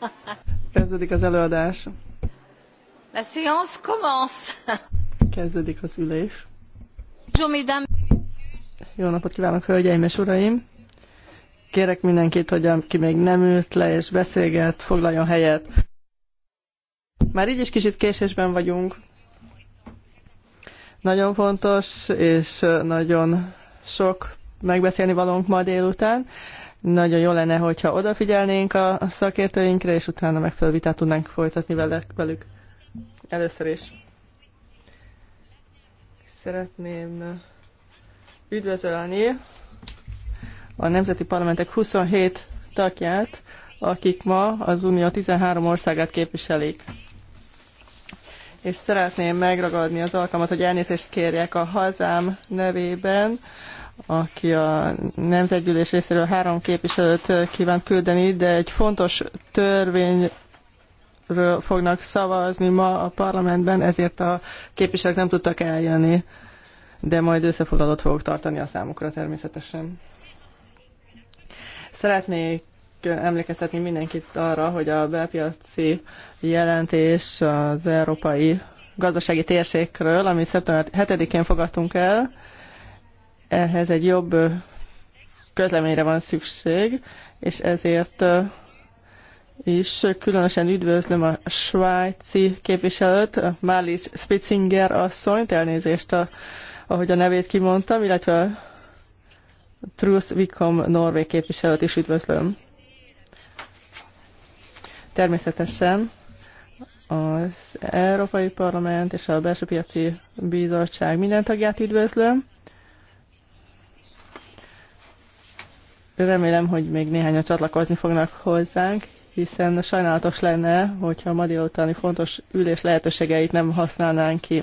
Kezdődik az előadás. La séance commence. Kezdődik az ülés. Jó napot kívánok, hölgyeim és uraim! Kérek mindenkit, hogy aki még nem ült le és beszélget, foglaljon helyet. Már így is kicsit késésben vagyunk. Nagyon fontos és nagyon sok megbeszélni valónk ma délután. Nagyon jó lenne, hogyha odafigyelnénk a szakértőinkre, és utána megfelelő vitát tudnánk folytatni velük. Először is szeretném üdvözölni a Nemzeti Parlamentek 27 tagját, akik ma az Unió 13 országát képviselik. És szeretném megragadni az alkalmat, hogy elnézést kérjek a hazám nevében aki a nemzetgyűlés részéről három képviselőt kíván küldeni, de egy fontos törvényről fognak szavazni ma a parlamentben, ezért a képviselők nem tudtak eljönni, de majd összefoglalót fogok tartani a számukra természetesen. Szeretnék emlékeztetni mindenkit arra, hogy a belpiaci jelentés az európai gazdasági térségről, amit szeptember 7-én fogadtunk el, ehhez egy jobb közleményre van szükség, és ezért is különösen üdvözlöm a svájci képviselőt, Mális Spitzinger asszonyt, elnézést, a, ahogy a nevét kimondtam, illetve Truls Vikom norvég képviselőt is üdvözlöm. Természetesen az Európai Parlament és a Belső Piaci Bizottság minden tagját üdvözlöm, Remélem, hogy még néhányan csatlakozni fognak hozzánk, hiszen sajnálatos lenne, hogyha a ma délutáni fontos ülés lehetőségeit nem használnánk ki.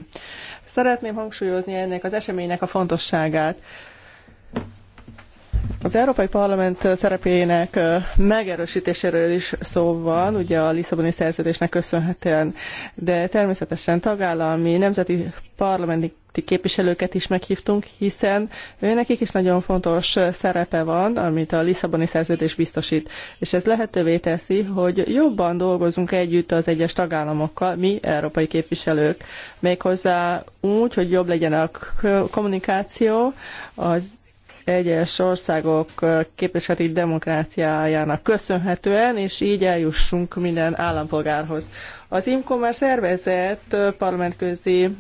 Szeretném hangsúlyozni ennek az eseménynek a fontosságát. Az Európai Parlament szerepének megerősítéséről is szó van, ugye a Lisszaboni szerződésnek köszönhetően, de természetesen tagállami, nemzeti parlamenti képviselőket is meghívtunk, hiszen őnekik is nagyon fontos szerepe van, amit a Lisszaboni szerződés biztosít, és ez lehetővé teszi, hogy jobban dolgozunk együtt az egyes tagállamokkal, mi európai képviselők, méghozzá úgy, hogy jobb legyen a kommunikáció, az egyes országok képviseleti demokráciájának köszönhetően, és így eljussunk minden állampolgárhoz. Az IMCO már szervezett parlamentközi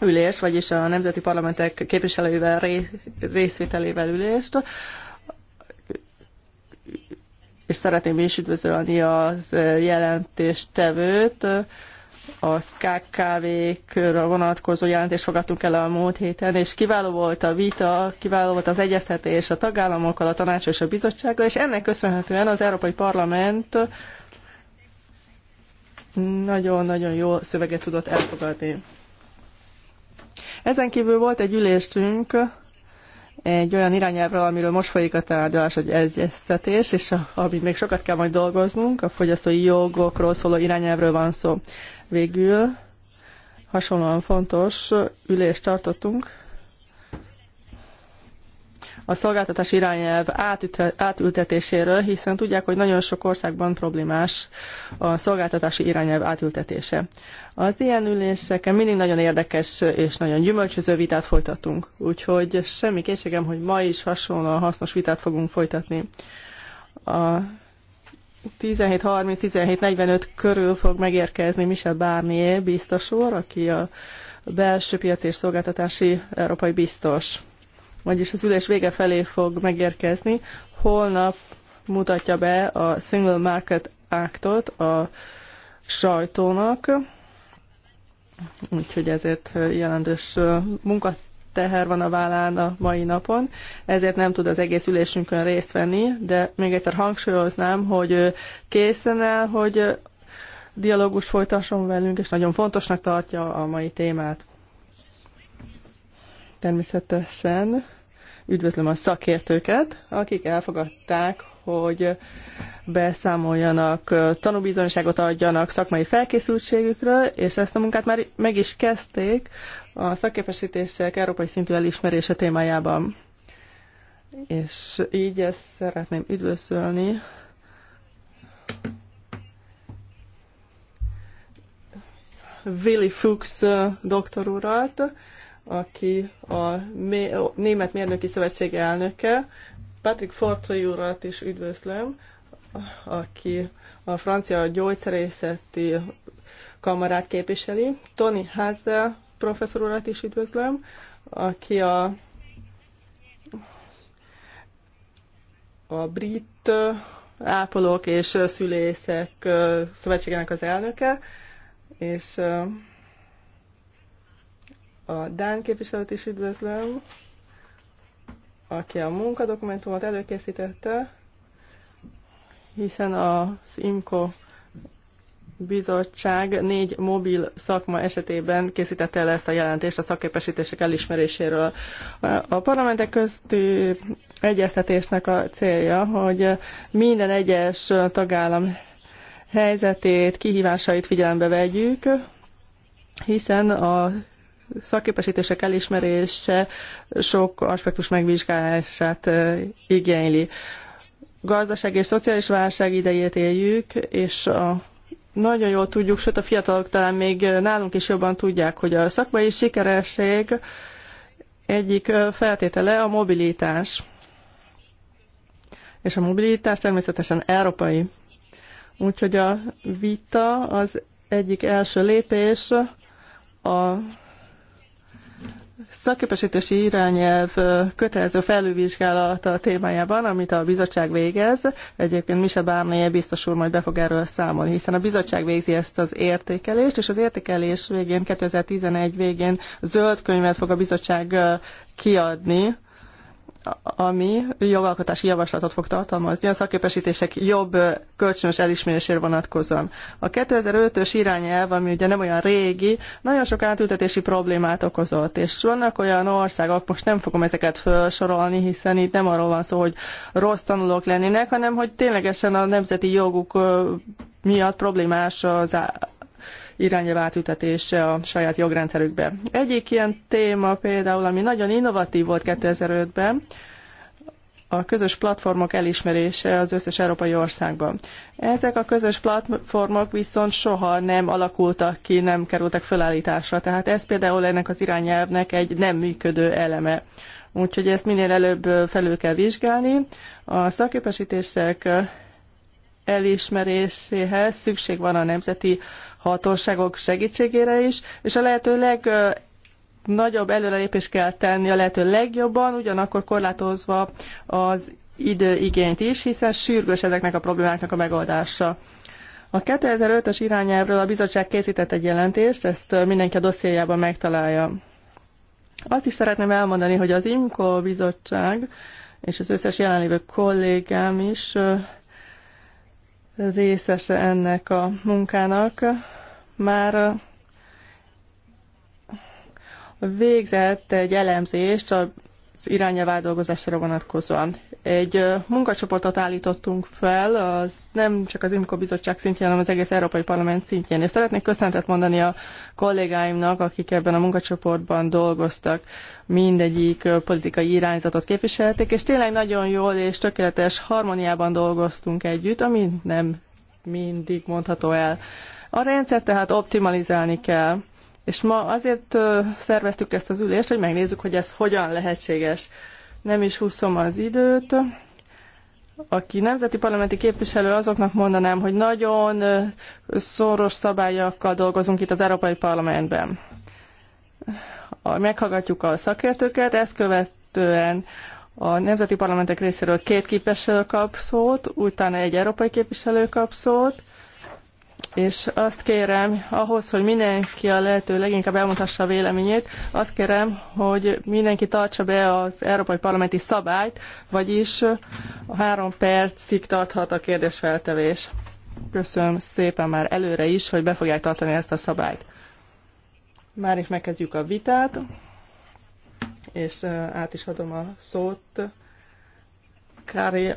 ülés, vagyis a nemzeti parlamentek képviselőivel részvételével ülést, és szeretném is üdvözölni az jelentéstevőt, a KKV-kra vonatkozó jelentést fogadtunk el a múlt héten, és kiváló volt a vita, kiváló volt az egyeztetés a tagállamokkal, a tanács és a bizottsággal, és ennek köszönhetően az Európai Parlament nagyon-nagyon jó szöveget tudott elfogadni. Ezen kívül volt egy ülésünk egy olyan irányelvről, amiről most folyik a tárgyalás, egy egyeztetés, és a, amit még sokat kell majd dolgoznunk, a fogyasztói jogokról szóló irányelvről van szó. Végül hasonlóan fontos ülést tartottunk. A szolgáltatás irányelv átültetéséről, hiszen tudják, hogy nagyon sok országban problémás a szolgáltatási irányelv átültetése. Az ilyen üléseken mindig nagyon érdekes és nagyon gyümölcsöző vitát folytatunk, úgyhogy semmi készségem, hogy ma is hasonlóan hasznos vitát fogunk folytatni. A 17.30-17.45 körül fog megérkezni Michel Barnier biztosor, aki a belső piac és szolgáltatási európai biztos. Vagyis az ülés vége felé fog megérkezni. Holnap mutatja be a Single Market Actot a sajtónak, úgyhogy ezért jelentős munkat teher van a vállán a mai napon, ezért nem tud az egész ülésünkön részt venni, de még egyszer hangsúlyoznám, hogy készen el, hogy dialógus folytasson velünk, és nagyon fontosnak tartja a mai témát. Természetesen üdvözlöm a szakértőket, akik elfogadták, hogy beszámoljanak, tanúbizonyságot adjanak szakmai felkészültségükről, és ezt a munkát már meg is kezdték a szakképesítések európai szintű elismerése témájában. És így ezt szeretném üdvözölni. Willy Fuchs doktor urat, aki a Német Mérnöki Szövetség elnöke, Patrick Fortoy urat is üdvözlöm, aki a francia gyógyszerészeti kamarát képviseli, Tony Hazel professzor urat is üdvözlöm, aki a, a brit ápolók és szülészek szövetségének az elnöke, és a Dán képviselőt is üdvözlöm, aki a munkadokumentumot előkészítette, hiszen az IMCO bizottság négy mobil szakma esetében készítette el ezt a jelentést a szakképesítések elismeréséről. A parlamentek közti egyeztetésnek a célja, hogy minden egyes tagállam helyzetét, kihívásait figyelembe vegyük, hiszen a szakképesítések elismerése sok aspektus megvizsgálását igényli. Gazdaság és szociális válság idejét éljük, és a nagyon jól tudjuk, sőt a fiatalok talán még nálunk is jobban tudják, hogy a szakmai sikeresség egyik feltétele a mobilitás. És a mobilitás természetesen európai. Úgyhogy a vita az egyik első lépés a szakképesítési irányelv kötelező felülvizsgálata témájában, amit a bizottság végez. Egyébként Mise Bárnéje biztos úr majd be fog erről számolni, hiszen a bizottság végzi ezt az értékelést, és az értékelés végén, 2011 végén zöld könyvet fog a bizottság kiadni, ami jogalkotási javaslatot fog tartalmazni a szakképesítések jobb kölcsönös elismerésére vonatkozóan. A 2005-ös irányelv, ami ugye nem olyan régi, nagyon sok átültetési problémát okozott, és vannak olyan országok, most nem fogom ezeket felsorolni, hiszen itt nem arról van szó, hogy rossz tanulók lennének, hanem hogy ténylegesen a nemzeti joguk miatt problémás az irányelv átültetése a saját jogrendszerükbe. Egyik ilyen téma például, ami nagyon innovatív volt 2005-ben, a közös platformok elismerése az összes európai országban. Ezek a közös platformok viszont soha nem alakultak ki, nem kerültek felállításra, tehát ez például ennek az irányelvnek egy nem működő eleme. Úgyhogy ezt minél előbb felül kell vizsgálni. A szaképesítések elismeréséhez szükség van a nemzeti hatóságok segítségére is, és a lehető leg nagyobb előrelépést kell tenni a lehető legjobban, ugyanakkor korlátozva az időigényt is, hiszen sürgős ezeknek a problémáknak a megoldása. A 2005-ös irányelvről a bizottság készített egy jelentést, ezt mindenki a dossziéjában megtalálja. Azt is szeretném elmondani, hogy az IMCO bizottság és az összes jelenlévő kollégám is részese ennek a munkának. Már végzett egy elemzést az irányelv dolgozásra vonatkozóan. Egy munkacsoportot állítottunk fel, az nem csak az IMCO bizottság szintjén, hanem az egész Európai Parlament szintjén. És szeretnék köszöntet mondani a kollégáimnak, akik ebben a munkacsoportban dolgoztak, mindegyik politikai irányzatot képviselték, és tényleg nagyon jól és tökéletes harmóniában dolgoztunk együtt, ami nem mindig mondható el. A rendszer tehát optimalizálni kell. És ma azért szerveztük ezt az ülést, hogy megnézzük, hogy ez hogyan lehetséges nem is húzom az időt. Aki nemzeti parlamenti képviselő, azoknak mondanám, hogy nagyon szoros szabályokkal dolgozunk itt az Európai Parlamentben. Meghallgatjuk a szakértőket, ezt követően a nemzeti parlamentek részéről két képviselő kap szót, utána egy európai képviselő kap szót, és azt kérem, ahhoz, hogy mindenki a lehető leginkább elmondhassa a véleményét, azt kérem, hogy mindenki tartsa be az Európai Parlamenti szabályt, vagyis a három percig tarthat a kérdésfeltevés. Köszönöm szépen már előre is, hogy be fogják tartani ezt a szabályt. Már is megkezdjük a vitát, és át is adom a szót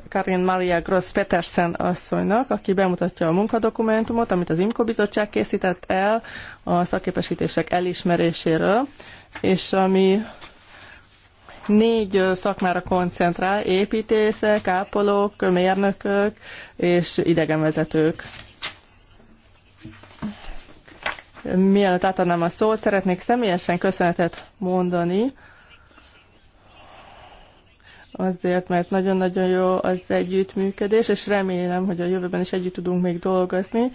Karin Maria Gross Petersen asszonynak, aki bemutatja a munkadokumentumot, amit az IMKO bizottság készített el a szakképesítések elismeréséről, és ami négy szakmára koncentrál, építészek, ápolók, mérnökök és idegenvezetők. Mielőtt átadnám a szót, szeretnék személyesen köszönetet mondani azért, mert nagyon-nagyon jó az együttműködés, és remélem, hogy a jövőben is együtt tudunk még dolgozni.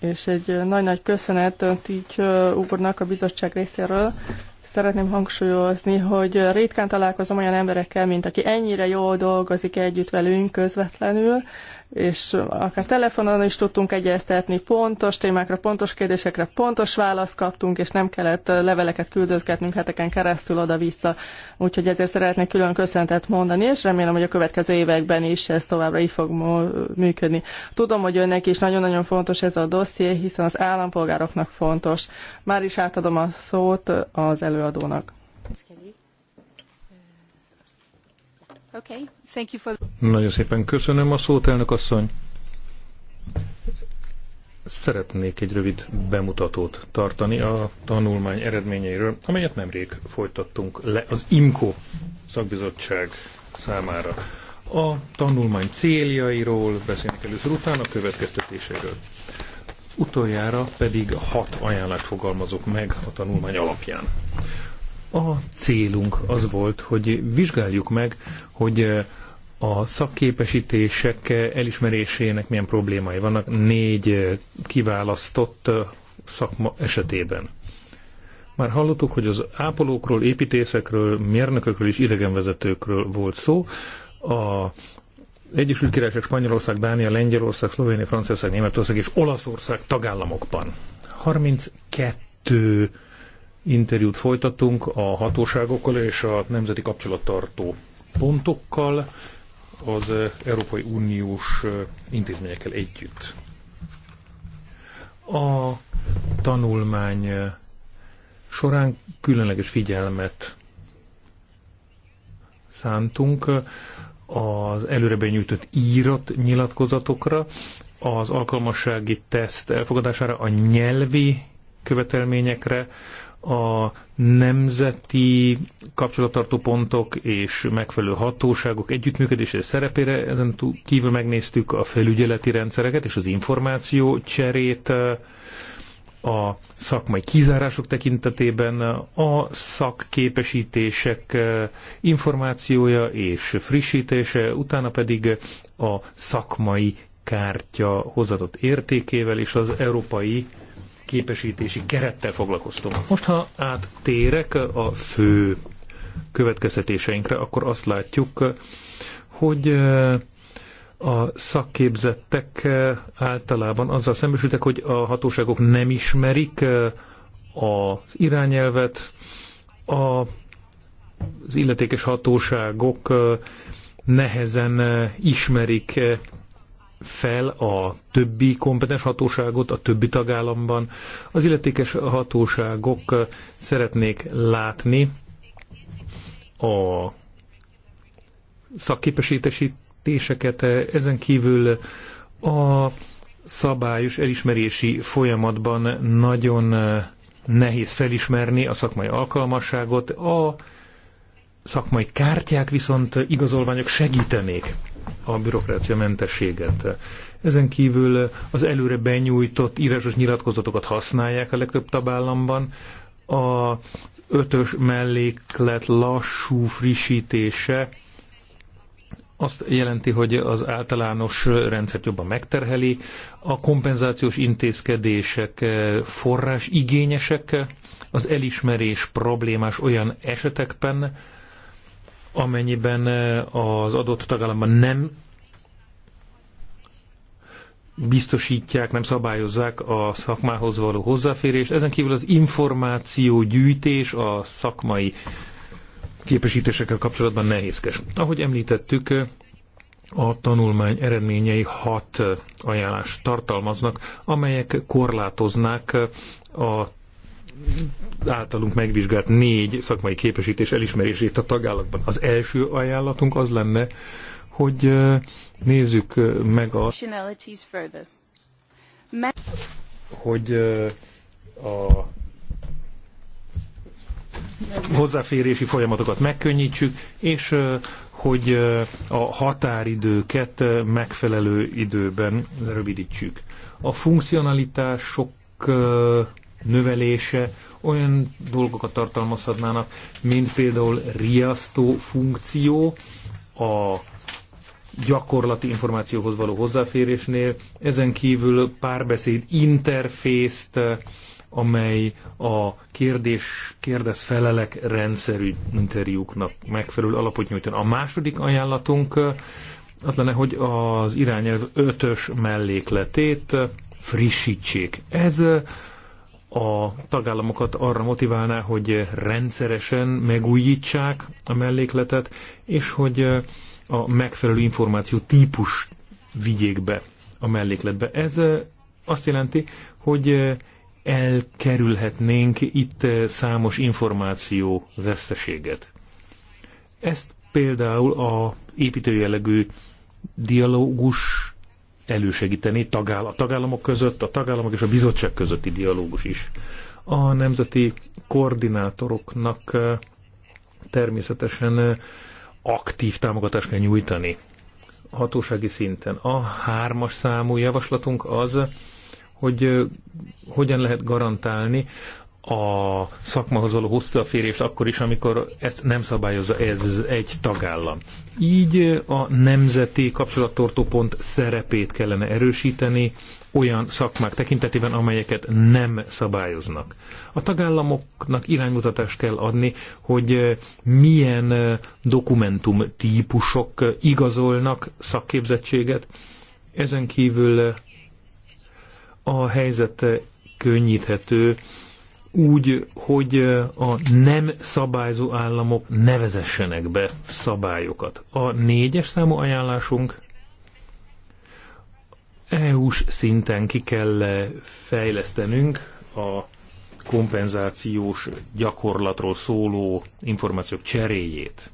És egy nagy-nagy köszönet így úrnak a bizottság részéről. Szeretném hangsúlyozni, hogy ritkán találkozom olyan emberekkel, mint aki ennyire jól dolgozik együtt velünk közvetlenül, és akár telefonon is tudtunk egyeztetni, pontos témákra, pontos kérdésekre pontos választ kaptunk, és nem kellett eh, leveleket küldözgetnünk heteken keresztül oda-vissza. Úgyhogy ezért szeretnék külön köszöntet mondani, és remélem, hogy a következő években is ez továbbra így fog működni. Tudom, hogy önnek is nagyon-nagyon fontos ez a dosszié, hiszen az állampolgároknak fontos. Már is átadom a szót eh, az előadónak. Okay. For... Nagyon szépen köszönöm a szót, elnök asszony. Szeretnék egy rövid bemutatót tartani a tanulmány eredményeiről, amelyet nemrég folytattunk le az IMCO szakbizottság számára. A tanulmány céljairól beszélnek először, utána a következtetéseiről. Utoljára pedig hat ajánlást fogalmazok meg a tanulmány alapján. A célunk az volt, hogy vizsgáljuk meg, hogy eh, a szakképesítések eh, elismerésének milyen problémái vannak négy eh, kiválasztott szakma esetében. Már hallottuk, hogy az ápolókról, építészekről, mérnökökről és idegenvezetőkről volt szó. A Egyesült Királyság, Spanyolország, Dánia, Lengyelország, Szlovénia, Franciaország, Németország és Olaszország tagállamokban. 32 interjút folytatunk a hatóságokkal és a nemzeti kapcsolattartó pontokkal az eh, Európai Uniós eh, intézményekkel együtt. A tanulmány eh, során különleges figyelmet szántunk az előre benyújtott írott nyilatkozatokra, az alkalmassági teszt elfogadására, a nyelvi követelményekre, a nemzeti kapcsolattartó pontok és megfelelő hatóságok együttműködése szerepére, ezen túl kívül megnéztük a felügyeleti rendszereket és az információ cserét, a szakmai kizárások tekintetében, a szakképesítések információja és frissítése, utána pedig a szakmai kártya hozadott értékével és az európai képesítési kerettel foglalkoztunk. Most, ha áttérek a fő következtetéseinkre, akkor azt látjuk, hogy eh, a szakképzettek eh, általában azzal szembesültek, hogy a hatóságok nem ismerik eh, az irányelvet, a az illetékes hatóságok nehezen ismerik fel a többi kompetens hatóságot a többi tagállamban. Az illetékes hatóságok szeretnék látni a szakképesítéseket, ezen kívül a szabályos elismerési folyamatban nagyon nehéz felismerni a szakmai alkalmasságot, a szakmai kártyák viszont igazolványok segítenék a bürokrácia mentességet. Ezen kívül az előre benyújtott írásos nyilatkozatokat használják a legtöbb tagállamban. A ötös melléklet lassú frissítése azt jelenti, hogy az általános rendszert jobban megterheli, a kompenzációs intézkedések eh, forrás igényesek, az elismerés problémás olyan esetekben, amennyiben eh, az adott tagállamban nem biztosítják, nem szabályozzák a szakmához való hozzáférést. Ezen kívül az információ gyűjtés a szakmai képesítésekkel kapcsolatban nehézkes. Ahogy említettük, a tanulmány eredményei hat ajánlást tartalmaznak, amelyek korlátoznák a általunk megvizsgált négy szakmai képesítés elismerését a tagállatban. Az első ajánlatunk az lenne, hogy nézzük meg a... Hogy a hozzáférési folyamatokat megkönnyítsük, és hogy a határidőket megfelelő időben rövidítsük. A funkcionalitások növelése olyan dolgokat tartalmazhatnának, mint például riasztó funkció a gyakorlati információhoz való hozzáférésnél, ezen kívül párbeszéd interfészt, amely a kérdés, kérdez felelek rendszerű interjúknak megfelelő alapot nyújtani. A második ajánlatunk az lenne, hogy az irányelv ötös mellékletét frissítsék. Ez a tagállamokat arra motiválná, hogy rendszeresen megújítsák a mellékletet, és hogy a megfelelő információ típus vigyék be a mellékletbe. Ez azt jelenti, hogy elkerülhetnénk itt számos információ veszteséget. Ezt például a építőjellegű dialógus elősegíteni tagáll a tagállamok között, a tagállamok és a bizottság közötti dialógus is. A nemzeti koordinátoroknak természetesen aktív támogatást kell nyújtani hatósági szinten. A hármas számú javaslatunk az, hogy hogyan lehet garantálni, a szakmahoz való hozzáférést akkor is, amikor ezt nem szabályozza ez egy tagállam. Így a nemzeti kapcsolattartópont szerepét kellene erősíteni olyan szakmák tekintetében, amelyeket nem szabályoznak. A tagállamoknak iránymutatást kell adni, hogy milyen dokumentum típusok igazolnak szakképzettséget. Ezen kívül a helyzet könnyíthető, úgy, hogy a nem szabályzó államok nevezessenek be szabályokat. A négyes számú ajánlásunk EU-s szinten ki kell fejlesztenünk a kompenzációs gyakorlatról szóló információk cseréjét.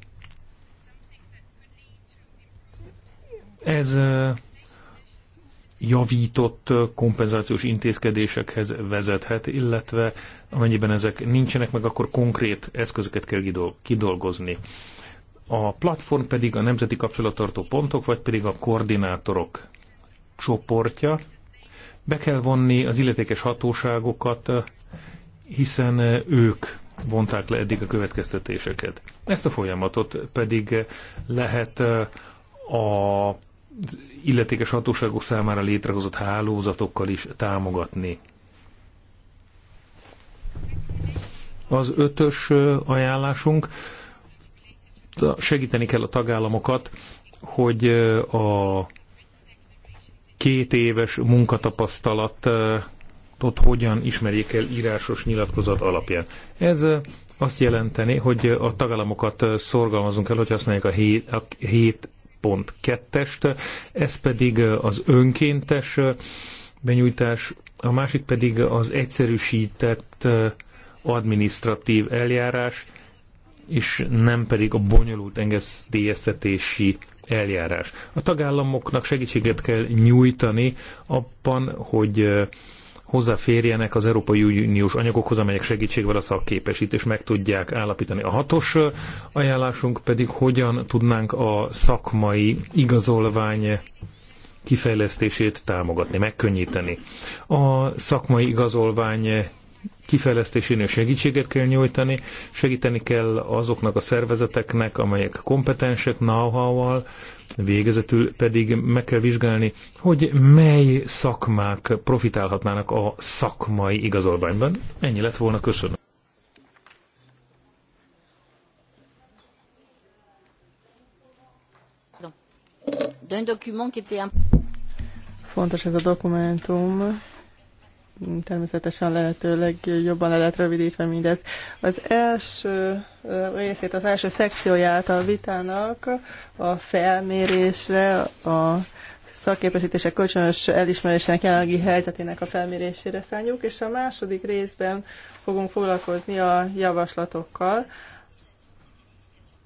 Ez javított kompenzációs intézkedésekhez vezethet, illetve amennyiben ezek nincsenek meg, akkor konkrét eszközöket kell kidolgozni. A platform pedig a nemzeti kapcsolattartó pontok, vagy pedig a koordinátorok csoportja. Be kell vonni az illetékes hatóságokat, hiszen ők vonták le eddig a következtetéseket. Ezt a folyamatot pedig lehet a illetékes hatóságok számára létrehozott hálózatokkal is támogatni. Az ötös ajánlásunk, segíteni kell a tagállamokat, hogy a két éves munkatapasztalatot hogyan ismerjék el írásos nyilatkozat alapján. Ez azt jelenteni, hogy a tagállamokat szorgalmazunk el, hogy használják a 7, a 7 2-est, ez pedig az önkéntes benyújtás, a másik pedig az egyszerűsített administratív eljárás, és nem pedig a bonyolult engedélyeztetési eljárás. A tagállamoknak segítséget kell nyújtani abban, hogy hozzáférjenek az Európai Uniós anyagokhoz, amelyek segítségével a szakképesítés meg tudják állapítani. A hatos ajánlásunk pedig hogyan tudnánk a szakmai igazolvány kifejlesztését támogatni, megkönnyíteni. A szakmai igazolvány kifejlesztésénél segítséget kell nyújtani, segíteni kell azoknak a szervezeteknek, amelyek kompetensek, know-how-val, Végezetül pedig meg kell vizsgálni, hogy mely szakmák profitálhatnának a szakmai igazolványban. Ennyi lett volna, köszönöm. Fontos ez a dokumentum, természetesen lehetőleg jobban le lehet rövidítve mindezt. Az első eh, részét, az első szekcióját a vitának a felmérésre, a szakképesítések kölcsönös elismerésének jelenlegi helyzetének a felmérésére szálljuk, és a második részben fogunk foglalkozni a javaslatokkal,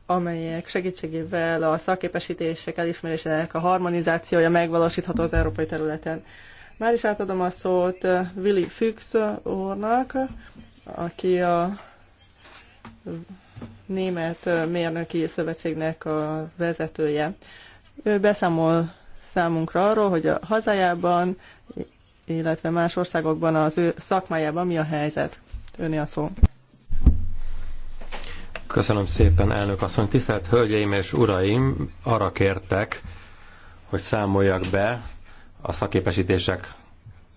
amelyek segítségével a szakképesítések elismerésének a harmonizációja megvalósítható az európai területen. Már is átadom a szót eh, Willy Füchs úrnak, aki a Német eh, Mérnöki Szövetségnek a vezetője. Ő beszámol számunkra arról, hogy a hazájában, illetve más országokban az ő szakmájában mi a helyzet. Önni a szó. Köszönöm szépen, elnök asszony. Tisztelt Hölgyeim és Uraim, arra kértek, hogy számoljak be a szakképesítések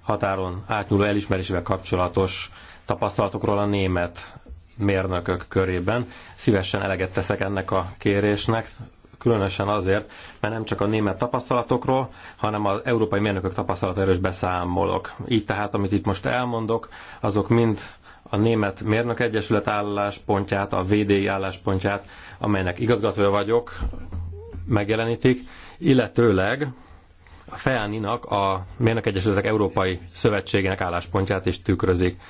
határon átnyúló elismerésével kapcsolatos tapasztalatokról a német mérnökök körében. Szívesen eleget teszek ennek a kérésnek, különösen azért, mert nem csak a német tapasztalatokról, hanem az európai mérnökök tapasztalatáról is beszámolok. Így tehát, amit itt most elmondok, azok mind a Német Mérnök Egyesület álláspontját, a VDI álláspontját, amelynek igazgatója vagyok, megjelenítik, illetőleg felninak feani a Mérnök Egyesületek Európai Szövetségének álláspontját is tükrözik.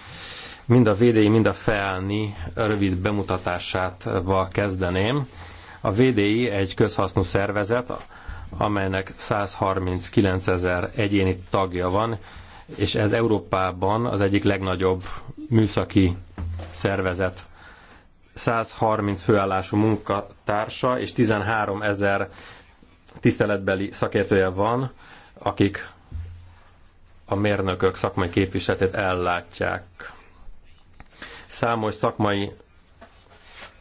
Mind a VDI, mind a FEANI rövid bemutatását kezdeném. A VDI egy közhasznú szervezet, amelynek 139 ezer egyéni tagja van, és ez Európában az egyik legnagyobb műszaki szervezet 130 főállású munkatársa és 13 ezer tiszteletbeli szakértője van, akik a mérnökök szakmai képviseletét ellátják. Számos szakmai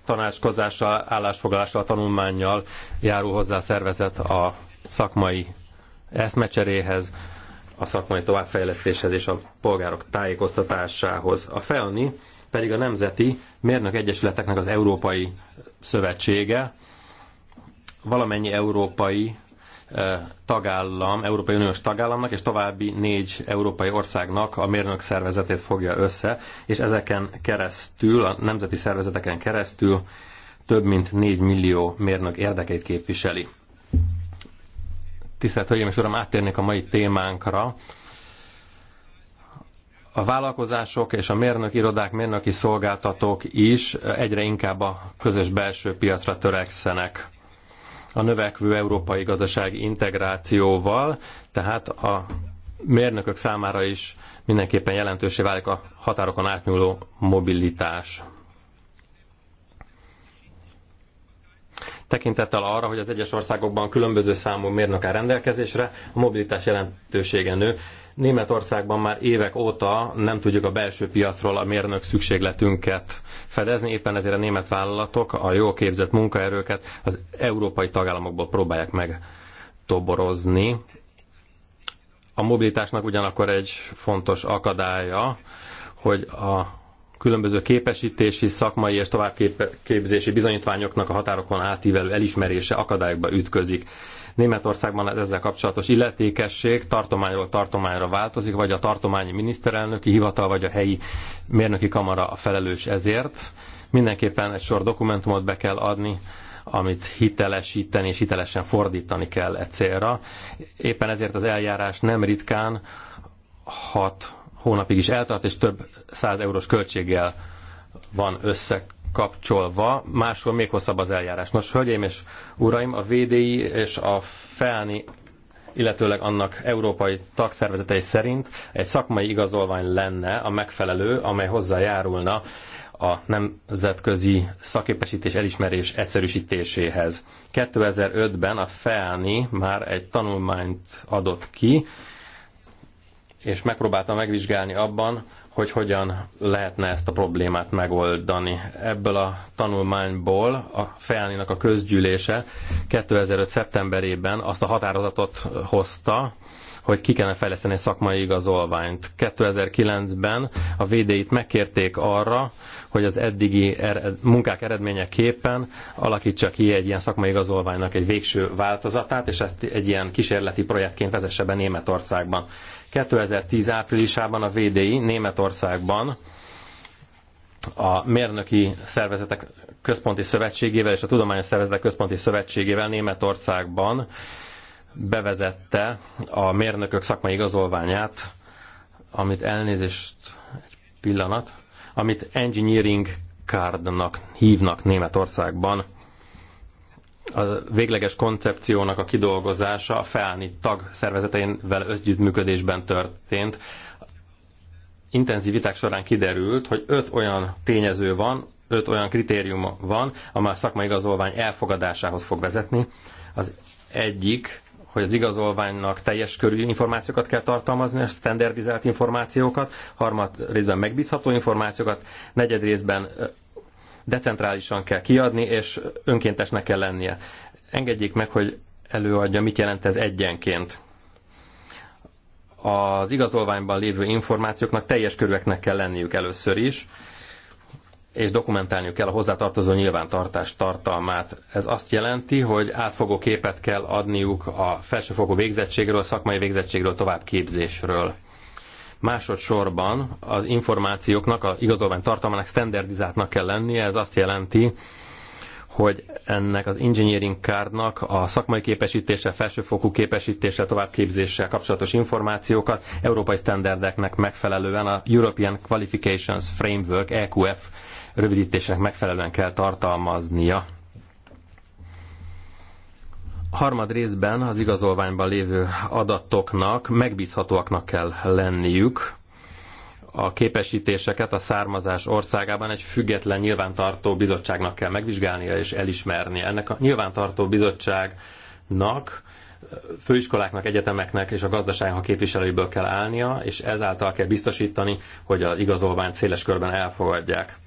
tanácskozással, állásfoglalással, tanulmányjal járul hozzá a szervezet a szakmai eszmecseréhez, a szakmai továbbfejlesztéshez és a polgárok tájékoztatásához. A FELNI pedig a Nemzeti Mérnök Egyesületeknek az Európai Szövetsége, valamennyi európai tagállam, Európai Uniós tagállamnak és további négy európai országnak a mérnök szervezetét fogja össze, és ezeken keresztül, a nemzeti szervezeteken keresztül több mint 4 millió mérnök érdekeit képviseli. Tisztelt Hölgyeim és Uram, áttérnék a mai témánkra. A vállalkozások és a mérnök irodák, mérnöki szolgáltatók is egyre inkább a közös belső piacra törekszenek a növekvő európai gazdasági integrációval, tehát a mérnökök számára is mindenképpen jelentősé válik a határokon átnyúló mobilitás. Tekintettel arra, hogy az egyes országokban különböző számú mérnök áll rendelkezésre, a mobilitás jelentősége nő, Németországban már évek óta nem tudjuk a belső piacról a mérnök szükségletünket fedezni, éppen ezért a német vállalatok a jól képzett munkaerőket az európai tagállamokból próbálják meg toborozni. A mobilitásnak ugyanakkor egy fontos akadálya, hogy a különböző képesítési, szakmai és továbbképzési bizonyítványoknak a határokon átívelő elismerése akadályokba ütközik. Németországban az ezzel kapcsolatos illetékesség tartományról tartományra változik, vagy a tartományi miniszterelnöki hivatal, vagy a helyi mérnöki kamara a felelős ezért. Mindenképpen egy sor dokumentumot be kell adni, amit hitelesíteni és hitelesen fordítani kell egy célra. Éppen ezért az eljárás nem ritkán hat hónapig is eltart, és több száz eurós költséggel van összek kapcsolva, máshol még hosszabb az eljárás. Nos, hölgyeim és uraim, a VDI és a felni illetőleg annak európai tagszervezetei szerint egy szakmai igazolvány lenne a megfelelő, amely hozzájárulna a nemzetközi szaképesítés elismerés egyszerűsítéséhez. 2005-ben a felni már egy tanulmányt adott ki, és megpróbálta megvizsgálni abban, hogy hogyan lehetne ezt a problémát megoldani. Ebből a tanulmányból a felnének a közgyűlése 2005. szeptemberében azt a határozatot hozta, hogy ki kellene fejleszteni szakmai igazolványt. 2009-ben a védéit megkérték arra, hogy az eddigi ered, munkák eredményeképpen alakítsa ki egy ilyen szakmai igazolványnak egy végső változatát, és ezt egy ilyen kísérleti projektként vezesse be Németországban. 2010 áprilisában a VDI Németországban a mérnöki szervezetek központi szövetségével és a tudományos szervezetek központi szövetségével Németországban bevezette a mérnökök szakmai igazolványát, amit elnézést egy pillanat, amit engineering cardnak hívnak Németországban a végleges koncepciónak a kidolgozása a felni tag szervezeteinvel együttműködésben történt. Intenzív viták során kiderült, hogy öt olyan tényező van, öt olyan kritérium van, amely a szakmai igazolvány elfogadásához fog vezetni. Az egyik, hogy az igazolványnak teljes körű információkat kell tartalmazni, standardizált információkat, harmad részben megbízható információkat, negyed részben decentrálisan kell kiadni, és önkéntesnek kell lennie. Engedjék meg, hogy előadja, mit jelent ez egyenként. Az igazolványban lévő információknak teljes körüleknek kell lenniük először is, és dokumentálniuk kell a hozzátartozó nyilvántartás tartalmát. Ez azt jelenti, hogy átfogó képet kell adniuk a felsőfokú végzettségről, szakmai végzettségről, továbbképzésről. Másodszorban az információknak, a igazolvány tartalmának standardizáltnak kell lennie, ez azt jelenti, hogy ennek az engineering cardnak a szakmai képesítése, felsőfokú képesítése, továbbképzéssel kapcsolatos információkat európai standardeknek megfelelően a European Qualifications Framework, EQF rövidítésnek megfelelően kell tartalmaznia harmad részben az igazolványban lévő adatoknak megbízhatóaknak kell lenniük, a képesítéseket a származás országában egy független nyilvántartó bizottságnak kell megvizsgálnia és elismernie. Ennek a nyilvántartó bizottságnak főiskoláknak, egyetemeknek és a gazdaságnak a képviselőiből kell állnia, és ezáltal kell biztosítani, hogy az igazolványt széles körben elfogadják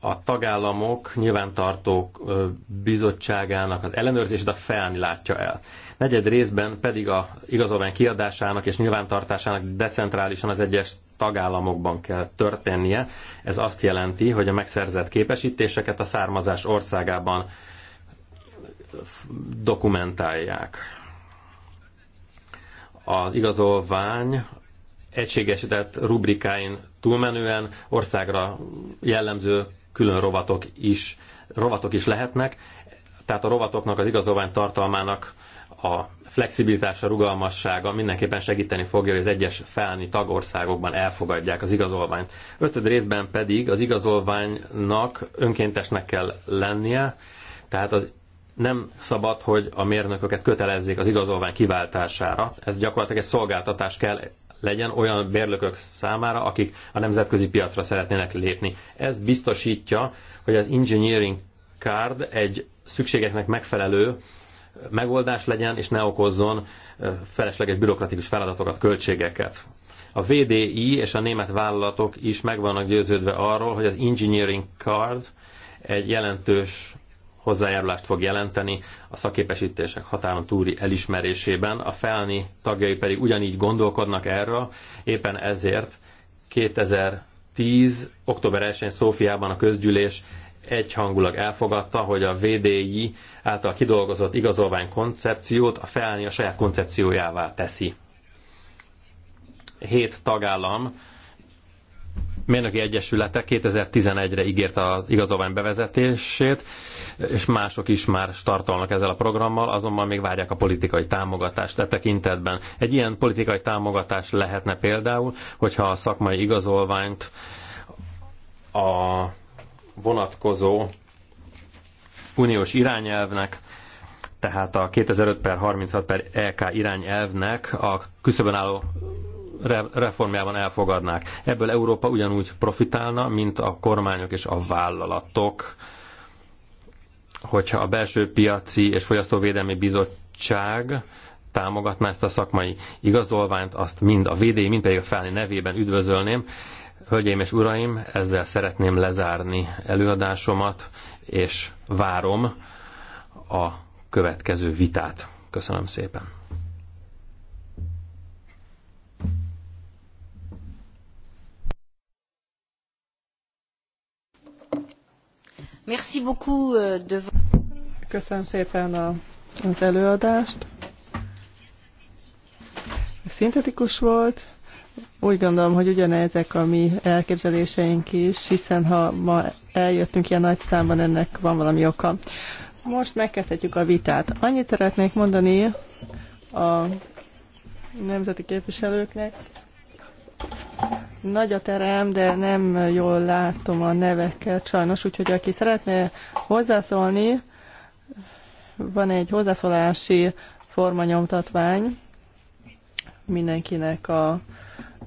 a tagállamok nyilvántartók bizottságának az ellenőrzését a felni látja el. Negyed részben pedig a igazolvány kiadásának és nyilvántartásának decentrálisan az egyes tagállamokban kell történnie. Ez azt jelenti, hogy a megszerzett képesítéseket a származás országában dokumentálják. Az igazolvány egységesített rubrikáin túlmenően országra jellemző külön rovatok is, rovatok is lehetnek, tehát a rovatoknak az igazolvány tartalmának a flexibilitása, rugalmassága mindenképpen segíteni fogja, hogy az egyes felni tagországokban elfogadják az igazolványt. Ötöd részben pedig az igazolványnak önkéntesnek kell lennie, tehát az nem szabad, hogy a mérnököket kötelezzék az igazolvány kiváltására. Ez gyakorlatilag egy szolgáltatás kell legyen olyan bérlökök számára, akik a nemzetközi piacra szeretnének lépni. Ez biztosítja, hogy az engineering card egy szükségeknek megfelelő megoldás legyen, és ne okozzon felesleges bürokratikus feladatokat, költségeket. A VDI és a német vállalatok is meg vannak győződve arról, hogy az engineering card egy jelentős hozzájárulást fog jelenteni a szaképesítések határon túli elismerésében. A felni tagjai pedig ugyanígy gondolkodnak erről, éppen ezért 2010. október 1-én Szófiában a közgyűlés egyhangulag elfogadta, hogy a VDI által kidolgozott igazolvány koncepciót a felni a saját koncepciójává teszi. Hét tagállam mérnöki egyesülete 2011-re ígért az igazolvány bevezetését, és mások is már startolnak ezzel a programmal, azonban még várják a politikai támogatást e tekintetben. Egy ilyen politikai támogatás lehetne például, hogyha a szakmai igazolványt a vonatkozó uniós irányelvnek, tehát a 2005 per 36 per EK irányelvnek a küszöbön álló reformjában elfogadnák. Ebből Európa ugyanúgy profitálna, mint a kormányok és a vállalatok, hogyha a belső piaci és fogyasztóvédelmi bizottság támogatná ezt a szakmai igazolványt, azt mind a VDI, mind pedig a Felni nevében üdvözölném. Hölgyeim és uraim, ezzel szeretném lezárni előadásomat, és várom a következő vitát. Köszönöm szépen! Merci beaucoup euh, de... Köszönöm szépen a, az előadást. Szintetikus volt, úgy gondolom, hogy ugyanezek a mi elképzeléseink is, hiszen ha ma eljöttünk ilyen nagy számban, ennek van valami oka. Most megkezdhetjük a vitát. Annyit szeretnék mondani a nemzeti képviselőknek, nagy a terem, de nem jól látom a neveket sajnos, úgyhogy aki szeretne hozzászólni, van egy hozzászólási formanyomtatvány mindenkinek a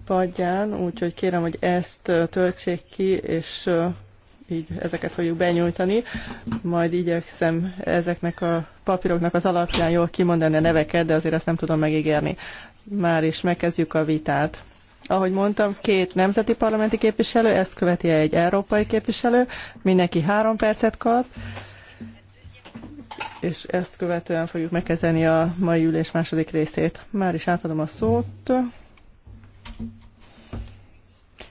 padján, úgyhogy kérem, hogy ezt töltsék ki, és így ezeket fogjuk benyújtani. Majd igyekszem ezeknek a papíroknak az alapján jól kimondani a neveket, de azért ezt nem tudom megígérni. Már is megkezdjük a vitát. Ahogy mondtam, két nemzeti parlamenti képviselő, ezt követi egy európai képviselő, mindenki három percet kap, és ezt követően fogjuk megkezdeni a mai ülés második részét. Már is átadom a szót.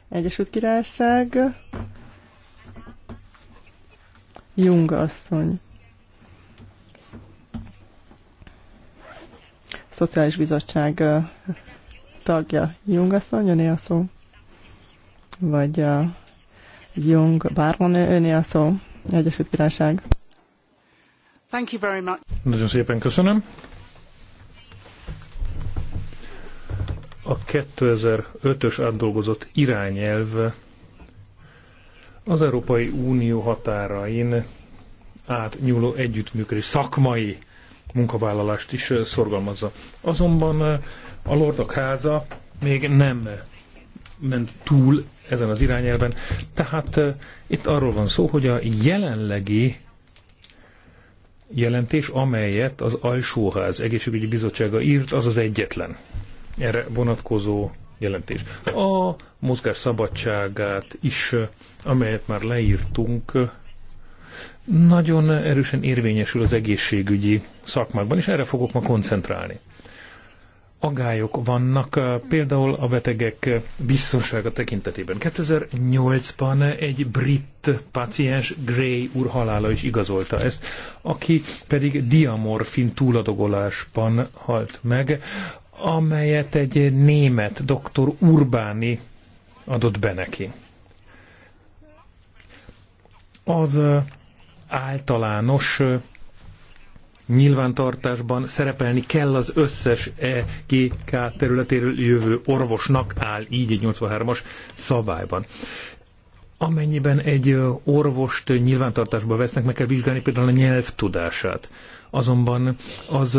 Egyesült Királyság. Jung asszony. Szociális Bizottság tagja. Jung asszony, öné a szó? Vagy a Jung Bármanő, öné a szó? Egyesült Királyság. Thank you very much. Nagyon szépen köszönöm. A 2005-ös átdolgozott irányelv az Európai Unió határain átnyúló együttműködés, szakmai munkavállalást is szorgalmazza. Azonban a Lordok háza még nem ment túl ezen az irányelben. Tehát uh, itt arról van szó, hogy a jelenlegi jelentés, amelyet az Alsóház Egészségügyi Bizottsága írt, az az egyetlen erre vonatkozó jelentés. A mozgás szabadságát is, eh, amelyet már leírtunk, eh, nagyon erősen érvényesül az egészségügyi szakmákban, és erre fogok ma koncentrálni agályok vannak, eh, például a betegek biztonsága tekintetében. 2008-ban egy brit paciens Gray úr halála is igazolta ezt, aki pedig diamorfin túladogolásban halt meg, amelyet egy német doktor Urbáni adott be neki. Az eh, általános eh, nyilvántartásban szerepelni kell az összes EGK területéről jövő orvosnak áll így egy 83-as szabályban. Amennyiben egy orvost nyilvántartásba vesznek, meg kell vizsgálni például a nyelvtudását. Azonban az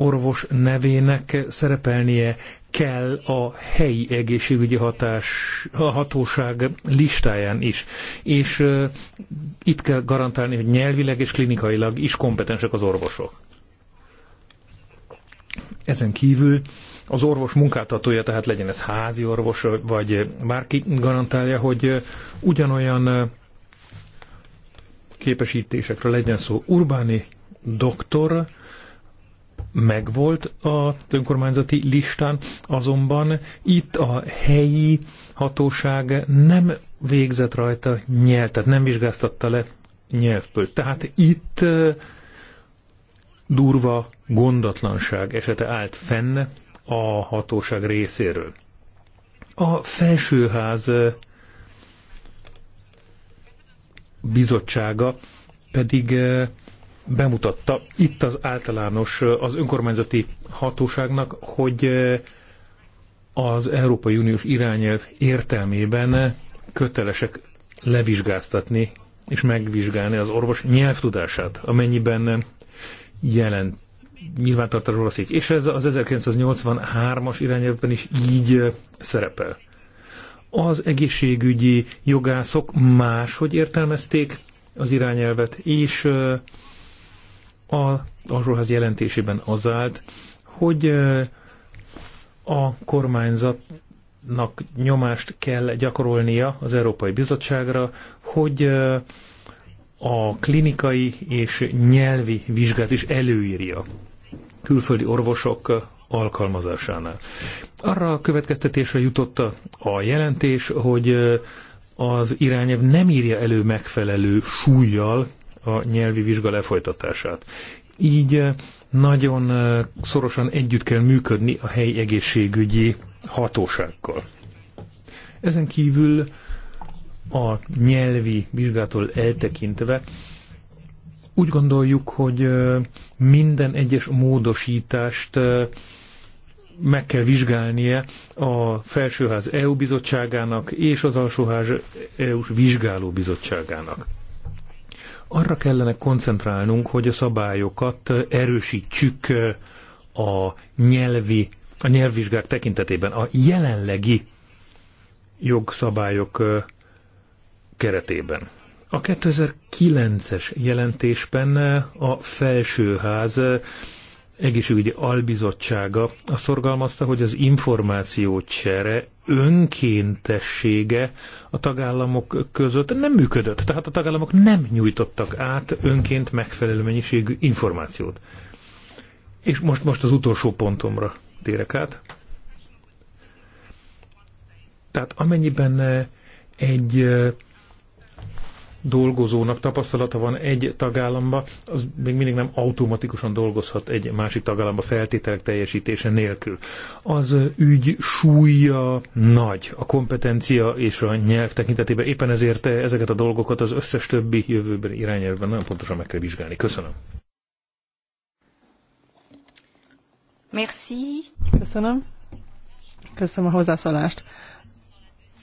orvos nevének szerepelnie kell a helyi egészségügyi hatás, a hatóság listáján is. És uh, itt kell garantálni, hogy nyelvileg és klinikailag is kompetensek az orvosok. Ezen kívül az orvos munkáltatója, tehát legyen ez házi orvos, vagy bárki garantálja, hogy ugyanolyan képesítésekről legyen szó. Urbáni doktor megvolt a önkormányzati listán, azonban itt a helyi hatóság nem végzett rajta tehát nem vizsgáztatta le nyelvből. Tehát itt durva gondatlanság esete állt fenn a hatóság részéről. A felsőház bizottsága pedig bemutatta itt az általános az önkormányzati hatóságnak, hogy eh, az Európai Uniós irányelv értelmében kötelesek levizsgáztatni és megvizsgálni az orvos nyelvtudását, amennyiben jelent nyilvántartásról a szék. És ez az 1983-as irányelvben is így eh, szerepel. Az egészségügyi jogászok máshogy értelmezték az irányelvet, és eh, a alsóház jelentésében az állt, hogy a kormányzatnak nyomást kell gyakorolnia az Európai Bizottságra, hogy a klinikai és nyelvi vizsgát is előírja külföldi orvosok alkalmazásánál. Arra a következtetésre jutott a jelentés, hogy az irányelv nem írja elő megfelelő súlyjal a nyelvi vizsga lefolytatását. Így eh, nagyon eh, szorosan együtt kell működni a helyi egészségügyi hatósággal. Ezen kívül a nyelvi vizsgától eltekintve úgy gondoljuk, hogy eh, minden egyes módosítást meg kell vizsgálnie a Felsőház EU bizottságának és az Alsóház EU-s vizsgáló bizottságának. Arra kellene koncentrálnunk, hogy a szabályokat erősítsük a nyelvi, a nyelvvizsgák tekintetében a jelenlegi jogszabályok keretében. A 2009-es jelentésben a felsőház egészségügyi albizottsága azt szorgalmazta, hogy az információ csere önkéntessége a tagállamok között nem működött. Tehát a tagállamok nem nyújtottak át önként megfelelő mennyiségű információt. És most, most az utolsó pontomra térek át. Tehát amennyiben egy dolgozónak tapasztalata van egy tagállamba, az még mindig nem automatikusan dolgozhat egy másik tagállamba feltételek teljesítése nélkül. Az ügy súlya nagy, a kompetencia és a nyelv tekintetében éppen ezért ezeket a dolgokat az összes többi jövőben irányelvben nagyon pontosan meg kell vizsgálni. Köszönöm. Merci. Köszönöm. Köszönöm a hozzászólást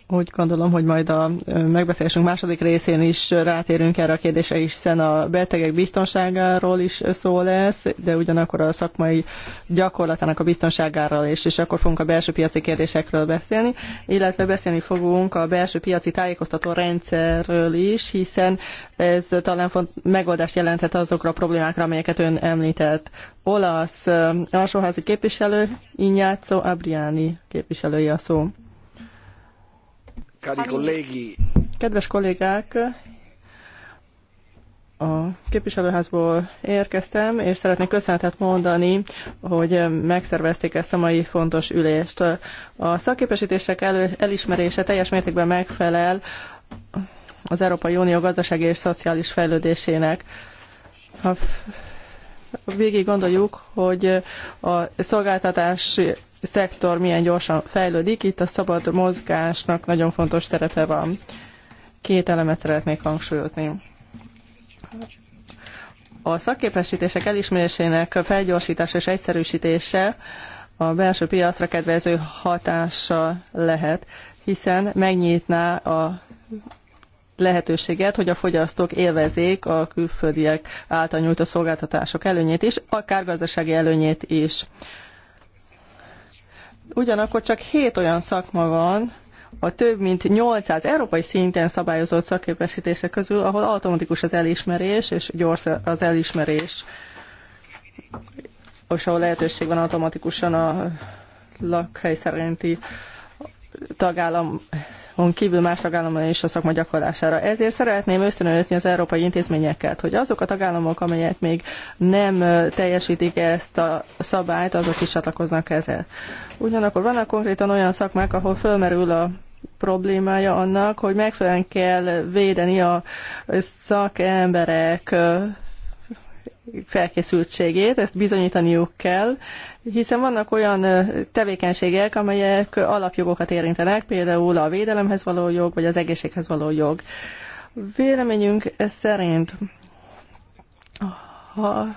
úgy gondolom, hogy majd a megbeszélésünk második részén is rátérünk erre a kérdésre, hiszen a betegek biztonságáról is szó lesz, de ugyanakkor a szakmai gyakorlatának a biztonságáról is, és akkor fogunk a belső piaci kérdésekről beszélni, illetve beszélni fogunk a belső piaci tájékoztató rendszerről is, hiszen ez talán font, megoldást jelenthet azokra a problémákra, amelyeket ön említett. Olasz alsóházi képviselő, Ignázio Abriani képviselője a szó. Kedves kollégák, a képviselőházból érkeztem, és szeretnék köszönetet mondani, hogy megszervezték ezt a mai fontos ülést. A szakképesítések elő, elismerése teljes mértékben megfelel az Európai Unió gazdasági és szociális fejlődésének. Ha végig gondoljuk, hogy a szolgáltatási szektor milyen gyorsan fejlődik, itt a szabad mozgásnak nagyon fontos szerepe van. Két elemet szeretnék hangsúlyozni. A szakképesítések elismerésének felgyorsítása és egyszerűsítése a belső piacra kedvező hatással lehet, hiszen megnyitná a lehetőséget, hogy a fogyasztók élvezék a külföldiek által nyújtott szolgáltatások előnyét is, akár gazdasági előnyét is. Ugyanakkor csak hét olyan szakma van, a több mint 800 európai szinten szabályozott szakképesítések közül, ahol automatikus az elismerés és gyors az elismerés, és ahol lehetőség van automatikusan a lakhely szerinti tagállam on kívül más tagállamon is a szakma gyakorlására. Ezért szeretném ösztönözni az európai intézményeket, hogy azok a tagállamok, amelyek még nem teljesítik ezt a szabályt, azok is csatlakoznak ezzel. Ugyanakkor vannak konkrétan olyan szakmák, ahol fölmerül a problémája annak, hogy megfelelően kell védeni a szakemberek felkészültségét, ezt bizonyítaniuk kell, hiszen vannak olyan tevékenységek, amelyek alapjogokat érintenek, például a védelemhez való jog, vagy az egészséghez való jog. Véleményünk szerint ha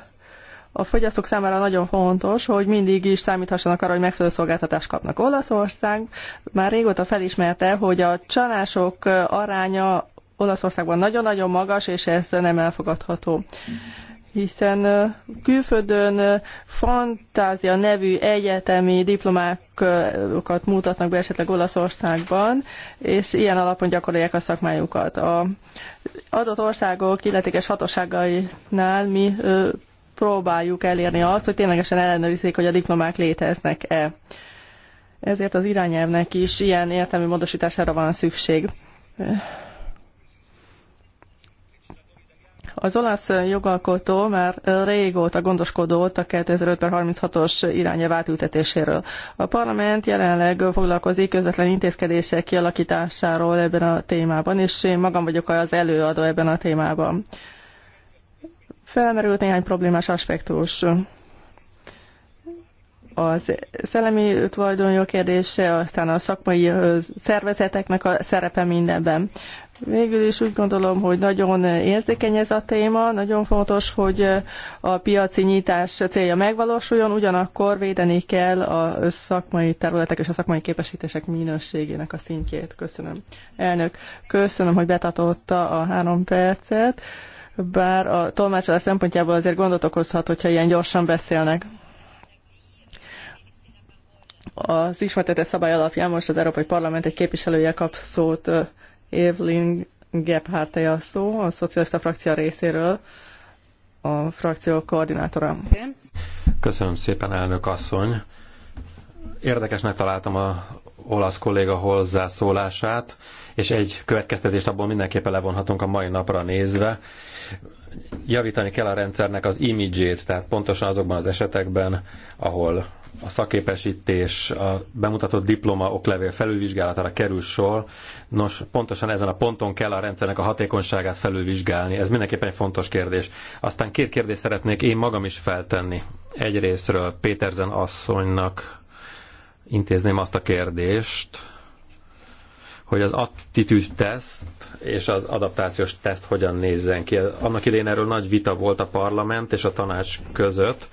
a fogyasztók számára nagyon fontos, hogy mindig is számíthassanak arra, hogy megfelelő szolgáltatást kapnak. Olaszország már régóta felismerte, hogy a csalások aránya Olaszországban nagyon-nagyon magas, és ez nem elfogadható. Mm-hmm hiszen külföldön fantázia nevű egyetemi diplomákat mutatnak be esetleg Olaszországban, és ilyen alapon gyakorolják a szakmájukat. A adott országok illetékes hatóságainál mi próbáljuk elérni azt, hogy ténylegesen ellenőrizzék, hogy a diplomák léteznek-e. Ezért az irányelvnek is ilyen értelmi módosítására van szükség. Az olasz jogalkotó már régóta gondoskodott a 2005-36-os irányelv átültetéséről. A parlament jelenleg foglalkozik közvetlen intézkedések kialakításáról ebben a témában, és én magam vagyok az előadó ebben a témában. Felmerült néhány problémás aspektus az szellemi tulajdonjog kérdése, aztán a szakmai szervezeteknek a szerepe mindenben. Végül is úgy gondolom, hogy nagyon érzékeny ez a téma, nagyon fontos, hogy a piaci nyitás célja megvalósuljon, ugyanakkor védeni kell a szakmai területek és a szakmai képesítések minőségének a szintjét. Köszönöm. Elnök, köszönöm, hogy betartotta a három percet, bár a tolmácsolás szempontjából azért gondot okozhat, hogyha ilyen gyorsan beszélnek az ismertetett szabály alapján most az Európai Parlament egy képviselője kap szót Evelyn gebhardt a szó, a szocialista frakció részéről, a frakció koordinátora. Köszönöm szépen, elnök asszony. Érdekesnek találtam a olasz kolléga hozzászólását, és egy következtetést abból mindenképpen levonhatunk a mai napra nézve. Javítani kell a rendszernek az imidzsét, tehát pontosan azokban az esetekben, ahol a szaképesítés, a bemutatott diploma oklevél felülvizsgálatára kerül sor. Nos, pontosan ezen a ponton kell a rendszernek a hatékonyságát felülvizsgálni. Ez mindenképpen egy fontos kérdés. Aztán két kérdést szeretnék én magam is feltenni. Egyrésztről Péterzen asszonynak intézném azt a kérdést, hogy az attitűd teszt és az adaptációs teszt hogyan nézzen ki. Annak idején erről nagy vita volt a parlament és a tanács között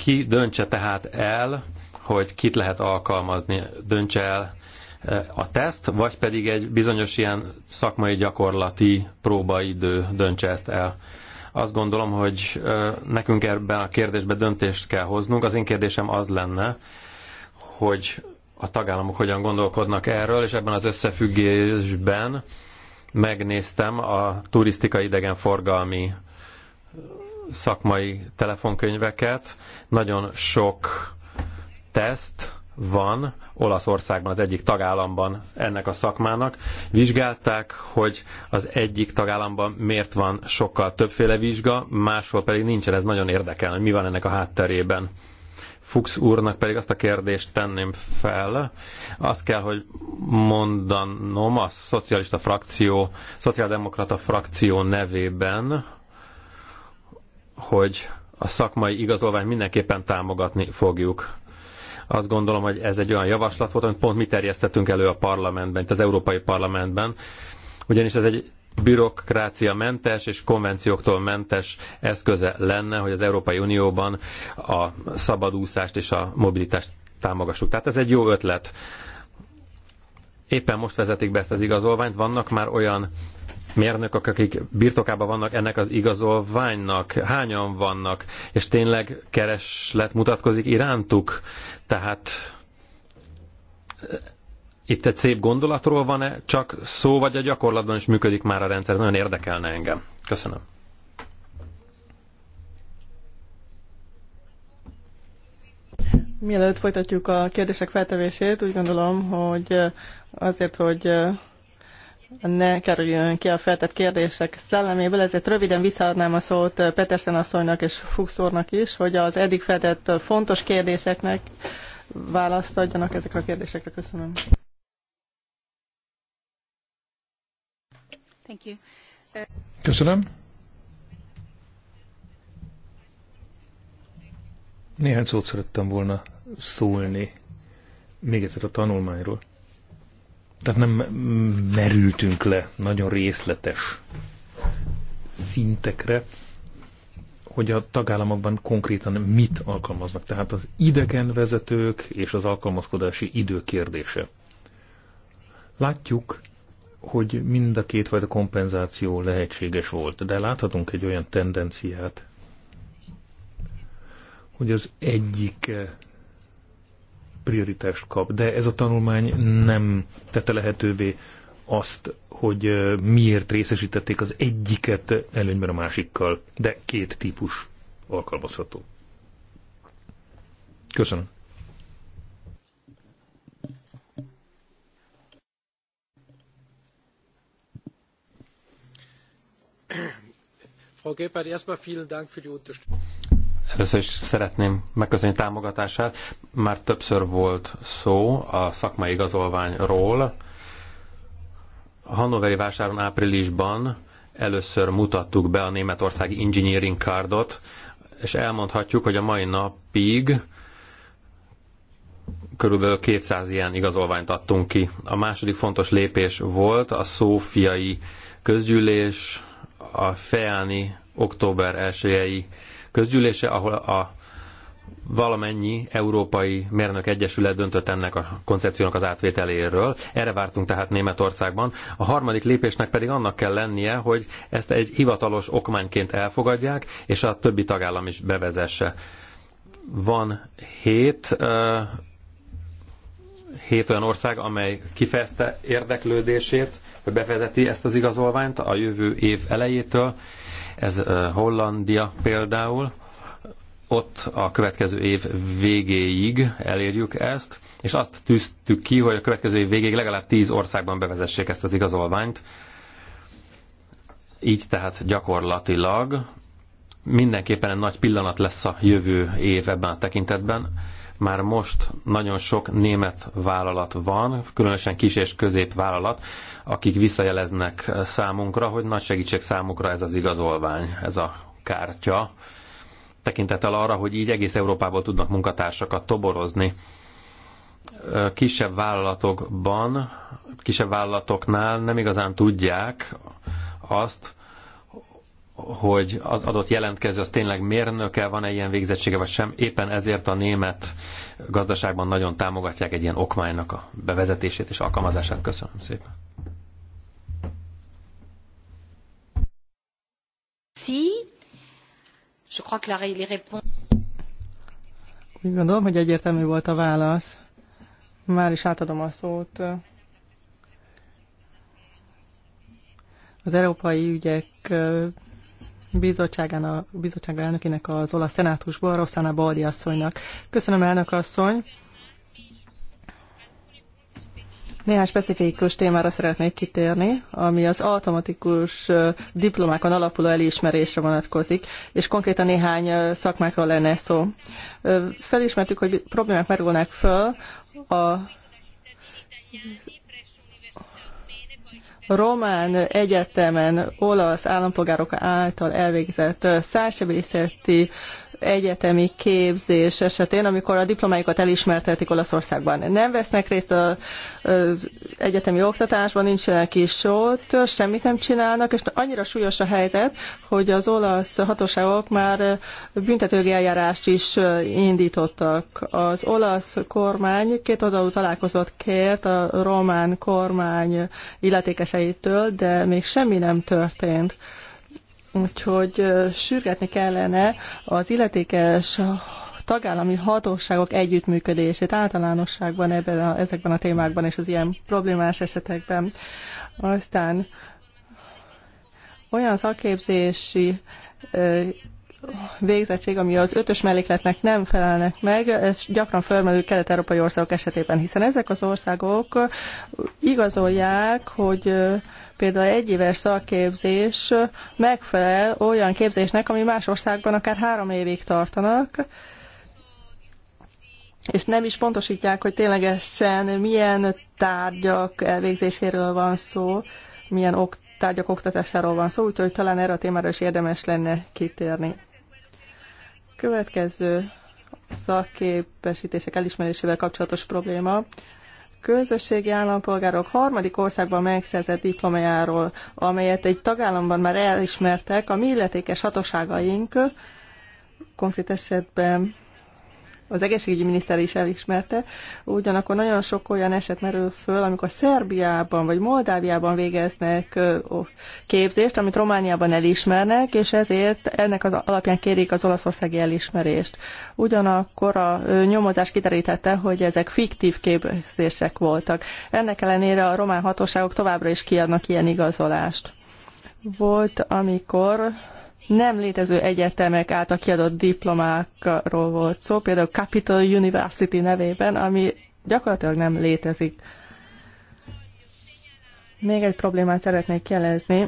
ki döntse tehát el, hogy kit lehet alkalmazni, döntse el eh, a teszt, vagy pedig egy bizonyos ilyen szakmai gyakorlati próbaidő döntse ezt el. Azt gondolom, hogy eh, nekünk ebben a kérdésben döntést kell hoznunk. Az én kérdésem az lenne, hogy a tagállamok hogyan gondolkodnak erről, és ebben az összefüggésben megnéztem a turisztika idegenforgalmi szakmai telefonkönyveket. Nagyon sok teszt van Olaszországban, az egyik tagállamban ennek a szakmának. Vizsgálták, hogy az egyik tagállamban miért van sokkal többféle vizsga, máshol pedig nincsen. Ez nagyon érdekel, hogy mi van ennek a hátterében. Fuchs úrnak pedig azt a kérdést tenném fel. Azt kell, hogy mondanom a szocialista frakció, szociáldemokrata frakció nevében, hogy a szakmai igazolvány mindenképpen támogatni fogjuk. Azt gondolom, hogy ez egy olyan javaslat volt, amit pont mi terjesztettünk elő a parlamentben, itt az Európai Parlamentben, ugyanis ez egy bürokrácia mentes és konvencióktól mentes eszköze lenne, hogy az Európai Unióban a szabadúszást és a mobilitást támogassuk. Tehát ez egy jó ötlet. Éppen most vezetik be ezt az igazolványt, vannak már olyan mérnökök, akik birtokában vannak ennek az igazolványnak, hányan vannak, és tényleg kereslet mutatkozik irántuk. Tehát eh, itt egy szép gondolatról van-e, csak szó vagy a gyakorlatban is működik már a rendszer? Nagyon érdekelne engem. Köszönöm. Mielőtt folytatjuk a kérdések feltevését, úgy gondolom, hogy eh, azért, hogy eh, ne kerüljön ki a feltett kérdések szelleméből, ezért röviden visszaadnám a szót Petersen asszonynak és Fuchs úrnak is, hogy az eddig feltett fontos kérdéseknek választ adjanak ezekre a kérdésekre. Köszönöm. Thank you. Köszönöm. Néhány szót szerettem volna szólni még egyszer a tanulmányról tehát nem merültünk le nagyon részletes szintekre, hogy a tagállamokban konkrétan mit alkalmaznak. Tehát az idegenvezetők és az alkalmazkodási idő kérdése. Látjuk, hogy mind a kétfajta kompenzáció lehetséges volt, de láthatunk egy olyan tendenciát, hogy az egyik prioritást kap, de ez a tanulmány nem tette lehetővé azt, hogy miért részesítették az egyiket előnyben a másikkal, de két típus alkalmazható. Köszönöm. Frau Gebhardt, erstmal vielen Dank für die Unterstützung. Először is szeretném megköszönni támogatását. Már többször volt szó a szakmai igazolványról. A Hannoveri vásáron áprilisban először mutattuk be a németországi engineering cardot, és elmondhatjuk, hogy a mai napig körülbelül 200 ilyen igazolványt adtunk ki. A második fontos lépés volt a szófiai közgyűlés, a feáni október 1 közgyűlése, ahol a valamennyi európai mérnök egyesület döntött ennek a koncepciónak az átvételéről. Erre vártunk tehát Németországban. A harmadik lépésnek pedig annak kell lennie, hogy ezt egy hivatalos okmányként elfogadják, és a többi tagállam is bevezesse. Van hét hét olyan ország, amely kifejezte érdeklődését, hogy bevezeti ezt az igazolványt a jövő év elejétől. Ez Hollandia például. Ott a következő év végéig elérjük ezt, és azt tűztük ki, hogy a következő év végéig legalább tíz országban bevezessék ezt az igazolványt. Így tehát gyakorlatilag mindenképpen egy nagy pillanat lesz a jövő év ebben a tekintetben már most nagyon sok német vállalat van, különösen kis és közép vállalat, akik visszajeleznek számunkra, hogy nagy segítség számukra ez az igazolvány, ez a kártya, tekintettel arra, hogy így egész Európából tudnak munkatársakat toborozni. Kisebb vállalatokban, kisebb vállalatoknál nem igazán tudják azt, hogy az adott jelentkező az tényleg mérnöke, van-e ilyen végzettsége vagy sem. Éppen ezért a német gazdaságban nagyon támogatják egy ilyen okmánynak a bevezetését és alkalmazását. Köszönöm szépen. Si, je crois que les réponses... Úgy gondolom, hogy egyértelmű volt a válasz. Már is átadom a szót. Az európai ügyek a bizottság elnökének az olasz szenátusból, Rosszana Baldi asszonynak. Köszönöm, elnök asszony! Néhány specifikus témára szeretnék kitérni, ami az automatikus diplomákon alapuló elismerésre vonatkozik, és konkrétan néhány szakmákról lenne szó. Felismertük, hogy problémák merülnek föl a román egyetemen olasz állampolgárok által elvégzett szársebészeti egyetemi képzés esetén, amikor a diplomáikat elismertetik Olaszországban. Nem vesznek részt az egyetemi oktatásban, nincsenek is ott, semmit nem csinálnak, és annyira súlyos a helyzet, hogy az olasz hatóságok már büntetőgi eljárást is indítottak. Az olasz kormány két oldalú találkozót kért a román kormány illetékeseitől, de még semmi nem történt. Úgyhogy sürgetni kellene az illetékes tagállami hatóságok együttműködését általánosságban ebben a, ezekben a témákban és az ilyen problémás esetekben. Aztán olyan szakképzési végzettség, ami az ötös mellékletnek nem felelnek meg, ez gyakran felmerül kelet-európai országok esetében, hiszen ezek az országok igazolják, hogy Például egy éves szakképzés megfelel olyan képzésnek, ami más országban akár három évig tartanak, és nem is pontosítják, hogy ténylegesen milyen tárgyak elvégzéséről van szó, milyen tárgyak oktatásáról van szó, úgyhogy talán erre a témára is érdemes lenne kitérni. Következő szakképesítések elismerésével kapcsolatos probléma közösségi állampolgárok harmadik országban megszerzett diplomájáról, amelyet egy tagállamban már elismertek, a mi illetékes hatóságaink konkrét esetben az egészségügyi miniszter is elismerte, ugyanakkor nagyon sok olyan eset merül föl, amikor Szerbiában vagy Moldáviában végeznek képzést, amit Romániában elismernek, és ezért ennek az alapján kérik az olaszországi elismerést. Ugyanakkor a nyomozás kiterítette, hogy ezek fiktív képzések voltak. Ennek ellenére a román hatóságok továbbra is kiadnak ilyen igazolást. Volt, amikor nem létező egyetemek által kiadott diplomákról volt szó, például Capital University nevében, ami gyakorlatilag nem létezik. Még egy problémát szeretnék jelezni.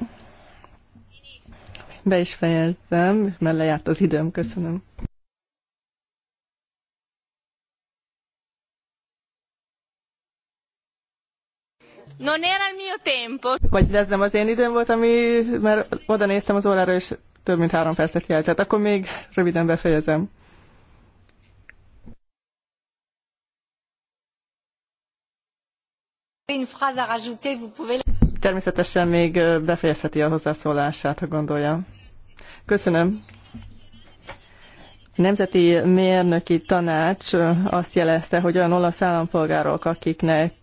Be is fejezem, mert lejárt az időm, köszönöm. Non era il mio tempo. Vagy ez nem az én időm volt, ami, mert oda néztem az órára, és több mint három percet jelzett. Akkor még röviden befejezem. Természetesen még befejezheti a hozzászólását, ha gondolja. Köszönöm. A Nemzeti Mérnöki Tanács azt jelezte, hogy olyan olasz állampolgárok, akiknek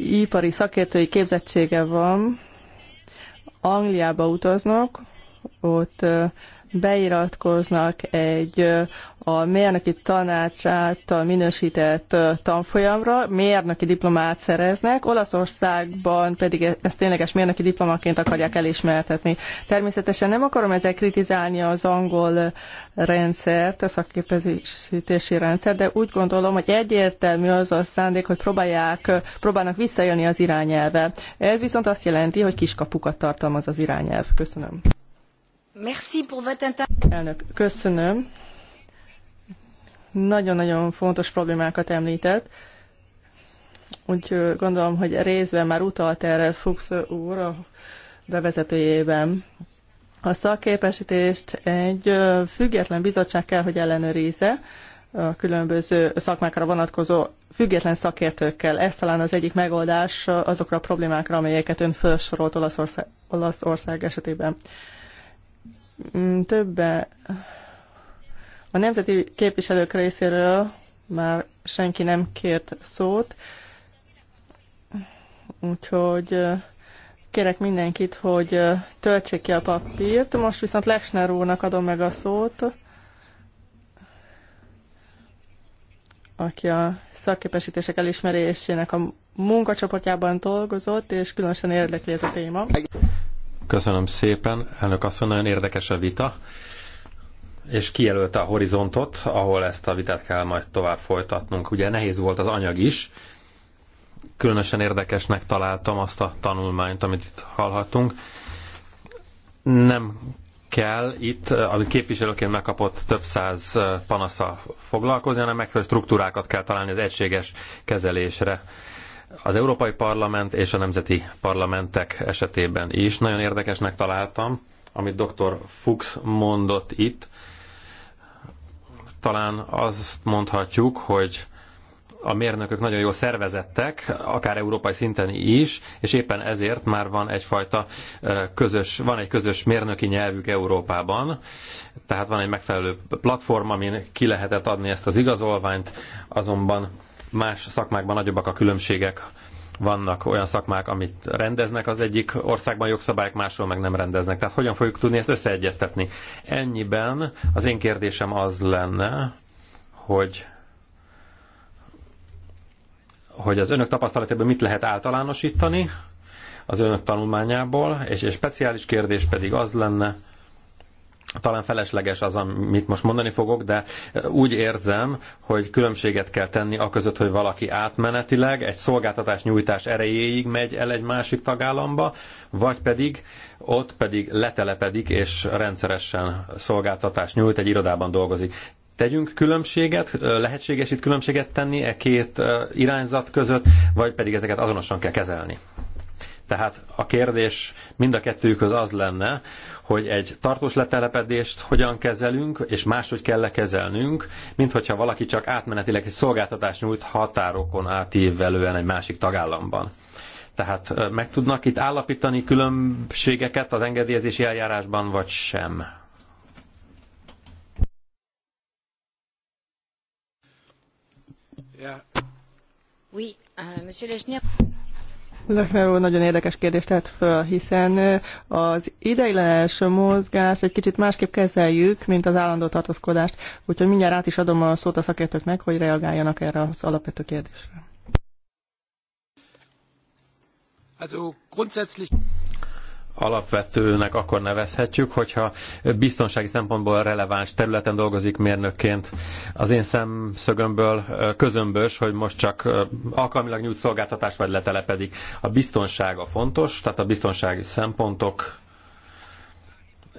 ipari szakértői képzettsége van, Angliába utaznak, ott beiratkoznak egy a mérnöki tanács által minősített tanfolyamra, mérnöki diplomát szereznek, Olaszországban pedig e-, ezt tényleges mérnöki diplomaként akarják elismertetni. Természetesen nem akarom ezzel kritizálni az angol rendszert, a szakképezési rendszer, de úgy gondolom, hogy egyértelmű az a szándék, hogy próbálják, próbálnak visszajönni az irányelve. Ez viszont azt jelenti, hogy kiskapukat tartalmaz az irányelv. Köszönöm. Elnök, köszönöm. Nagyon-nagyon fontos problémákat emltett Úgy gondolom, hogy részben már utalt erre Fuchs úr a bevezetőjében. A szakképestést egy független bizottság kell, hogy ellenőrizze a különböző szakmákra vonatkozó független szakértőkkel. Ez talán az egyik megoldás azokra a problémákra, amelyeket ön felsorolt Olaszország, Olaszország esetében. Mm, Többen a nemzeti képviselők részéről már senki nem kért szót, úgyhogy kérek mindenkit, hogy töltsék ki a papírt. Most viszont Lechner úrnak adom meg a szót, aki a szakképesítések elismerésének a munkacsoportjában dolgozott, és különösen érdekli ez a téma. Köszönöm szépen, elnök asszony, nagyon érdekes a vita, és kijelölte a horizontot, ahol ezt a vitát kell majd tovább folytatnunk. Ugye nehéz volt az anyag is, különösen érdekesnek találtam azt a tanulmányt, amit itt hallhatunk. Nem kell itt, amit képviselőként megkapott több száz eh, panasza foglalkozni, hanem megfelelő struktúrákat kell találni az egységes kezelésre az Európai Parlament és a nemzeti parlamentek esetében is. Nagyon érdekesnek találtam, amit dr. Fuchs mondott itt. Talán azt mondhatjuk, hogy a mérnökök nagyon jól szervezettek, akár európai szinten is, és éppen ezért már van egyfajta közös, van egy közös mérnöki nyelvük Európában, tehát van egy megfelelő platform, amin ki lehetett adni ezt az igazolványt, azonban Más szakmákban nagyobbak a különbségek. Vannak olyan szakmák, amit rendeznek az egyik országban jogszabályok, máshol meg nem rendeznek. Tehát hogyan fogjuk tudni ezt összeegyeztetni? Ennyiben az én kérdésem az lenne, hogy hogy az önök tapasztalatában mit lehet általánosítani az önök tanulmányából, és egy speciális kérdés pedig az lenne, talán felesleges az, amit most mondani fogok, de úgy érzem, hogy különbséget kell tenni a között, hogy valaki átmenetileg egy szolgáltatás nyújtás erejéig megy el egy másik tagállamba, vagy pedig ott pedig letelepedik és rendszeresen szolgáltatás nyújt, egy irodában dolgozik. Tegyünk különbséget, lehetséges itt különbséget tenni e két irányzat között, vagy pedig ezeket azonosan kell kezelni? Tehát a kérdés mind a kettőjükhöz az lenne, hogy egy tartós letelepedést hogyan kezelünk, és máshogy kell kezelnünk, mint hogyha valaki csak átmenetileg egy szolgáltatást nyújt határokon átívelően egy másik tagállamban. Tehát meg tudnak itt állapítani különbségeket az engedélyezési eljárásban, vagy sem? Yeah. Oui, uh, Monsieur Lechner. Zakner úr nagyon érdekes kérdést tett föl, hiszen az ideiglenes mozgást egy kicsit másképp kezeljük, mint az állandó tartózkodást, úgyhogy mindjárt át is adom a szót a szakértőknek, hogy reagáljanak erre az alapvető kérdésre. Also grundsätzlich alapvetőnek akkor nevezhetjük, hogyha biztonsági szempontból releváns területen dolgozik mérnökként. Az én szemszögömből közömbös, hogy most csak alkalmilag nyújt szolgáltatás vagy letelepedik. A biztonság a fontos, tehát a biztonsági szempontok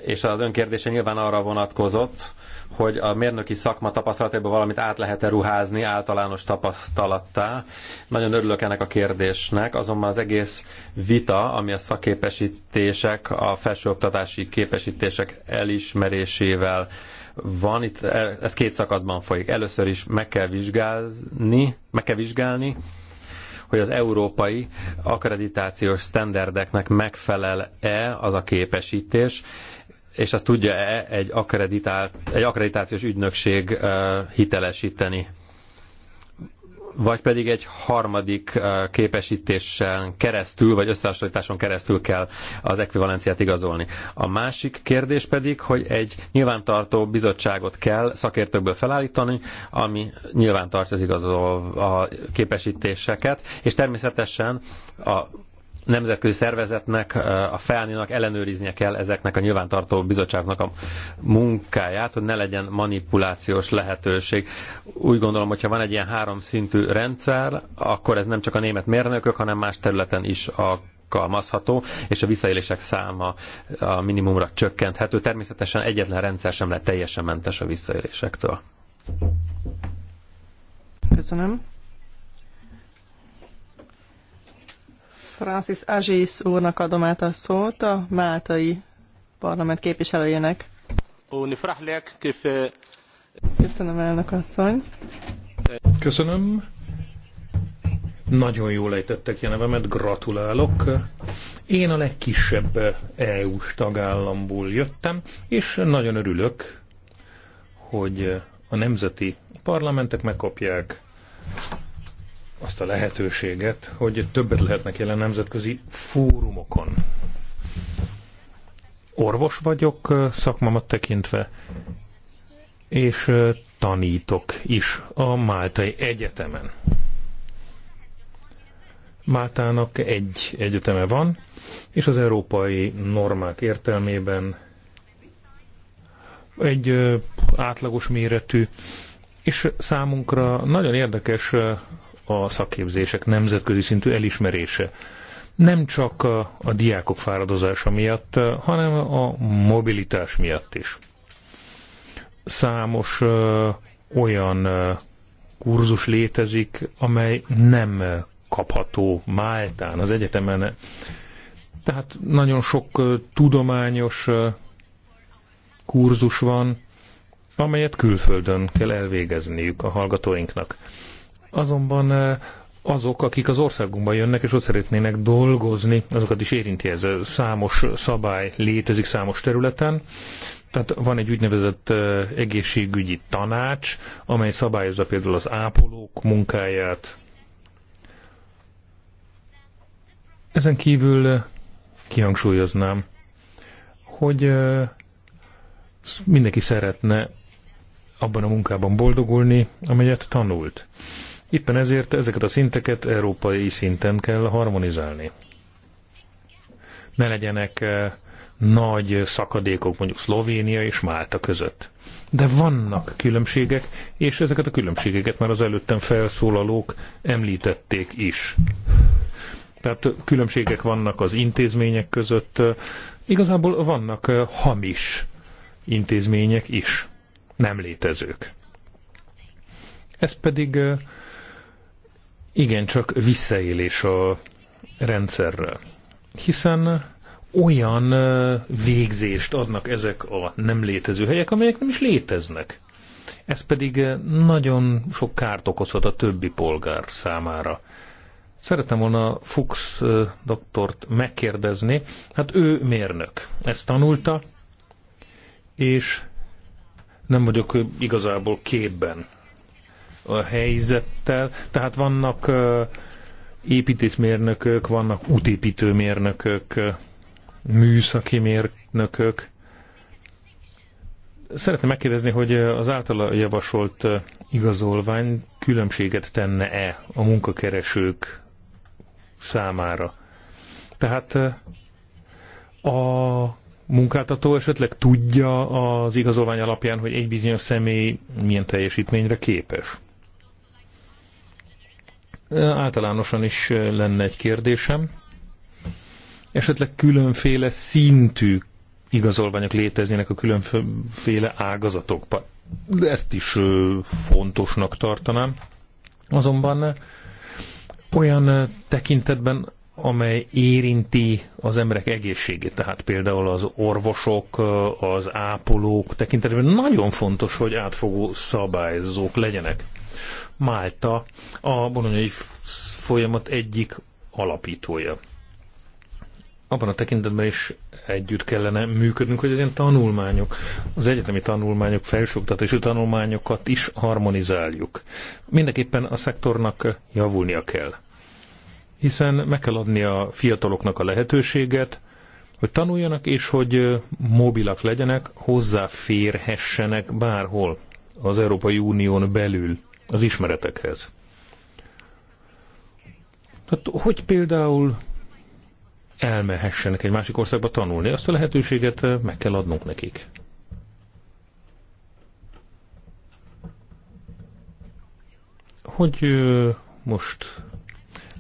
és az önkérdése nyilván arra vonatkozott, hogy a mérnöki szakma tapasztalatából valamit át lehet-e ruházni általános tapasztalattá. Nagyon örülök ennek a kérdésnek, azonban az egész vita, ami a szakképesítések, a felsőoktatási képesítések elismerésével van, itt e, ez két szakaszban folyik. Először is meg kell vizsgálni, meg kell vizsgálni hogy az európai akkreditációs sztenderdeknek megfelel-e az a képesítés, és azt tudja-e egy, egy akkreditációs ügynökség hitelesíteni? Vagy pedig egy harmadik képesítésen keresztül, vagy összehasonlításon keresztül kell az ekvivalenciát igazolni. A másik kérdés pedig, hogy egy nyilvántartó bizottságot kell szakértőkből felállítani, ami nyilvántartja az igazol a képesítéseket, és természetesen a nemzetközi szervezetnek, a felnőnek ellenőriznie kell ezeknek a nyilvántartó bizottságnak a munkáját, hogy ne legyen manipulációs lehetőség. Úgy gondolom, hogyha van egy ilyen háromszintű rendszer, akkor ez nem csak a német mérnökök, hanem más területen is a és a visszaélések száma a minimumra csökkenthető. Természetesen egyetlen rendszer sem lehet teljesen mentes a visszaélésektől. Köszönöm. Francis Aziz úrnak adom át a szót, a Máltai parlament képviselőjének. Köszönöm, elnök asszony. Köszönöm. Nagyon jól lejtettek, a nevemet, gratulálok. Én a legkisebb EU-s tagállamból jöttem, és nagyon örülök, hogy a nemzeti parlamentek megkapják azt a lehetőséget, hogy többet lehetnek jelen nemzetközi fórumokon. Orvos vagyok szakmamat tekintve, és tanítok is a Máltai Egyetemen. Máltának egy egyeteme van, és az európai normák értelmében egy átlagos méretű, és számunkra nagyon érdekes a szakképzések nemzetközi szintű elismerése. Nem csak a, a diákok fáradozása miatt, hanem a mobilitás miatt is. Számos ö, olyan ö, kurzus létezik, amely nem kapható Máltán, az egyetemen. Tehát nagyon sok ö, tudományos ö, kurzus van, amelyet külföldön kell elvégezniük a hallgatóinknak. Azonban eh, azok, akik az országunkban jönnek és ott szeretnének dolgozni, azokat is érinti ez. Számos szabály létezik számos területen, tehát van egy úgynevezett eh, egészségügyi tanács, amely szabályozza például az ápolók munkáját. Ezen kívül eh, kihangsúlyoznám, hogy mindenki szeretne abban a munkában boldogulni, amelyet tanult. Éppen ezért ezeket a szinteket európai szinten kell harmonizálni. Ne legyenek eh, nagy szakadékok mondjuk Szlovénia és Málta között. De vannak különbségek, és ezeket a különbségeket már az előttem felszólalók említették is. Tehát különbségek vannak az intézmények között, eh, igazából vannak eh, hamis intézmények is, nem létezők. Ez pedig igen, csak visszaélés a rendszerrel. Hiszen olyan végzést adnak ezek a nem létező helyek, amelyek nem is léteznek. Ez pedig nagyon sok kárt okozhat a többi polgár számára. Szeretem volna Fuchs doktort megkérdezni, hát ő mérnök, ezt tanulta, és nem vagyok igazából képben a helyzettel. Tehát vannak építészmérnökök, vannak útépítőmérnökök, műszaki mérnökök. Szeretném megkérdezni, hogy az általa javasolt igazolvány különbséget tenne-e a munkakeresők számára? Tehát a munkáltató esetleg tudja az igazolvány alapján, hogy egy bizonyos személy milyen teljesítményre képes? általánosan is lenne egy kérdésem. Esetleg különféle szintű igazolványok léteznének a különféle ágazatokban. De ezt is fontosnak tartanám. Azonban olyan tekintetben, amely érinti az emberek egészségét, tehát például az orvosok, az ápolók tekintetében nagyon fontos, hogy átfogó szabályzók legyenek. Málta a bolonyai folyamat egyik alapítója. Abban a tekintetben is együtt kellene működnünk, hogy az ilyen tanulmányok, az egyetemi tanulmányok, felsőoktatási tanulmányokat is harmonizáljuk. Mindenképpen a szektornak javulnia kell. Hiszen meg kell adni a fiataloknak a lehetőséget, hogy tanuljanak, és hogy mobilak legyenek, hozzáférhessenek bárhol az Európai Unión belül az ismeretekhez. Tehát, hogy például elmehessenek egy másik országba tanulni, azt a lehetőséget eh, meg kell adnunk nekik. Hogy eh, most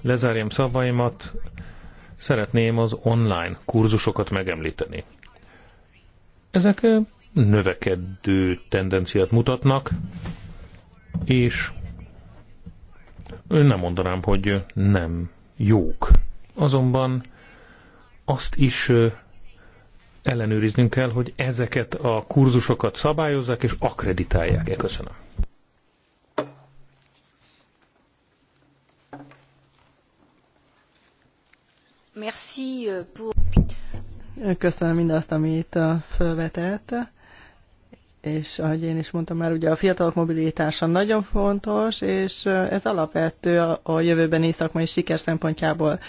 lezárjam szavaimat, szeretném az online kurzusokat megemlíteni. Ezek eh, növekedő tendenciát mutatnak, és nem mondanám, hogy nem jók. Azonban azt is ellenőriznünk kell, hogy ezeket a kurzusokat szabályozzák és akreditálják. -e. Köszönöm. Merci euh, pour... Köszönöm mindazt, amit felvetett és ahogy én is mondtam már, ugye a fiatalok mobilitása nagyon fontos, és ez alapvető a, a jövőbeni szakmai siker szempontjából.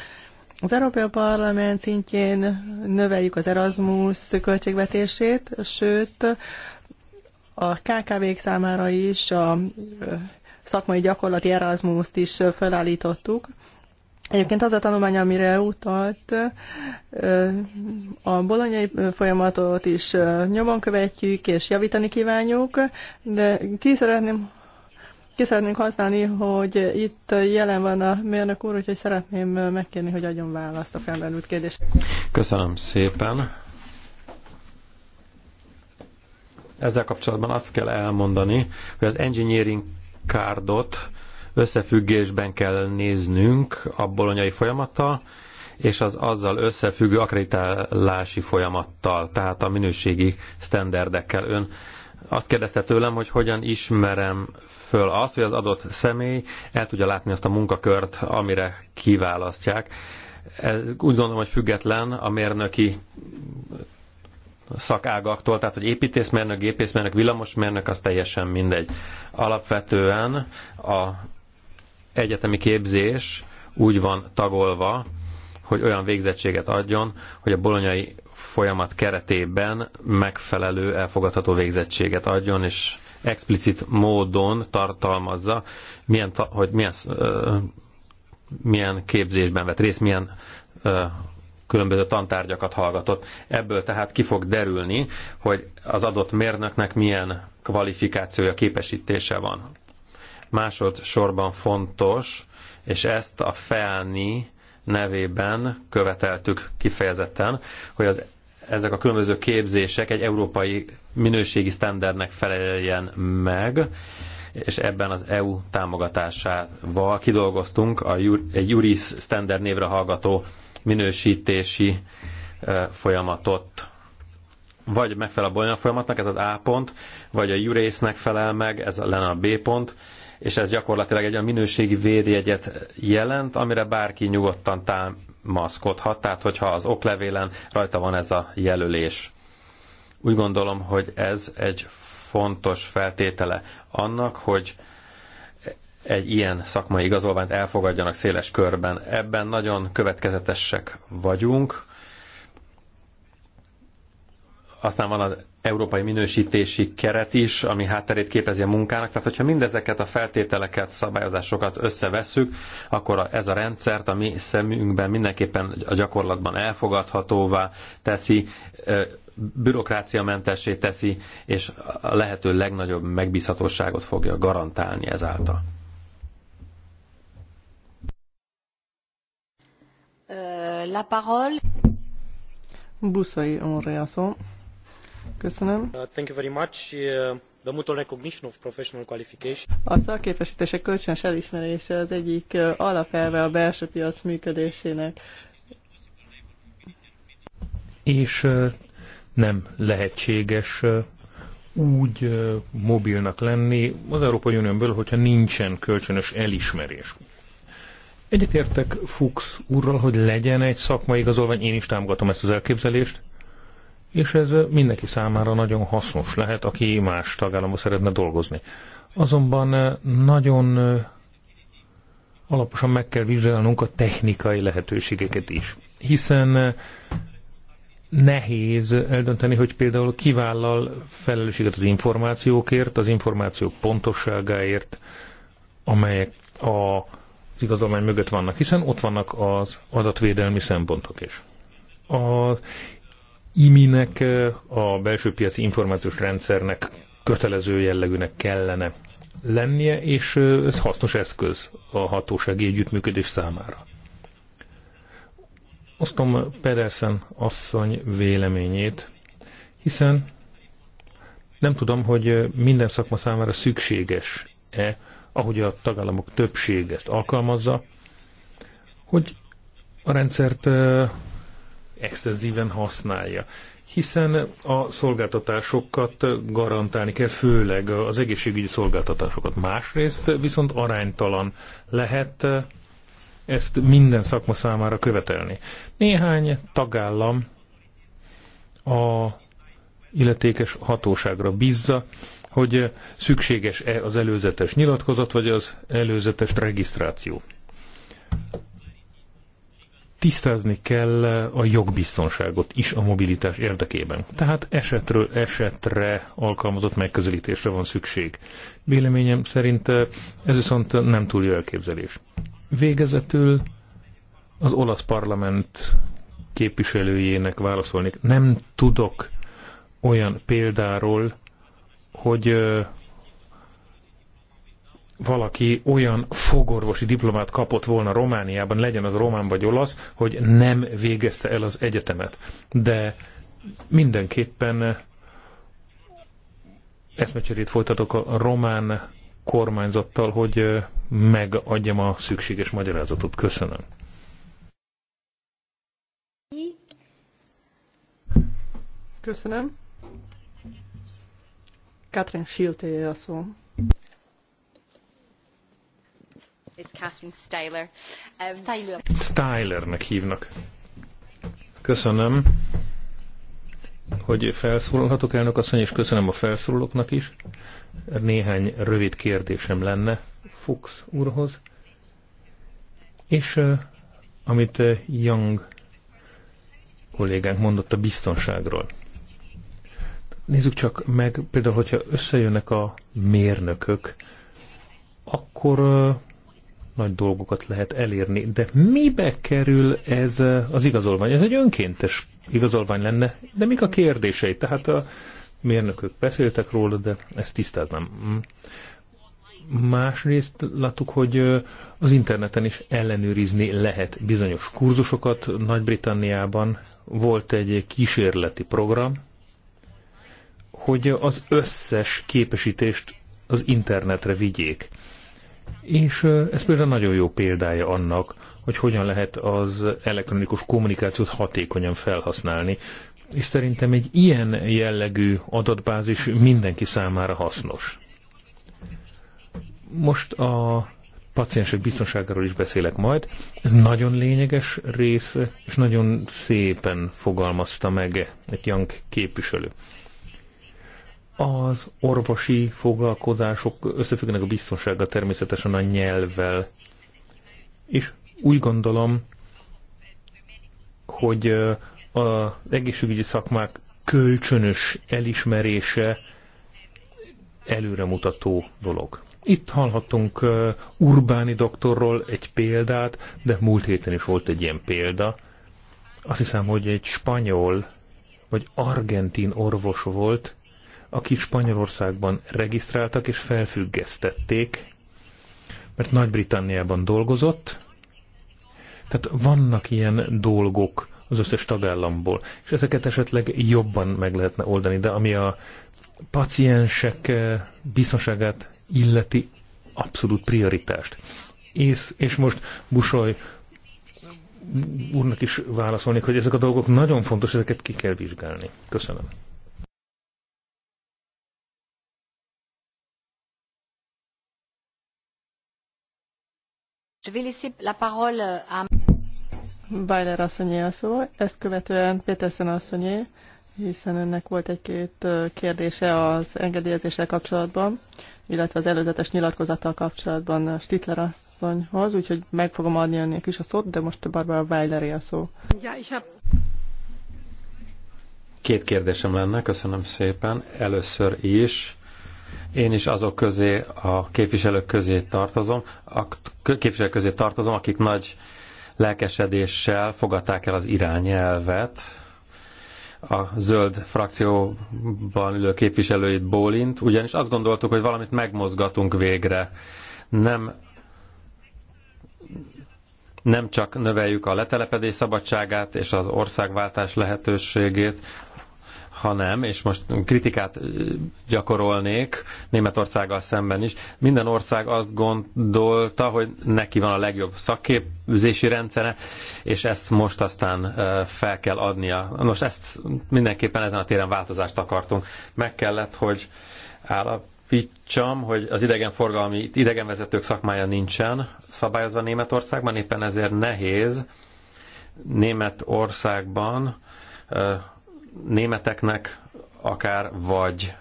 Az Európai Parlament szintjén növeljük az Erasmus költségvetését, sőt, a KKV-k számára is a szakmai gyakorlati Erasmus-t is felállítottuk, Egyébként az a tanulmány, amire utalt, a bolonyai folyamatot is nyomon követjük és javítani kívánjuk, de ki szeretném ki szeretnénk használni, hogy itt jelen van a mérnök úr, úgyhogy szeretném megkérni, hogy adjon választ a felmerült kérdésre. Köszönöm szépen. Ezzel kapcsolatban azt kell elmondani, hogy az engineering cardot összefüggésben kell néznünk a bolonyai folyamattal, és az azzal összefüggő akreditálási folyamattal, tehát a minőségi sztenderdekkel. Ön azt kérdezte tőlem, hogy hogyan ismerem föl azt, hogy az adott személy el tudja látni azt a munkakört, amire kiválasztják. Ez úgy gondolom, hogy független a mérnöki szakágaktól, tehát hogy építészmérnök, gépészmérnök, villamosmérnök, az teljesen mindegy. Alapvetően a egyetemi képzés úgy van tagolva, hogy olyan végzettséget adjon, hogy a bolonyai folyamat keretében megfelelő, elfogadható végzettséget adjon, és explicit módon tartalmazza, milyen, hogy milyen, milyen képzésben vett részt, milyen különböző tantárgyakat hallgatott. Ebből tehát ki fog derülni, hogy az adott mérnöknek milyen kvalifikációja, képesítése van. Másodszorban fontos, és ezt a felni nevében követeltük kifejezetten, hogy az, ezek a különböző képzések egy európai minőségi sztendernek feleljen meg, és ebben az EU támogatásával kidolgoztunk a egy Juris standard névre hallgató minősítési folyamatot. Vagy megfelel a folyamatnak, ez az A pont, vagy a Jurésznek felel meg, ez lenne a B pont, és ez gyakorlatilag egy olyan minőségi védjegyet jelent, amire bárki nyugodtan támaszkodhat, tehát hogyha az oklevélen rajta van ez a jelölés. Úgy gondolom, hogy ez egy fontos feltétele annak, hogy egy ilyen szakmai igazolványt elfogadjanak széles körben. Ebben nagyon következetesek vagyunk. Aztán van az európai minősítési keret is, ami hátterét képezi a munkának. Tehát, hogyha mindezeket a feltételeket, szabályozásokat összevesszük, akkor ez a rendszert a mi szemünkben mindenképpen a gyakorlatban elfogadhatóvá teszi, bürokráciamentessé teszi, és a lehető legnagyobb megbízhatóságot fogja garantálni ezáltal. La parole. Buszai Henri Uh, uh, a szakképesítések kölcsönös elismerése az egyik uh, alapelve a belső piac működésének. És nem lehetséges úgy mobilnak lenni az Európai Uniónből, hogyha nincsen kölcsönös elismerés. Egyetértek Fuchs úrral, hogy legyen egy szakmai igazolvány, én is támogatom ezt az elképzelést, és ez mindenki számára nagyon hasznos lehet, aki más tagállamban szeretne dolgozni. Azonban nagyon alaposan meg kell vizsgálnunk a technikai lehetőségeket is, hiszen nehéz eldönteni, hogy például kivállal felelősséget az információkért, az információk pontosságáért, amelyek a az igazolvány mögött vannak, hiszen ott vannak az adatvédelmi szempontok is. Az iminek, a belső piaci információs rendszernek kötelező jellegűnek kellene lennie, és ez hasznos eszköz a hatósági együttműködés számára. Osztom Pedersen asszony véleményét, hiszen nem tudom, hogy minden szakma számára szükséges-e, ahogy a tagállamok többség ezt alkalmazza, hogy a rendszert extenzíven használja. Hiszen a szolgáltatásokat garantálni kell, főleg az egészségügyi szolgáltatásokat. Másrészt viszont aránytalan lehet ezt minden szakma számára követelni. Néhány tagállam a illetékes hatóságra bízza, hogy szükséges-e az előzetes nyilatkozat, vagy az előzetes regisztráció tisztázni kell a jogbiztonságot is a mobilitás érdekében. Tehát esetről esetre alkalmazott megközelítésre van szükség. Véleményem szerint eh, ez viszont nem túl jó elképzelés. Végezetül az olasz parlament képviselőjének válaszolnék. Nem tudok olyan példáról, hogy eh, valaki olyan fogorvosi diplomát kapott volna Romániában, legyen az román vagy olasz, hogy nem végezte el az egyetemet. De mindenképpen eszmecserét folytatok a román kormányzattal, hogy megadjam a szükséges magyarázatot. Köszönöm. Köszönöm. Katrin Schilt a szó. is Catherine Styler. Um, Styler. Stylernek hívnak. Köszönöm, hogy felszólalhatok, elnök asszony, és köszönöm a felszólalóknak is. Néhány rövid kérdésem lenne Fuchs úrhoz. És amit Young kollégánk mondott a biztonságról. Nézzük csak meg, például, hogyha összejönnek a mérnökök, akkor nagy dolgokat lehet elérni. De mibe kerül ez eh, az igazolvány? Ez egy önkéntes igazolvány lenne, de mik a kérdései? Tehát a mérnökök beszéltek róla, de ezt tisztáznám. Mm. Másrészt láttuk, hogy eh, az interneten is ellenőrizni lehet bizonyos kurzusokat. Nagy-Britanniában volt egy kísérleti program, hogy az összes képesítést az internetre vigyék. És ez például nagyon jó példája annak, hogy hogyan lehet az elektronikus kommunikációt hatékonyan felhasználni, és szerintem egy ilyen jellegű adatbázis mindenki számára hasznos. Most a paciensek biztonságáról is beszélek majd. Ez nagyon lényeges rész, és nagyon szépen fogalmazta meg egy Young képviselő. Az orvosi foglalkozások összefüggnek a biztonsággal természetesen a nyelvvel. És úgy gondolom, hogy az egészségügyi szakmák kölcsönös elismerése előremutató dolog. Itt hallhattunk uh, Urbáni doktorról egy példát, de múlt héten is volt egy ilyen példa. Azt hiszem, hogy egy spanyol vagy argentin orvos volt, akik Spanyolországban regisztráltak és felfüggesztették, mert Nagy-Britanniában dolgozott. Tehát vannak ilyen dolgok az összes tagállamból, és ezeket esetleg jobban meg lehetne oldani, de ami a paciensek eh, biztonságát illeti abszolút prioritást. És, és most Busoly úrnak is válaszolnék, hogy ezek a dolgok nagyon fontos, ezeket ki kell vizsgálni. Köszönöm. Je Weiler asszonyé a szó, ezt követően Petersen asszonyé, hiszen önnek volt egy-két kérdése az engedélyezéssel kapcsolatban, illetve az előzetes nyilatkozattal kapcsolatban Stitler asszonyhoz, úgyhogy meg fogom adni önnek is a szót, de most Barbara Weileré a szó. Két kérdésem lenne, köszönöm szépen. Először is én is azok közé, a képviselők közé tartozom, a képviselők közé tartozom, akik nagy lelkesedéssel fogadták el az irányelvet. A zöld frakcióban ülő képviselőit bólint, ugyanis azt gondoltuk, hogy valamit megmozgatunk végre. Nem nem csak növeljük a letelepedés szabadságát és az országváltás lehetőségét, hanem, és most kritikát gyakorolnék Németországgal szemben is, minden ország azt gondolta, hogy neki van a legjobb szakképzési rendszere, és ezt most aztán fel kell adnia. Nos, ezt mindenképpen ezen a téren változást akartunk. Meg kellett, hogy állapítsam, hogy az idegenforgalmi, idegenvezetők szakmája nincsen szabályozva Németországban, éppen ezért nehéz Németországban németeknek akár, vagy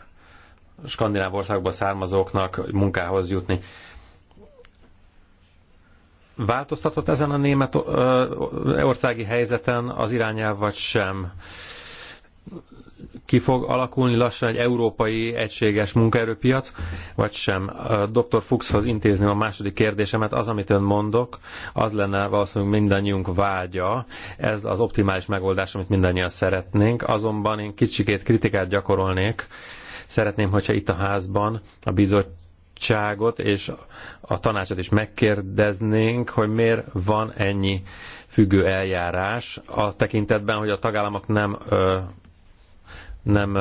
skandináv országokból származóknak munkához jutni. Változtatott ezen a német országi helyzeten az irányelv, vagy sem? ki fog alakulni lassan egy európai egységes munkaerőpiac, vagy sem. Dr. Fuchshoz intézném a második kérdésemet. Az, amit ön mondok, az lenne valószínűleg mindannyiunk vágya. Ez az optimális megoldás, amit mindannyian szeretnénk. Azonban én kicsikét kritikát gyakorolnék. Szeretném, hogyha itt a házban a bizottság bizottságot és a tanácsot is megkérdeznénk, hogy miért van ennyi függő eljárás a tekintetben, hogy a tagállamok nem ö, nem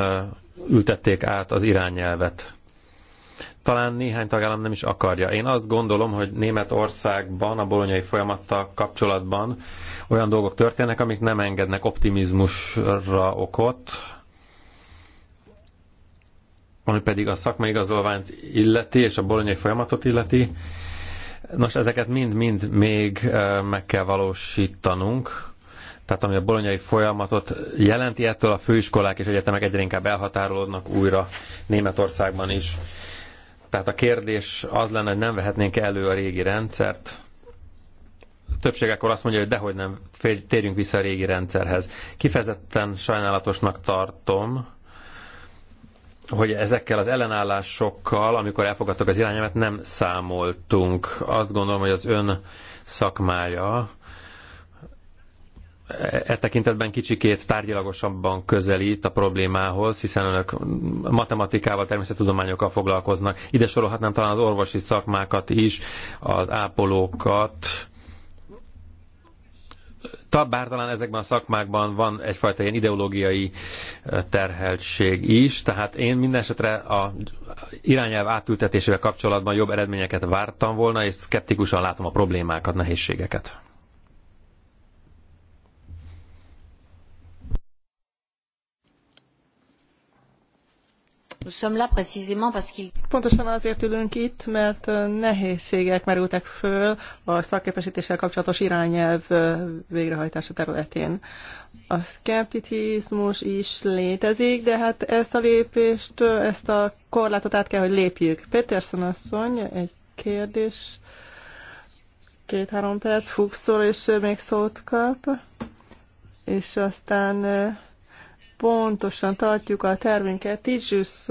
ültették át az irányelvet. Talán néhány tagállam nem is akarja. Én azt gondolom, hogy Németországban a bolonyai folyamattal kapcsolatban olyan dolgok történnek, amik nem engednek optimizmusra okot, ami pedig a szakmai igazolványt illeti, és a bolonyai folyamatot illeti. Nos, ezeket mind-mind még meg kell valósítanunk, tehát ami a bolonyai folyamatot jelenti, ettől a főiskolák és egyetemek egyre inkább elhatárolódnak újra Németországban is. Tehát a kérdés az lenne, hogy nem vehetnénk elő a régi rendszert. A többség akkor azt mondja, hogy dehogy nem, térjünk vissza a régi rendszerhez. Kifejezetten sajnálatosnak tartom, hogy ezekkel az ellenállásokkal, amikor elfogadtak az irányelvet, nem számoltunk. Azt gondolom, hogy az ön szakmája, e tekintetben kicsikét tárgyalagosabban közelít a problémához, hiszen önök matematikával, természettudományokkal foglalkoznak. Ide sorolhatnám talán az orvosi szakmákat is, az ápolókat, bár talán ezekben a szakmákban van egyfajta ilyen ideológiai e, terheltség is, tehát én minden esetre a irányelv átültetésével kapcsolatban jobb eredményeket vártam volna, és szkeptikusan látom a problémákat, nehézségeket. Pontosan azért ülünk itt, mert nehézségek merültek föl a szakképesítéssel kapcsolatos irányelv végrehajtása területén. A szkepticizmus is létezik, de hát ezt a lépést, ezt a korlátot át kell, hogy lépjük. Peterson asszony, egy kérdés, két-három perc, Fuxor és még szót kap, és aztán pontosan tartjuk a tervünket. Ticsus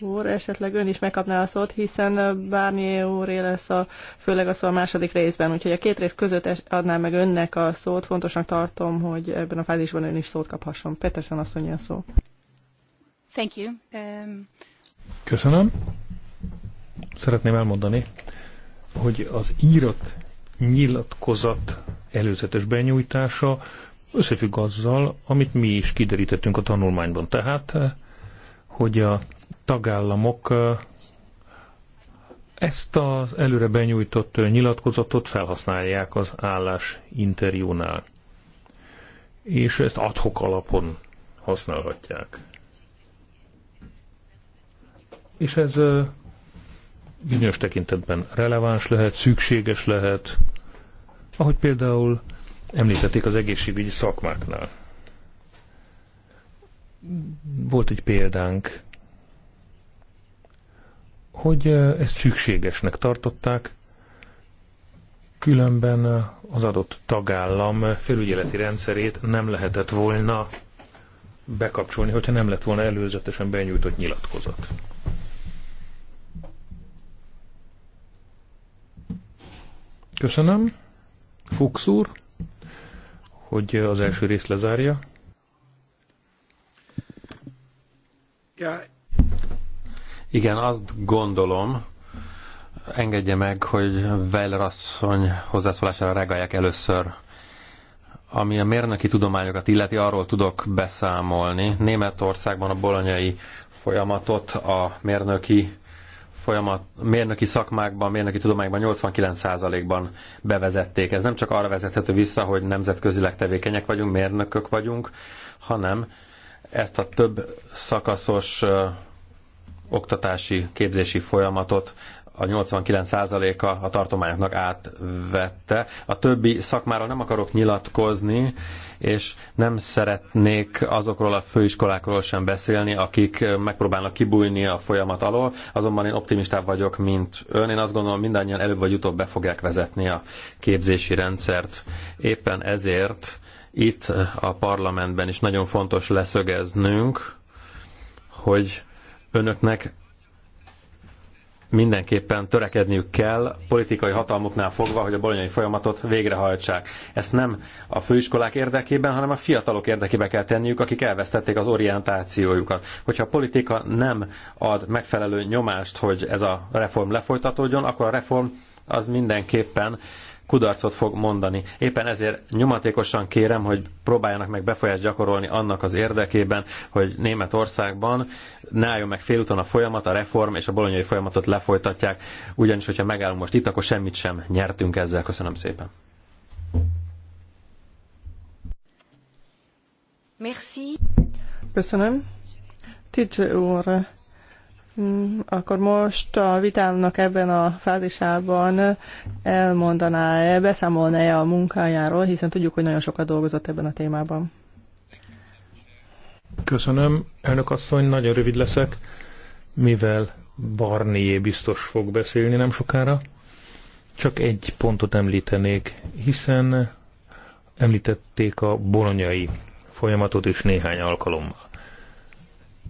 úr, esetleg ön is megkapná a szót, hiszen Bárnyé úré lesz a, főleg a szó a második részben, úgyhogy a két rész között adnám meg önnek a szót. Fontosnak tartom, hogy ebben a fázisban ön is szót kaphasson. Petersen asszony a szó. Thank you. Um... Köszönöm. Szeretném elmondani, hogy az írott nyilatkozat előzetes benyújtása összefügg azzal, amit mi is kiderítettünk a tanulmányban. Tehát, eh, hogy a tagállamok eh, ezt az előre benyújtott eh, nyilatkozatot felhasználják az állás interjúnál. És ezt adhok alapon használhatják. És ez bizonyos tekintetben releváns lehet, szükséges lehet, ahogy például említették az egészségügyi szakmáknál. Volt egy példánk, hogy ezt szükségesnek tartották, különben az adott tagállam felügyeleti rendszerét nem lehetett volna bekapcsolni, hogyha nem lett volna előzetesen benyújtott nyilatkozat. Köszönöm. Fuchs úr hogy az első rész lezárja. Igen, azt gondolom, engedje meg, hogy Weiler asszony hozzászólására reagálják először. Ami a mérnöki tudományokat illeti, arról tudok beszámolni. Németországban a bolonyai folyamatot a mérnöki folyamat, mérnöki szakmákban, mérnöki tudományban 89%-ban bevezették. Ez nem csak arra vezethető vissza, hogy nemzetközileg tevékenyek vagyunk, mérnökök vagyunk, hanem ezt a több szakaszos oktatási, képzési folyamatot a 89%-a a tartományoknak átvette. A többi szakmáról nem akarok nyilatkozni, és nem szeretnék azokról a főiskolákról sem beszélni, akik megpróbálnak kibújni a folyamat alól, azonban én optimistább vagyok, mint ön. Én azt gondolom, mindannyian előbb vagy utóbb be fogják vezetni a képzési rendszert. Éppen ezért itt a parlamentben is nagyon fontos leszögeznünk, hogy önöknek mindenképpen törekedniük kell politikai hatalmuknál fogva, hogy a bolonyai folyamatot végrehajtsák. Ezt nem a főiskolák érdekében, hanem a fiatalok érdekében kell tenniük, akik elvesztették az orientációjukat. Hogyha a politika nem ad megfelelő nyomást, hogy ez a reform lefolytatódjon, akkor a reform az mindenképpen kudarcot fog mondani. Éppen ezért nyomatékosan kérem, hogy próbáljanak meg befolyást gyakorolni annak az érdekében, hogy Németországban ne álljon meg félúton a folyamat, a reform és a bolonyai folyamatot lefolytatják, ugyanis, hogyha megállunk most itt, akkor semmit sem nyertünk ezzel. Köszönöm szépen. Merci. Köszönöm. Tidzse úr, Mm, akkor most a vitámnak ebben a fázisában elmondaná-e, beszámolná-e a munkájáról, hiszen tudjuk, hogy nagyon sokat dolgozott ebben a témában. Köszönöm, elnök asszony, nagyon rövid leszek, mivel Barnié biztos fog beszélni nem sokára. Csak egy pontot említenék, hiszen említették a bolonyai folyamatot is néhány alkalommal.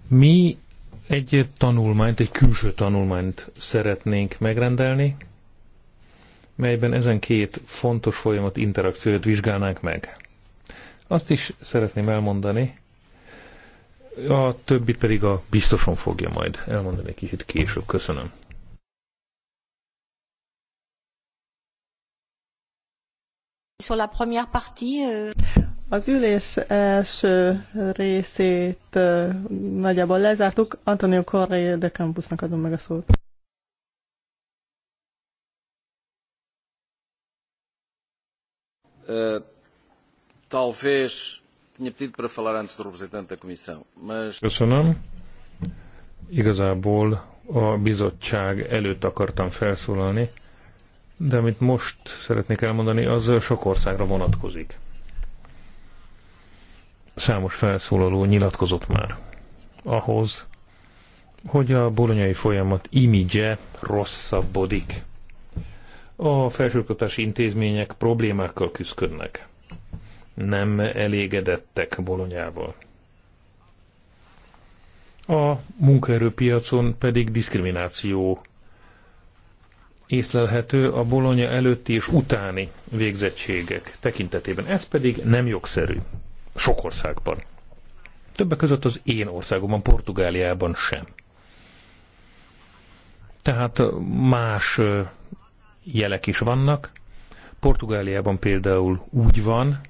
Mi egy tanulmányt, egy külső tanulmányt szeretnénk megrendelni, melyben ezen két fontos folyamat interakcióját vizsgálnánk meg. Azt is szeretném elmondani, a többit pedig a biztoson fogja majd elmondani kicsit később. Köszönöm. Sur la première partie, euh... Az ülés első részét nagyjából lezártuk. Antonio Correa de Campusnak adom meg a szót. talvez tinha pedido para falar antes do representante da Comissão, mas... Köszönöm. Igazából a bizottság előtt akartam felszólalni, de amit most szeretnék elmondani, az sok országra vonatkozik. Számos felszólaló nyilatkozott már ahhoz, hogy a bolonyai folyamat imidzse rosszabbodik. A felsőoktatási intézmények problémákkal küzdködnek. Nem elégedettek bolonyával. A munkaerőpiacon pedig diszkrimináció észlelhető a bolonya előtti és utáni végzettségek tekintetében. Ez pedig nem jogszerű sok országban. Többek között az én országomban, Portugáliában sem. Tehát más jelek is vannak. Portugáliában például úgy van,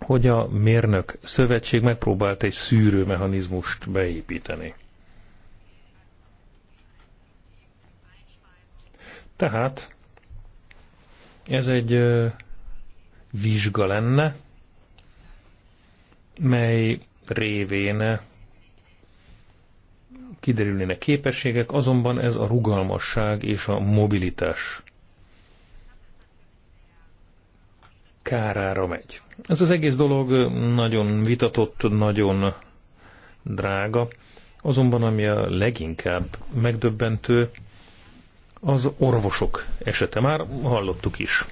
hogy a mérnök szövetség megpróbált egy szűrőmechanizmust beépíteni. Tehát ez egy vizsga lenne, mely révén kiderülnének képességek, azonban ez a rugalmasság és a mobilitás kárára megy. Ez az egész dolog nagyon vitatott, nagyon drága, azonban ami a leginkább megdöbbentő, az orvosok esete már hallottuk is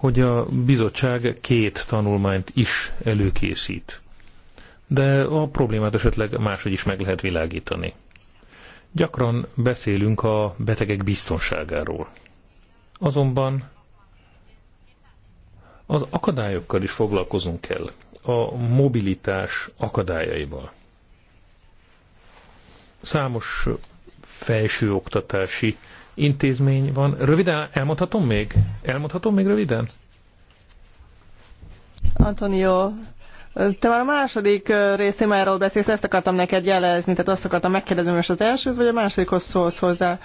hogy a bizottság két tanulmányt is előkészít. De a problémát esetleg máshogy is meg lehet világítani. Gyakran beszélünk a betegek biztonságáról. Azonban az akadályokkal is foglalkozunk kell, a mobilitás akadályaival. Számos felsőoktatási intézmény van. Röviden elmondhatom még? Elmondhatom még röviden? Antonio, te már a második már témáról beszélsz, ezt akartam neked jelezni, tehát azt akartam megkérdezni, most az elsőhöz vagy a másodikhoz szólsz hozzá.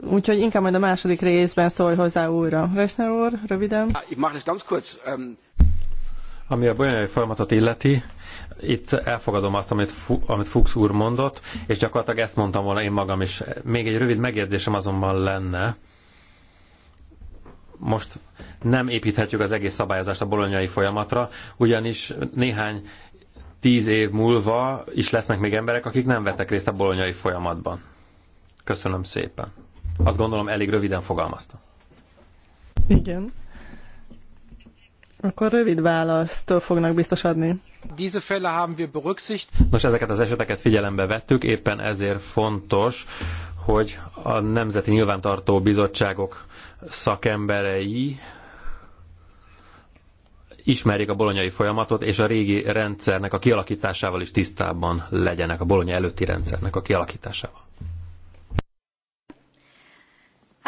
Úgyhogy inkább majd a második részben szólj hozzá újra. Reisner úr, röviden. Ich ganz kurz. Ähm, ami a bolonyai folyamatot illeti, itt elfogadom azt, amit, amit Fuchs úr mondott, és gyakorlatilag ezt mondtam volna én magam is. Még egy rövid megjegyzésem azonban lenne. Most nem építhetjük az egész szabályozást a bolonyai folyamatra, ugyanis néhány tíz év múlva is lesznek még emberek, akik nem vettek részt a bolonyai folyamatban. Köszönöm szépen. Azt gondolom elég röviden fogalmazta. Igen. Akkor rövid választ fognak biztos adni. Diese Fälle haben wir Nos, ezeket az eseteket figyelembe vettük, éppen ezért fontos, hogy a Nemzeti Nyilvántartó Bizottságok szakemberei ismerjék a bolonyai folyamatot, és a régi rendszernek a kialakításával is tisztában legyenek, a bolonya előtti rendszernek a kialakításával.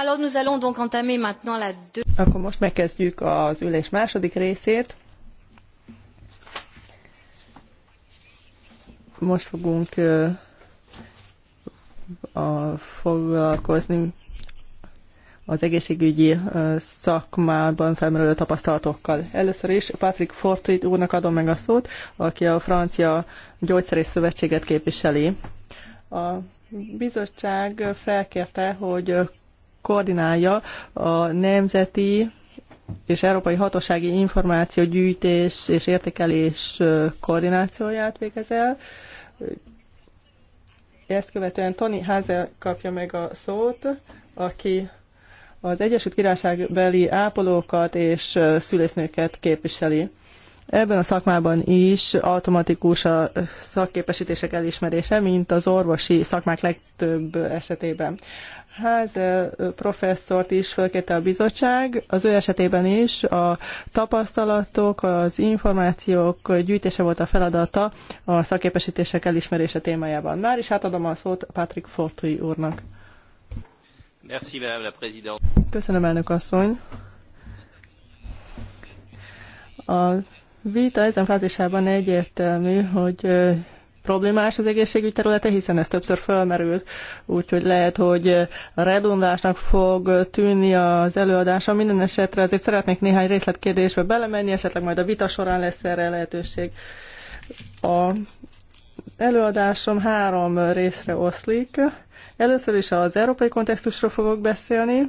Alors nous allons donc entamer maintenant la deux... Akkor most megkezdjük az ülés második részét. Most fogunk uh, a, foglalkozni az egészségügyi szakmában felmerülő tapasztalatokkal. Először is Patrick Fortuit úrnak adom meg a szót, aki a Francia Gyógyszerész Szövetséget képviseli. A bizottság felkérte, hogy koordinálja a nemzeti és európai hatósági információgyűjtés és értékelés koordinációját végez el. Ezt követően Tony Hazel kapja meg a szót, aki az Egyesült Királyság beli ápolókat és szülésznőket képviseli. Ebben a szakmában is automatikus a szakképesítések elismerése, mint az orvosi szakmák legtöbb esetében. Házel professzort is fölkérte a bizottság, az ő esetében is a tapasztalatok, az információk gyűjtése volt a feladata a szakképesítések elismerése témájában. Már is átadom a szót Patrick Fortui úrnak. Merci, Madame la Présidente. Köszönöm, elnök asszony. A vita ezen fázisában egyértelmű, hogy problémás az egészségügy területe, hiszen ez többször fölmerült, úgyhogy lehet, hogy redundásnak fog tűnni az előadása. Minden esetre azért szeretnék néhány részletkérdésbe belemenni, esetleg majd a vita során lesz erre lehetőség. A előadásom három részre oszlik. Először is az európai kontextusról fogok beszélni,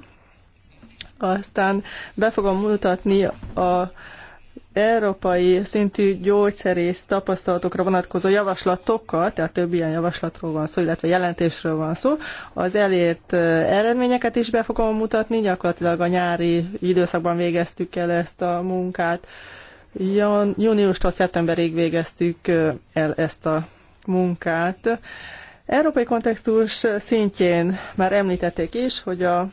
aztán be fogom mutatni a európai szintű gyógyszerész tapasztalatokra vonatkozó javaslatokkal, tehát több ilyen javaslatról van szó, illetve jelentésről van szó, az elért eh, eredményeket is be fogom mutatni, gyakorlatilag a nyári időszakban végeztük el ezt a munkát, Jan, júniustól szeptemberig végeztük eh, el ezt a munkát. Európai kontextus szintjén már említették is, hogy a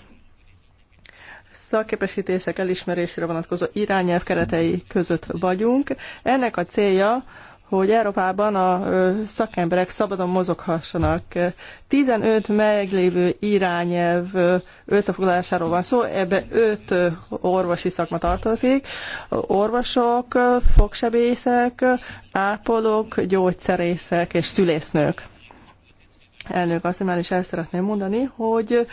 szakképesítések elismerésére vonatkozó irányelv keretei között vagyunk. Ennek a célja, hogy Európában a szakemberek szabadon mozoghassanak. 15 meglévő irányelv összefoglalásáról van szó, ebbe 5 orvosi szakma tartozik, orvosok, fogsebészek, ápolók, gyógyszerészek és szülésznők. Elnök azt már is el szeretném mondani, hogy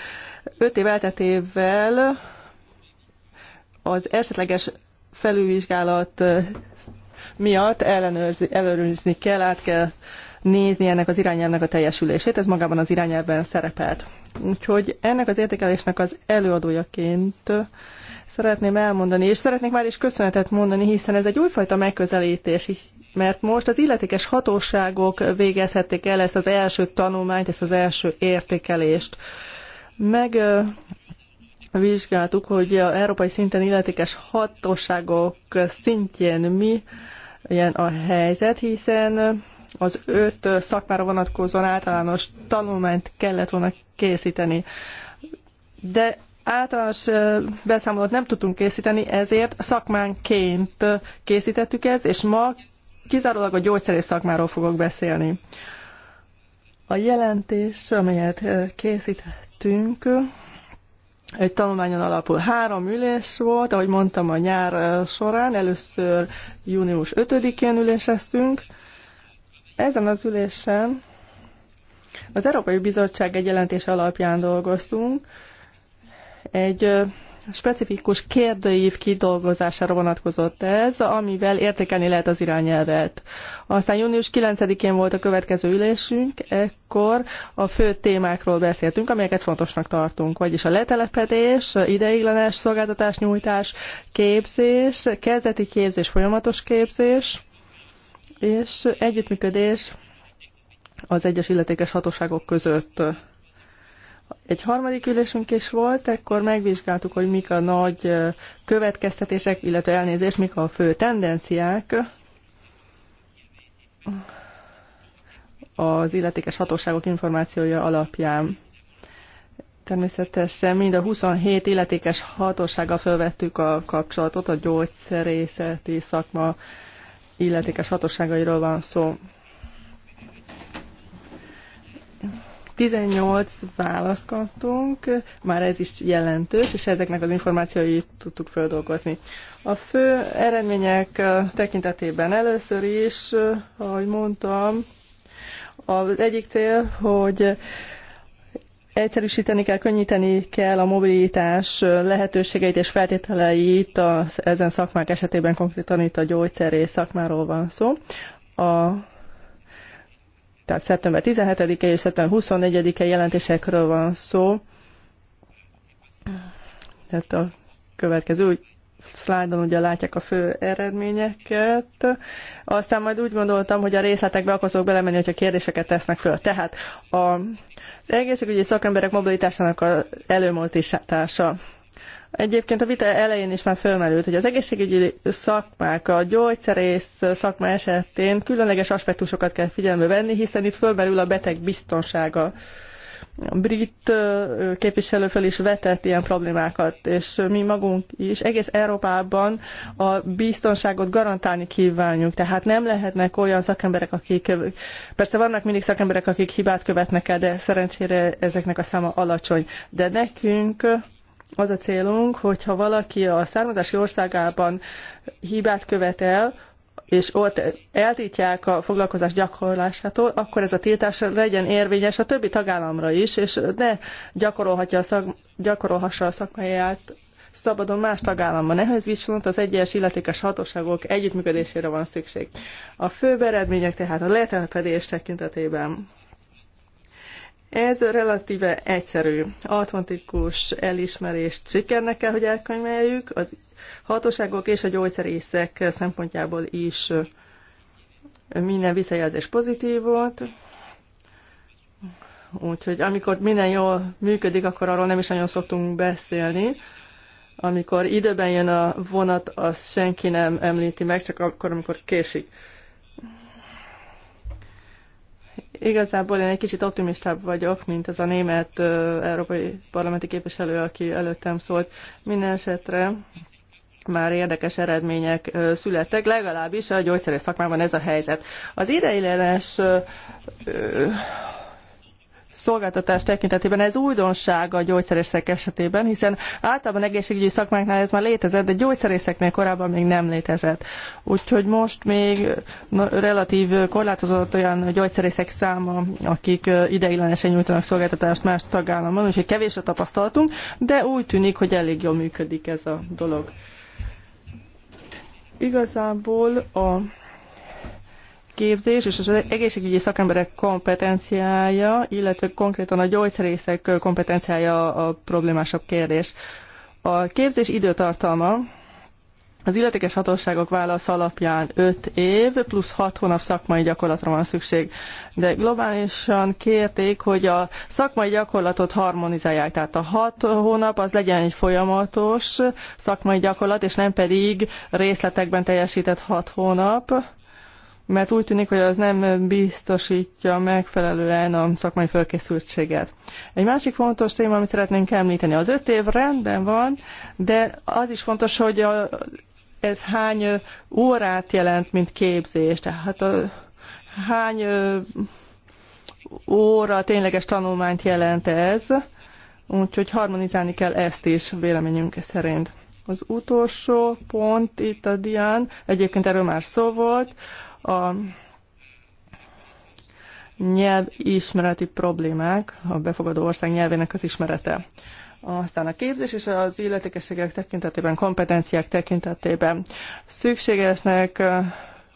5 év elteltével az esetleges felülvizsgálat miatt ellenőrzi, ellenőrizni kell, át kell nézni ennek az irányelvnek a teljesülését, ez magában az irányelvben szerepelt. Úgyhogy ennek az értékelésnek az előadójaként szeretném elmondani, és szeretnék már is köszönetet mondani, hiszen ez egy újfajta megközelítés, mert most az illetékes hatóságok végezhették el ezt az első tanulmányt, ezt az első értékelést. Meg vizsgáltuk, hogy a európai szinten illetékes hatóságok szintjén mi ilyen a helyzet, hiszen az öt szakmára vonatkozóan általános tanulmányt kellett volna készíteni. De általános beszámolót nem tudtunk készíteni, ezért szakmánként készítettük ezt, és ma kizárólag a gyógyszerész szakmáról fogok beszélni. A jelentés, amelyet készítettünk, egy tanulmányon alapul három ülés volt, ahogy mondtam a nyár során, először június 5-én üléseztünk. Ezen az ülésen az Európai Bizottság egy jelentés alapján dolgoztunk, egy specifikus kérdőív kidolgozására vonatkozott ez, amivel értékelni lehet az irányelvet. Aztán június 9-én volt a következő ülésünk, ekkor a fő témákról beszéltünk, amelyeket fontosnak tartunk, vagyis a letelepedés, ideiglenes szolgáltatás nyújtás, képzés, kezdeti képzés, folyamatos képzés, és együttműködés az egyes illetékes hatóságok között egy harmadik ülésünk is volt, ekkor megvizsgáltuk, hogy mik a nagy következtetések, illetve elnézést, mik a fő tendenciák az illetékes hatóságok információja alapján. Természetesen mind a 27 illetékes hatósággal felvettük a kapcsolatot, a gyógyszerészeti szakma illetékes hatóságairól van szó. 18 választ kaptunk, már ez is jelentős, és ezeknek az információit tudtuk feldolgozni. A fő eredmények tekintetében először is, ahogy mondtam, az egyik cél, hogy egyszerűsíteni kell, könnyíteni kell a mobilitás lehetőségeit és feltételeit az ezen szakmák esetében konkrétan itt a gyógyszerész szakmáról van szó. A tehát szeptember 17-e és szeptember 24-e jelentésekről van szó. Tehát a következő szlájdon ugye látják a fő eredményeket. Aztán majd úgy gondoltam, hogy a részletekbe akarok belemenni, hogyha kérdéseket tesznek föl. Tehát a egészségügyi szakemberek mobilitásának az előmozdítása. Egyébként a vita elején is már fölmerült, hogy az egészségügyi szakmák, a gyógyszerész szakma esetén különleges aspektusokat kell figyelembe venni, hiszen itt fölmerül a beteg biztonsága. A brit képviselő föl is vetett ilyen problémákat, és mi magunk is egész Európában a biztonságot garantálni kívánjuk. Tehát nem lehetnek olyan szakemberek, akik, persze vannak mindig szakemberek, akik hibát követnek el, de szerencsére ezeknek a száma alacsony. De nekünk az a célunk, hogyha valaki a származási országában hibát követel, és ott eltítják a foglalkozás gyakorlásától, akkor ez a tiltás legyen érvényes a többi tagállamra is, és ne gyakorolhatja a szak, gyakorolhassa a szakmáját szabadon más tagállamban. Ehhez viszont az egyes illetékes hatóságok együttműködésére van szükség. A főbb eredmények tehát a letelepedés tekintetében ez relatíve egyszerű. Automatikus elismerést sikernek kell, hogy elkönyveljük, az hatóságok és a gyógyszerészek szempontjából is minden visszajelzés pozitív volt, úgyhogy amikor minden jól működik, akkor arról nem is nagyon szoktunk beszélni. Amikor időben jön a vonat, azt senki nem említi meg, csak akkor, amikor késik. Igazából én egy kicsit optimistább vagyok, mint az a német európai parlamenti képviselő, aki előttem szólt. Minden esetre már érdekes eredmények születtek, legalábbis a gyógyszeres szakmában ez a helyzet. Az ideiglenes szolgáltatás tekintetében ez újdonság a gyógyszerészek esetében, hiszen általában egészségügyi szakmáknál ez már létezett, de gyógyszerészeknél korábban még nem létezett. Úgyhogy most még relatív korlátozott olyan gyógyszerészek száma, akik ideiglenesen nyújtanak szolgáltatást más tagállamban, úgyhogy kevés a tapasztalatunk, de úgy tűnik, hogy elég jól működik ez a dolog. Igazából a képzés és az egészségügyi szakemberek kompetenciája, illetve konkrétan a gyógyszerészek kompetenciája a problémásabb kérdés. A képzés időtartalma az illetékes hatóságok válasz alapján 5 év plusz 6 hónap szakmai gyakorlatra van szükség. De globálisan kérték, hogy a szakmai gyakorlatot harmonizálják. Tehát a 6 hónap az legyen egy folyamatos szakmai gyakorlat, és nem pedig részletekben teljesített 6 hónap mert úgy tűnik, hogy az nem biztosítja megfelelően a szakmai fölkészültséget. Egy másik fontos téma, amit szeretnénk említeni, az öt év rendben van, de az is fontos, hogy a, ez hány órát jelent, mint képzés, tehát a, hány óra tényleges tanulmányt jelent ez, úgyhogy harmonizálni kell ezt is véleményünk szerint. Az utolsó pont itt a dián, egyébként erről már szó volt, a nyelv ismereti problémák, a befogadó ország nyelvének az ismerete. Aztán a képzés és az illetékességek tekintetében, kompetenciák tekintetében szükségesnek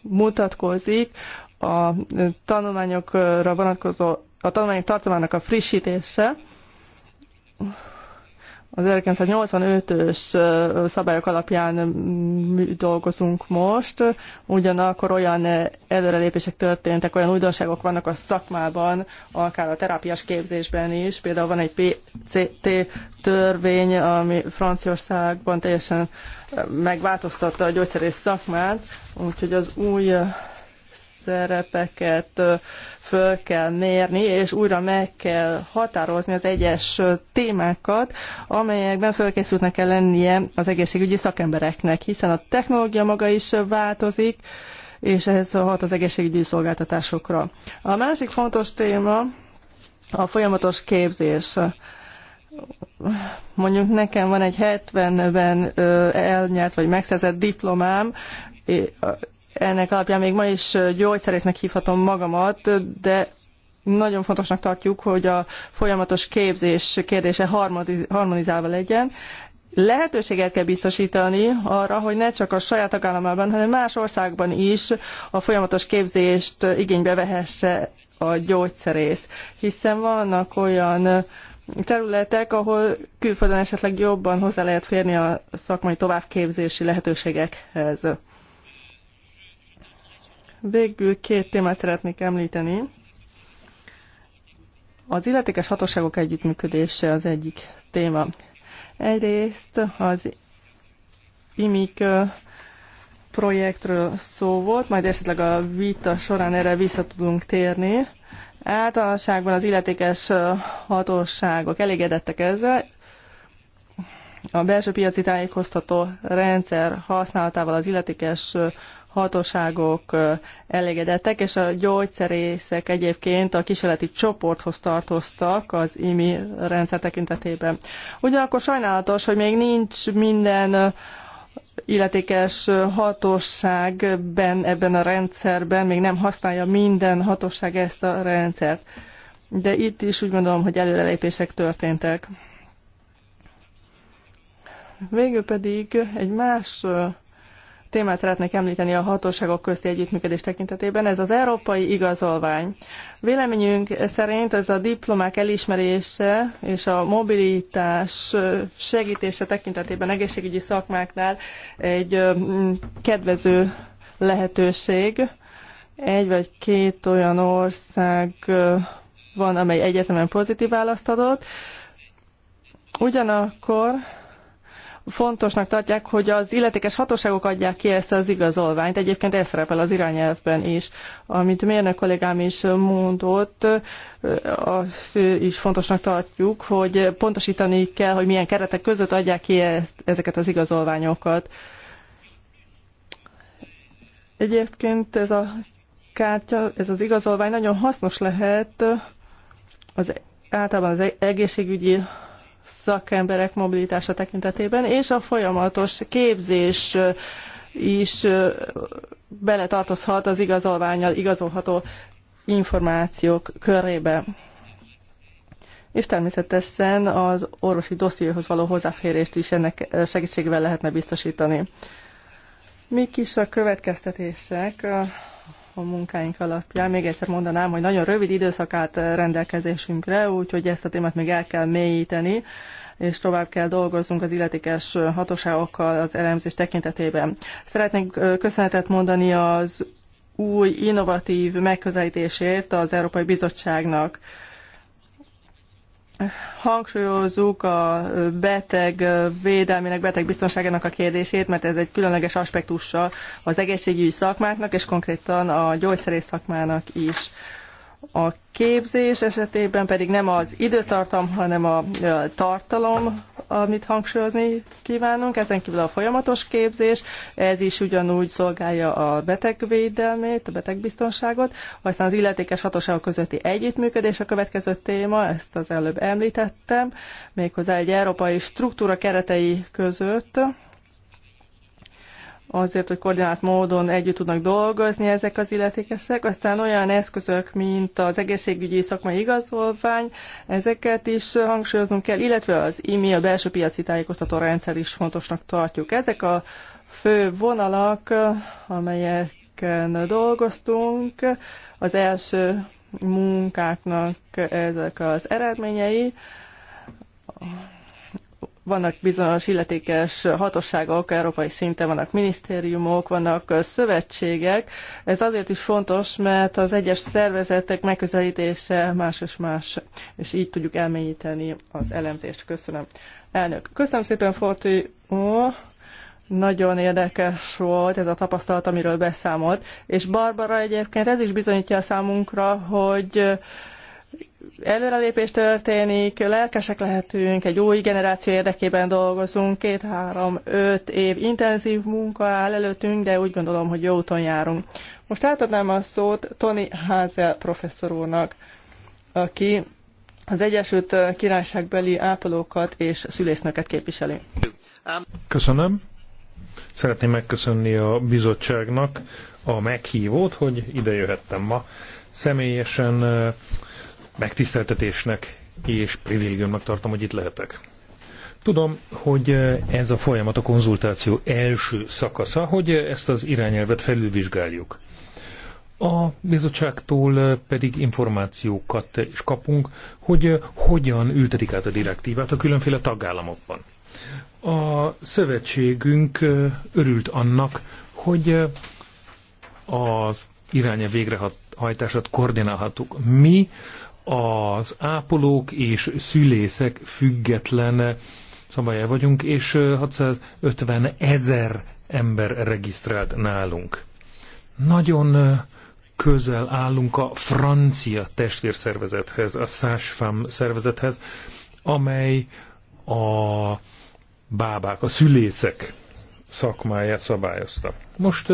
mutatkozik a tanulmányokra vonatkozó, a tanulmányok tartalmának a frissítése, az 1985-ös szabályok alapján dolgozunk most, ugyanakkor olyan előrelépések történtek, olyan újdonságok vannak a szakmában, akár a terápiás képzésben is. Például van egy PCT törvény, ami Franciaországban teljesen megváltoztatta a gyógyszerész szakmát, úgyhogy az új szerepeket föl kell mérni, és újra meg kell határozni az egyes témákat, amelyekben fölkészültnek kell lennie az egészségügyi szakembereknek, hiszen a technológia maga is változik, és ehhez hat az egészségügyi szolgáltatásokra. A másik fontos téma a folyamatos képzés mondjuk nekem van egy 70-ben elnyert vagy megszerzett diplomám, ennek alapján még ma is gyógyszerésznek hívhatom magamat, de nagyon fontosnak tartjuk, hogy a folyamatos képzés kérdése harmonizálva legyen. Lehetőséget kell biztosítani arra, hogy ne csak a saját tagállamában, hanem más országban is a folyamatos képzést igénybe vehesse a gyógyszerész. Hiszen vannak olyan területek, ahol külföldön esetleg jobban hozzá lehet férni a szakmai továbbképzési lehetőségekhez. Végül két témát szeretnék említeni. Az illetékes hatóságok együttműködése az egyik téma. Egyrészt az IMIK projektről szó volt, majd esetleg a vita során erre vissza tudunk térni. Általánosságban az illetékes hatóságok elégedettek ezzel. A belső piaci tájékoztató rendszer használatával az illetékes hatóságok elégedettek, és a gyógyszerészek egyébként a kísérleti csoporthoz tartoztak az IMI rendszer tekintetében. Ugyanakkor sajnálatos, hogy még nincs minden illetékes hatóságben, ebben a rendszerben, még nem használja minden hatóság ezt a rendszert. De itt is úgy gondolom, hogy előrelépések történtek. Végül pedig egy más témát szeretnék említeni a hatóságok közti együttműködés tekintetében, ez az európai igazolvány. Véleményünk szerint ez a diplomák elismerése és a mobilitás segítése tekintetében egészségügyi szakmáknál egy kedvező lehetőség. Egy vagy két olyan ország van, amely egyetemen pozitív választ adott. Ugyanakkor fontosnak tartják, hogy az illetékes hatóságok adják ki ezt az igazolványt. Egyébként ez szerepel az irányelvben is. Amit mérnök kollégám is mondott, azt is fontosnak tartjuk, hogy pontosítani kell, hogy milyen keretek között adják ki ezt, ezeket az igazolványokat. Egyébként ez a kártya, ez az igazolvány nagyon hasznos lehet az általában az egészségügyi szakemberek mobilitása tekintetében, és a folyamatos képzés is beletartozhat az igazolványal igazolható információk körébe. És természetesen az orvosi dossziéhoz való hozzáférést is ennek segítségével lehetne biztosítani. Mik is a következtetések a munkáink alapján. Még egyszer mondanám, hogy nagyon rövid időszakát eh, rendelkezésünkre, úgyhogy ezt a témát még el kell mélyíteni, és tovább kell dolgoznunk az illetékes eh, hatóságokkal az elemzés tekintetében. Szeretnénk eh, köszönetet mondani az új innovatív megközelítésért az Európai Bizottságnak hangsúlyozzuk a beteg védelmének, beteg biztonságának a kérdését, mert ez egy különleges aspektusa az egészségügyi szakmáknak, és konkrétan a gyógyszerész szakmának is. A képzés esetében pedig nem az időtartam, hanem a tartalom, amit hangsúlyozni kívánunk. Ezen kívül a folyamatos képzés, ez is ugyanúgy szolgálja a betegvédelmét, a betegbiztonságot. Aztán az illetékes hatóságok közötti együttműködés a következő téma, ezt az előbb említettem, méghozzá egy európai struktúra keretei között, azért, hogy koordinált módon együtt tudnak dolgozni ezek az illetékesek. Aztán olyan eszközök, mint az egészségügyi szakmai igazolvány, ezeket is hangsúlyoznunk kell, illetve az IMI, a belső piaci tájékoztató rendszer is fontosnak tartjuk. Ezek a fő vonalak, amelyeken dolgoztunk, az első munkáknak ezek az eredményei, vannak bizonyos illetékes hatóságok, európai szinten vannak minisztériumok, vannak szövetségek. Ez azért is fontos, mert az egyes szervezetek megközelítése más és más, és így tudjuk elmélyíteni az elemzést. Köszönöm. Elnök, köszönöm szépen, Forti úr. Nagyon érdekes volt ez a tapasztalat, amiről beszámolt. És Barbara egyébként ez is bizonyítja a számunkra, hogy előrelépés történik, lelkesek lehetünk, egy új generáció érdekében dolgozunk, két-három-öt év intenzív munka áll előttünk, de úgy gondolom, hogy jó úton járunk. Most átadnám a szót Tony Hazel professzor úrnak, aki az Egyesült Királyságbeli ápolókat és szülésznöket képviseli. Köszönöm. Szeretném megköszönni a bizottságnak a meghívót, hogy ide jöhettem ma. Személyesen megtiszteltetésnek és privilégiumnak tartom, hogy itt lehetek. Tudom, hogy ez a folyamat a konzultáció első szakasza, hogy ezt az irányelvet felülvizsgáljuk. A bizottságtól pedig információkat is kapunk, hogy hogyan ültetik át a direktívát a különféle tagállamokban. A szövetségünk örült annak, hogy az irányelv végrehajtását koordinálhattuk. Mi az ápolók és szülészek független szabályá vagyunk, és 650 ezer ember regisztrált nálunk. Nagyon közel állunk a francia testvérszervezethez, a SASFAM szervezethez, amely a bábák, a szülészek szakmáját szabályozta. Most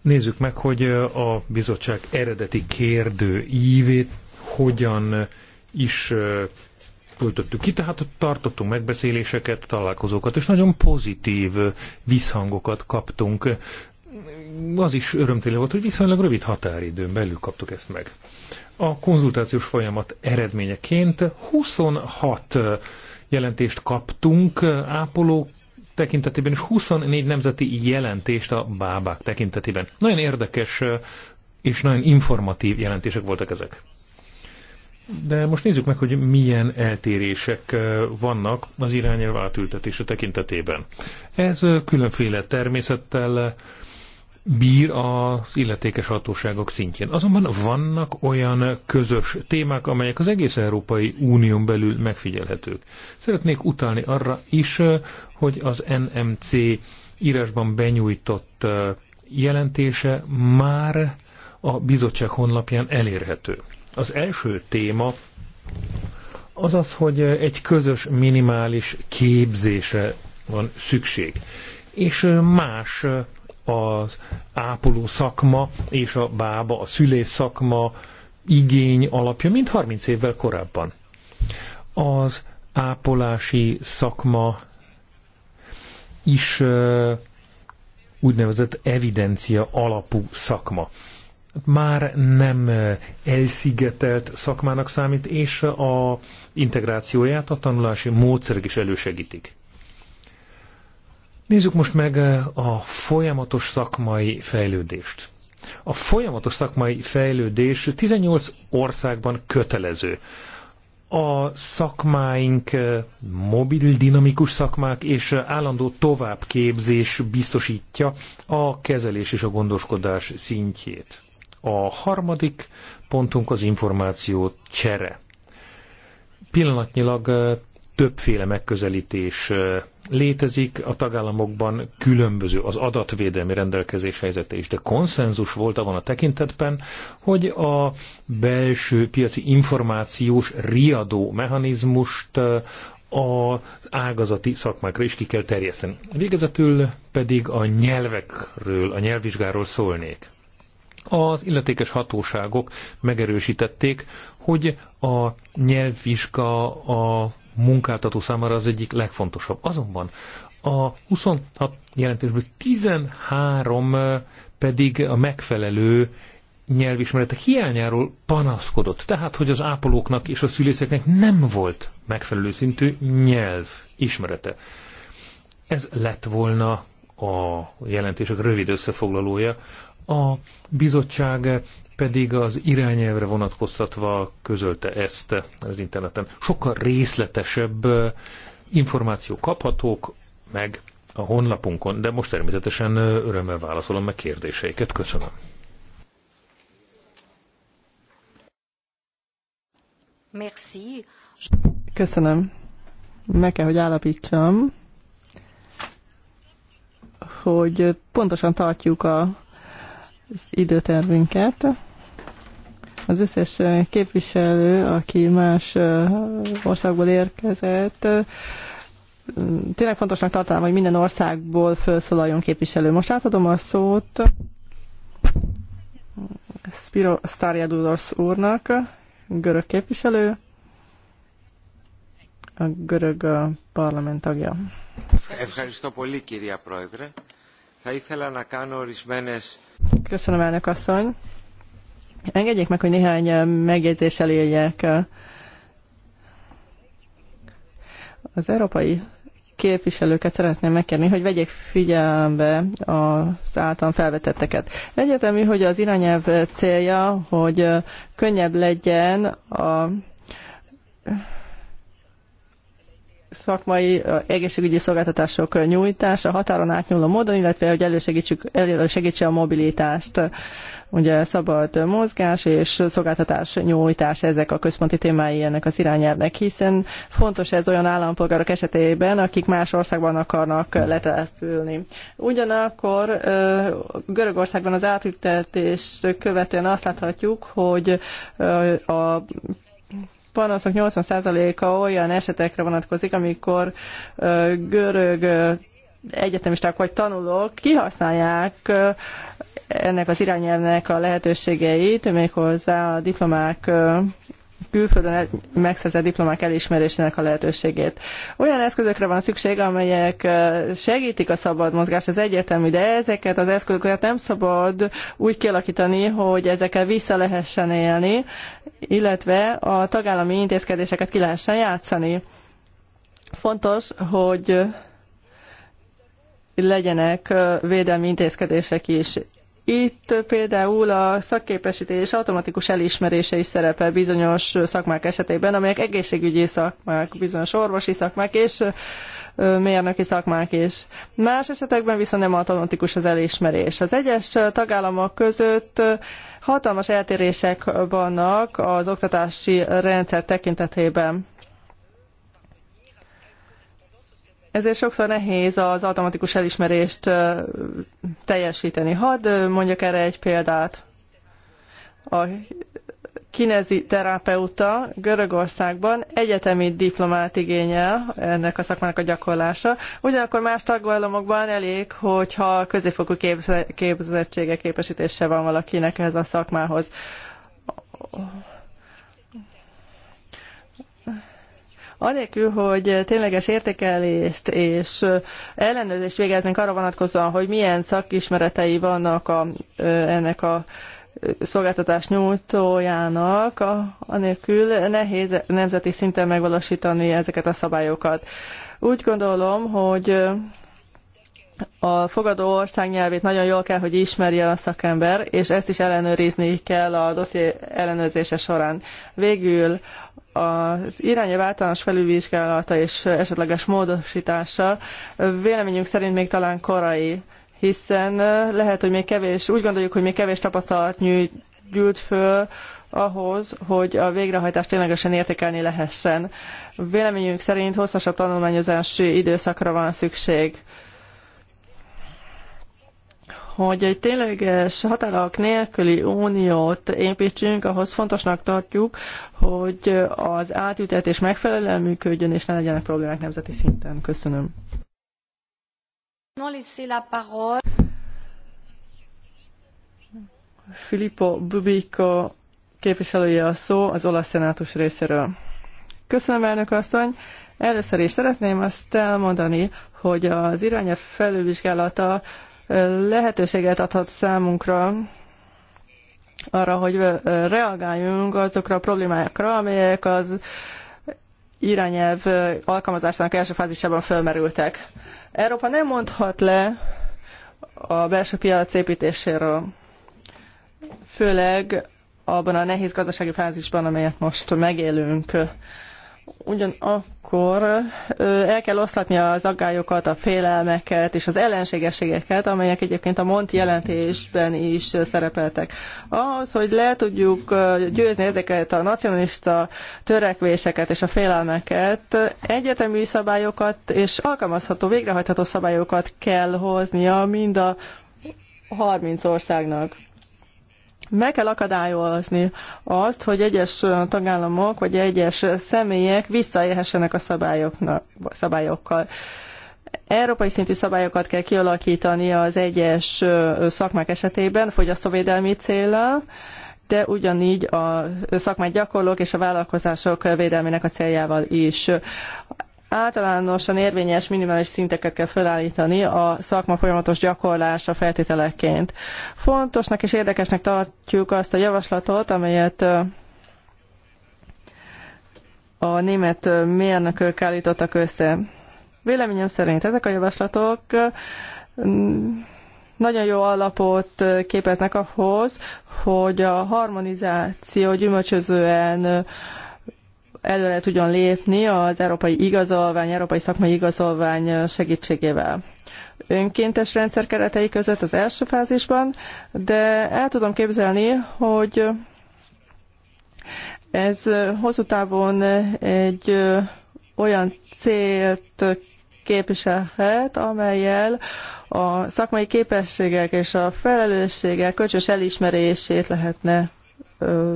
nézzük meg, hogy a bizottság eredeti kérdő ívét hogyan is töltöttük ki, tehát tartottunk megbeszéléseket, találkozókat, és nagyon pozitív visszhangokat kaptunk. Az is örömtélő volt, hogy viszonylag rövid határidőn belül kaptuk ezt meg. A konzultációs folyamat eredményeként 26 jelentést kaptunk ápolók tekintetében, és 24 nemzeti jelentést a bábák tekintetében. Nagyon érdekes és nagyon informatív jelentések voltak ezek. De most nézzük meg, hogy milyen eltérések vannak az irányelv átültetése tekintetében. Ez különféle természettel bír az illetékes hatóságok szintjén. Azonban vannak olyan közös témák, amelyek az egész Európai Unión belül megfigyelhetők. Szeretnék utalni arra is, hogy az NMC írásban benyújtott jelentése már a bizottság honlapján elérhető. Az első téma az az, hogy egy közös minimális képzésre van szükség. És más az ápoló szakma és a bába, a szülés szakma igény alapja, mint 30 évvel korábban. Az ápolási szakma is úgynevezett evidencia alapú szakma már nem elszigetelt szakmának számít, és a integrációját a tanulási módszerek is elősegítik. Nézzük most meg a folyamatos szakmai fejlődést. A folyamatos szakmai fejlődés 18 országban kötelező. A szakmáink mobil, dinamikus szakmák és állandó továbbképzés biztosítja a kezelés és a gondoskodás szintjét. A harmadik pontunk az információ csere. Pillanatnyilag többféle megközelítés létezik a tagállamokban, különböző az adatvédelmi rendelkezés helyzete is, de konszenzus volt abban a tekintetben, hogy a belső piaci információs riadó mechanizmust az ágazati szakmákra is ki kell terjeszteni. Végezetül pedig a nyelvekről, a nyelvvizsgáról szólnék. Az illetékes hatóságok megerősítették, hogy a nyelvvizsga a munkáltató számára az egyik legfontosabb. Azonban a 26 jelentésből 13 pedig a megfelelő nyelvismeretek hiányáról panaszkodott. Tehát, hogy az ápolóknak és a szülészeknek nem volt megfelelő szintű nyelv ismerete. Ez lett volna a jelentések rövid összefoglalója a bizottság pedig az irányelvre vonatkoztatva közölte ezt az interneten. Sokkal részletesebb információ kaphatók meg a honlapunkon, de most természetesen örömmel válaszolom meg kérdéseiket. Köszönöm. Merci. Köszönöm. Meg kell, hogy állapítsam, hogy pontosan tartjuk a az időtervünket. Az összes képviselő, aki más országból érkezett, tényleg fontosnak tartanám, hogy minden országból felszólaljon képviselő. Most átadom a szót Spiro Stariadulos úrnak, görög képviselő, a görög parlament tagja. Köszönöm. Köszönöm, elnök asszony. Engedjék meg, hogy néhány eh, megjegyzéssel éljek. Az európai képviselőket szeretném megkérni, hogy vegyék figyelembe az általam felvetetteket. Egyetemű, hogy az irányelv célja, hogy eh, könnyebb legyen a szakmai egészségügyi szolgáltatások nyújtása határon átnyúló módon, illetve hogy elősegítsük, elősegítse a mobilitást. Ugye szabad mozgás és szolgáltatás nyújtás ezek a központi témái ennek az irányelvnek, hiszen fontos ez olyan állampolgárok esetében, akik más országban akarnak letelepülni. Ugyanakkor Görögországban az átültetést követően azt láthatjuk, hogy a panaszok 80%-a olyan esetekre vonatkozik, amikor görög egyetemisták vagy tanulók kihasználják ennek az irányelvnek a lehetőségeit, méghozzá a diplomák külföldön megszerzett diplomák elismerésének a lehetőségét. Olyan eszközökre van szükség, amelyek segítik a szabad mozgást, ez egyértelmű, de ezeket az eszközöket nem szabad úgy kialakítani, hogy ezekkel vissza lehessen élni, illetve a tagállami intézkedéseket ki lehessen játszani. Fontos, hogy legyenek védelmi intézkedések is. Itt például a szakképesítés automatikus elismerése is szerepel bizonyos szakmák esetében, amelyek egészségügyi szakmák, bizonyos orvosi szakmák és mérnöki szakmák is. Más esetekben viszont nem automatikus az elismerés. Az egyes tagállamok között hatalmas eltérések vannak az oktatási rendszer tekintetében. Ezért sokszor nehéz az automatikus elismerést teljesíteni. Hadd mondjak erre egy példát. A kinezi terapeuta Görögországban egyetemi diplomát igényel ennek a szakmának a gyakorlása. Ugyanakkor más tagállamokban elég, hogyha középfokú képzettsége, képesítése van valakinek ez a szakmához Anélkül, hogy tényleges értékelést és ellenőrzést végeznénk arra vonatkozóan, hogy milyen szakismeretei vannak a, ennek a szolgáltatás nyújtójának, anélkül nehéz nemzeti szinten megvalósítani ezeket a szabályokat. Úgy gondolom, hogy a fogadó ország nyelvét nagyon jól kell, hogy ismerje a szakember, és ezt is ellenőrizni kell a dosszié ellenőrzése során. Végül az irányelv általános felülvizsgálata és esetleges módosítása véleményünk szerint még talán korai, hiszen lehet, hogy még kevés, úgy gondoljuk, hogy még kevés tapasztalat gyűlt föl ahhoz, hogy a végrehajtást ténylegesen értékelni lehessen. Véleményünk szerint hosszasabb tanulmányozási időszakra van szükség hogy egy tényleges eh, határok nélküli uniót építsünk, ahhoz fontosnak tartjuk, hogy eh, az átültetés megfelelően működjön, és ne legyenek problémák nemzeti szinten. Köszönöm. Filippo Bubico képviselője a szó az olasz szenátus részéről. Köszönöm, elnök asszony! Először is szeretném azt elmondani, hogy az irányelv felülvizsgálata lehetőséget adhat számunkra arra, hogy reagáljunk azokra a problémákra, amelyek az irányelv alkalmazásának első fázisában felmerültek. Európa nem mondhat le a belső piac építéséről, főleg abban a nehéz gazdasági fázisban, amelyet most megélünk ugyanakkor el kell oszlatni az aggályokat, a félelmeket és az ellenségességeket, amelyek egyébként a Monti jelentésben is szerepeltek. Ahhoz, hogy le tudjuk győzni ezeket a nacionalista törekvéseket és a félelmeket, egyetemű szabályokat és alkalmazható, végrehajtható szabályokat kell hoznia mind a 30 országnak meg kell akadályozni azt, hogy egyes tagállamok vagy egyes személyek visszaélhessenek a szabályoknak, szabályokkal. Európai szintű szabályokat kell kialakítani az egyes szakmák esetében fogyasztóvédelmi célra, de ugyanígy a szakmát gyakorlók és a vállalkozások védelmének a céljával is általánosan érvényes minimális szinteket kell felállítani a szakma folyamatos gyakorlása feltételeként. Fontosnak és érdekesnek tartjuk azt a javaslatot, amelyet a német mérnökök állítottak össze. Véleményem szerint ezek a javaslatok nagyon jó alapot képeznek ahhoz, hogy a harmonizáció gyümölcsözően előre tudjon lépni az európai igazolvány, európai szakmai igazolvány segítségével. Önkéntes rendszer keretei között az első fázisban, de el tudom képzelni, hogy ez hosszú távon egy olyan célt képviselhet, amelyel a szakmai képességek és a felelősségek kölcsös elismerését lehetne ö,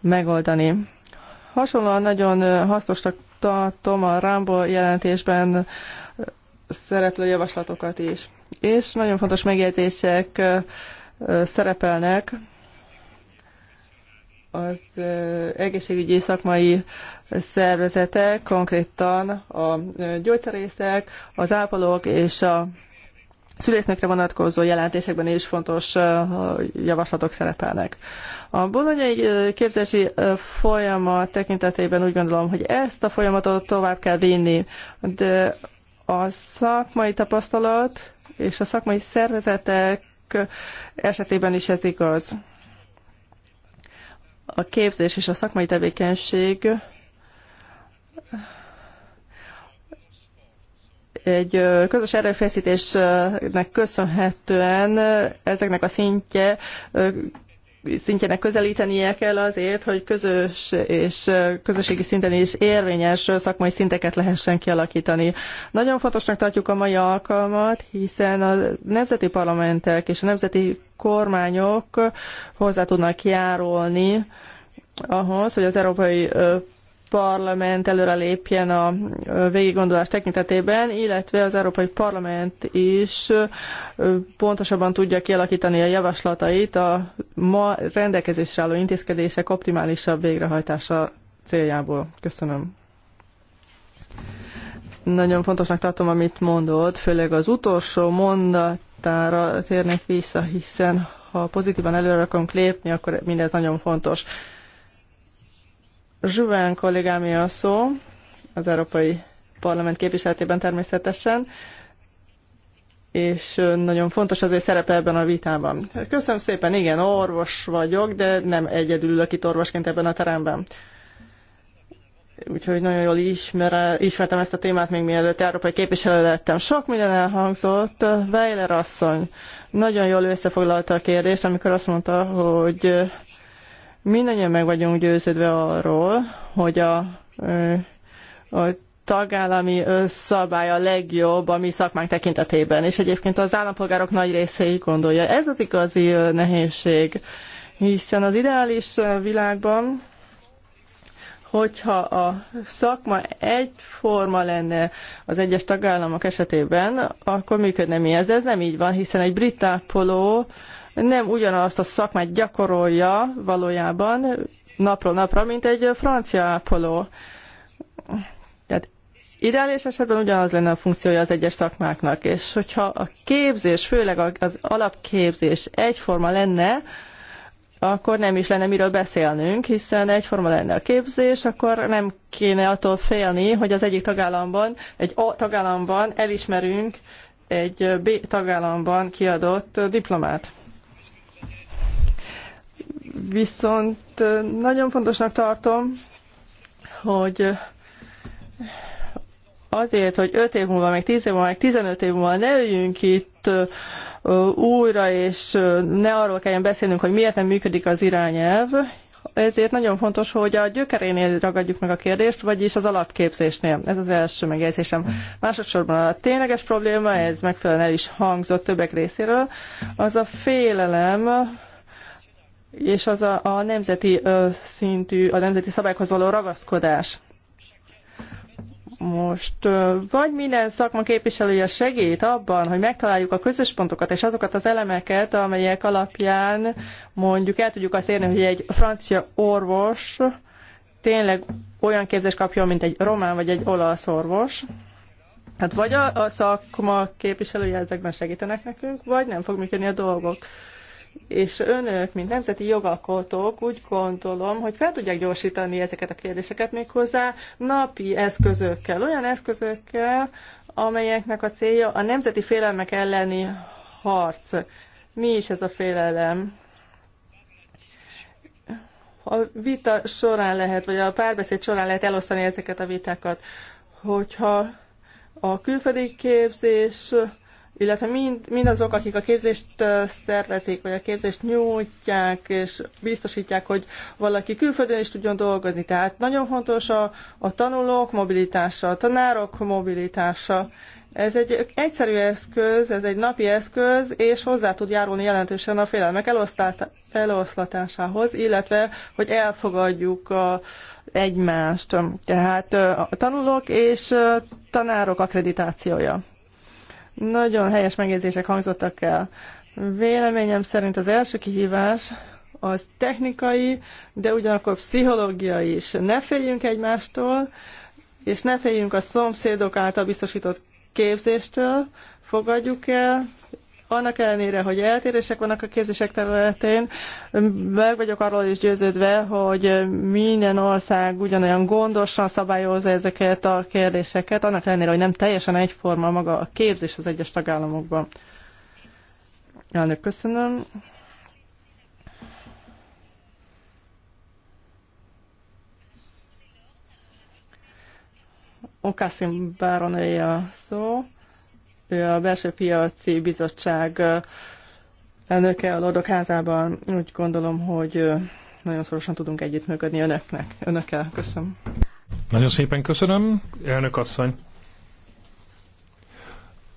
megoldani. Hasonlóan nagyon hasznosnak tartom a Rambo jelentésben szereplő javaslatokat is. És nagyon fontos megjegyzések szerepelnek az egészségügyi szakmai szervezetek, konkrétan a gyógyszerészek, az ápolók és a szülésznökre vonatkozó jelentésekben is fontos javaslatok szerepelnek. A bolonyai képzési folyamat tekintetében úgy gondolom, hogy ezt a folyamatot tovább kell vinni, de a szakmai tapasztalat és a szakmai szervezetek esetében is ez igaz. A képzés és a szakmai tevékenység egy közös erőfeszítésnek köszönhetően ezeknek a szintje szintjének közelítenie kell azért, hogy közös és közösségi szinten is érvényes szakmai szinteket lehessen kialakítani. Nagyon fontosnak tartjuk a mai alkalmat, hiszen a nemzeti parlamentek és a nemzeti kormányok hozzá tudnak járulni ahhoz, hogy az Európai Parlament előre lépjen a végiggondolás tekintetében, illetve az Európai Parlament is pontosabban tudja kialakítani a javaslatait a ma rendelkezésre álló intézkedések optimálisabb végrehajtása céljából. Köszönöm. Nagyon fontosnak tartom, amit mondott, főleg az utolsó mondatára térnék vissza, hiszen ha pozitívan előre akarunk lépni, akkor mindez nagyon fontos. Zsuván kollégámé a szó, az Európai Parlament képviseletében természetesen, és nagyon fontos az ő szerepe ebben a vitában. Köszönöm szépen, igen, orvos vagyok, de nem egyedül ülök itt orvosként ebben a teremben. Úgyhogy nagyon jól ismere, ismertem ezt a témát, még mielőtt európai képviselő lettem. Sok minden elhangzott. Weiler asszony nagyon jól összefoglalta a kérdést, amikor azt mondta, hogy Mindannyian meg vagyunk győződve arról, hogy a, a tagállami szabály a legjobb a mi szakmánk tekintetében, és egyébként az állampolgárok nagy része így gondolja. Ez az igazi nehézség, hiszen az ideális világban hogyha a szakma egyforma lenne az egyes tagállamok esetében, akkor működne mi ez. De ez nem így van, hiszen egy brit ápoló nem ugyanazt a szakmát gyakorolja valójában napról napra, mint egy francia ápoló. Tehát ideális esetben ugyanaz lenne a funkciója az egyes szakmáknak, és hogyha a képzés, főleg az alapképzés egyforma lenne, akkor nem is lenne miről beszélnünk, hiszen egyforma lenne a képzés, akkor nem kéne attól félni, hogy az egyik tagállamban, egy A tagállamban elismerünk egy B tagállamban kiadott diplomát. Viszont nagyon fontosnak tartom, hogy azért, hogy 5 év múlva, meg 10 év múlva, meg 15 év múlva ne üljünk itt újra, és ne arról kelljen beszélnünk, hogy miért nem működik az irányelv, ezért nagyon fontos, hogy a gyökerénél ragadjuk meg a kérdést, vagyis az alapképzésnél. Ez az első megjegyzésem. Másodszorban a tényleges probléma, ez megfelelően el is hangzott többek részéről, az a félelem, és az a, a nemzeti szintű, a nemzeti szabályokhoz való ragaszkodás. Most vagy minden szakma képviselője segít abban, hogy megtaláljuk a közös pontokat és azokat az elemeket, amelyek alapján mondjuk el tudjuk azt érni, hogy egy francia orvos tényleg olyan képzést kapjon, mint egy román vagy egy olasz orvos. Hát vagy a, a szakma képviselője ezekben segítenek nekünk, vagy nem fog működni a dolgok és önök, mint nemzeti jogalkotók úgy gondolom, hogy fel tudják gyorsítani ezeket a kérdéseket méghozzá napi eszközökkel, olyan eszközökkel, amelyeknek a célja a nemzeti félelmek elleni harc. Mi is ez a félelem? A vita során lehet, vagy a párbeszéd során lehet elosztani ezeket a vitákat, hogyha a külföldi képzés illetve mind, mindazok, akik a képzést szervezik, vagy a képzést nyújtják, és biztosítják, hogy valaki külföldön is tudjon dolgozni. Tehát nagyon fontos a, a tanulók mobilitása, a tanárok mobilitása. Ez egy egyszerű eszköz, ez egy napi eszköz, és hozzá tud járulni jelentősen a félelmek eloszlatásához, illetve, hogy elfogadjuk a, egymást. Tehát a tanulók és tanárok akkreditációja. Nagyon helyes megjegyzések hangzottak el. Véleményem szerint az első kihívás az technikai, de ugyanakkor pszichológiai is. Ne féljünk egymástól, és ne féljünk a szomszédok által biztosított képzéstől, fogadjuk el, annak ellenére, hogy eltérések vannak a képzések területén, meg vagyok arról is győződve, hogy minden ország ugyanolyan gondosan szabályozza ezeket a kérdéseket, annak ellenére, hogy nem teljesen egyforma maga a képzés az egyes tagállamokban. Elnök, köszönöm. Okászim Báronéja szó. Ő a belső piaci bizottság elnöke a Lordok házában. Úgy gondolom, hogy nagyon szorosan tudunk együttműködni önöknek. Önökkel köszönöm. Nagyon szépen köszönöm, elnök asszony.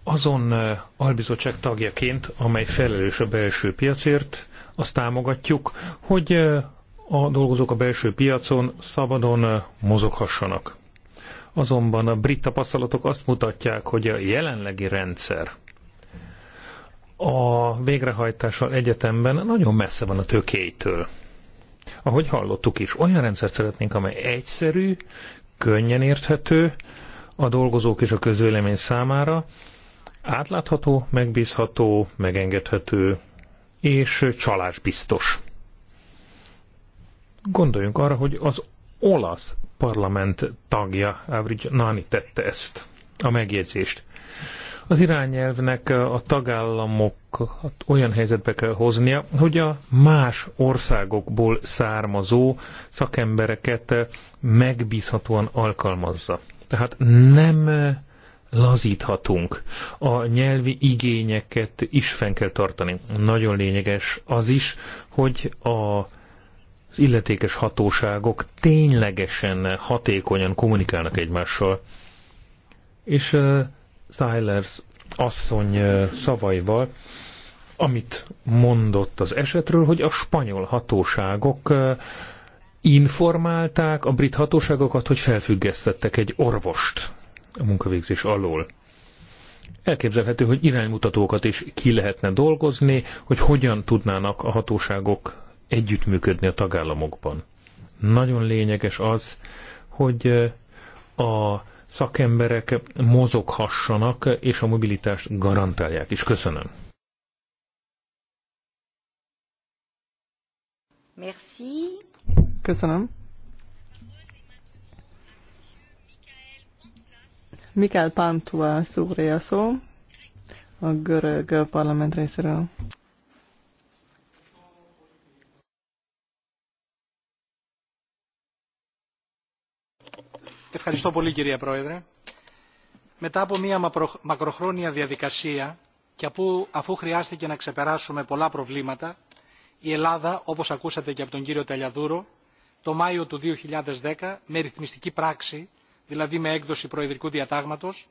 Azon albizottság tagjaként, amely felelős a belső piacért, azt támogatjuk, hogy a dolgozók a belső piacon szabadon mozoghassanak. Azonban a brit tapasztalatok azt mutatják, hogy a jelenlegi rendszer a végrehajtással egyetemben nagyon messze van a tökéjtől. Ahogy hallottuk is, olyan rendszert szeretnénk, amely egyszerű, könnyen érthető a dolgozók és a közvélemény számára, átlátható, megbízható, megengedhető és csalásbiztos. Gondoljunk arra, hogy az olasz parlament tagja, Average Nani tette ezt, a megjegyzést. Az irányelvnek a tagállamokat olyan helyzetbe kell hoznia, hogy a más országokból származó szakembereket megbízhatóan alkalmazza. Tehát nem lazíthatunk. A nyelvi igényeket is fenn kell tartani. Nagyon lényeges az is, hogy a az illetékes hatóságok ténylegesen hatékonyan kommunikálnak egymással. És uh, Stylers asszony uh, szavaival, amit mondott az esetről, hogy a spanyol hatóságok uh, informálták a brit hatóságokat, hogy felfüggesztettek egy orvost a munkavégzés alól. Elképzelhető, hogy iránymutatókat is ki lehetne dolgozni, hogy hogyan tudnának a hatóságok együttműködni a tagállamokban. Nagyon lényeges az, hogy a szakemberek mozoghassanak, és a mobilitást garantálják is. Köszönöm. Merci. Köszönöm. Mikael Pantua szúrja szó a görög parlament részéről. Ευχαριστώ πολύ κυρία Πρόεδρε. Μετά από μια μακροχρόνια διαδικασία και αφού, χρειάστηκε να ξεπεράσουμε πολλά προβλήματα, η Ελλάδα, όπως ακούσατε και από τον κύριο ταλιαδούρο το Μάιο του 2010 με ρυθμιστική πράξη, δηλαδή με έκδοση προεδρικού διατάγματος,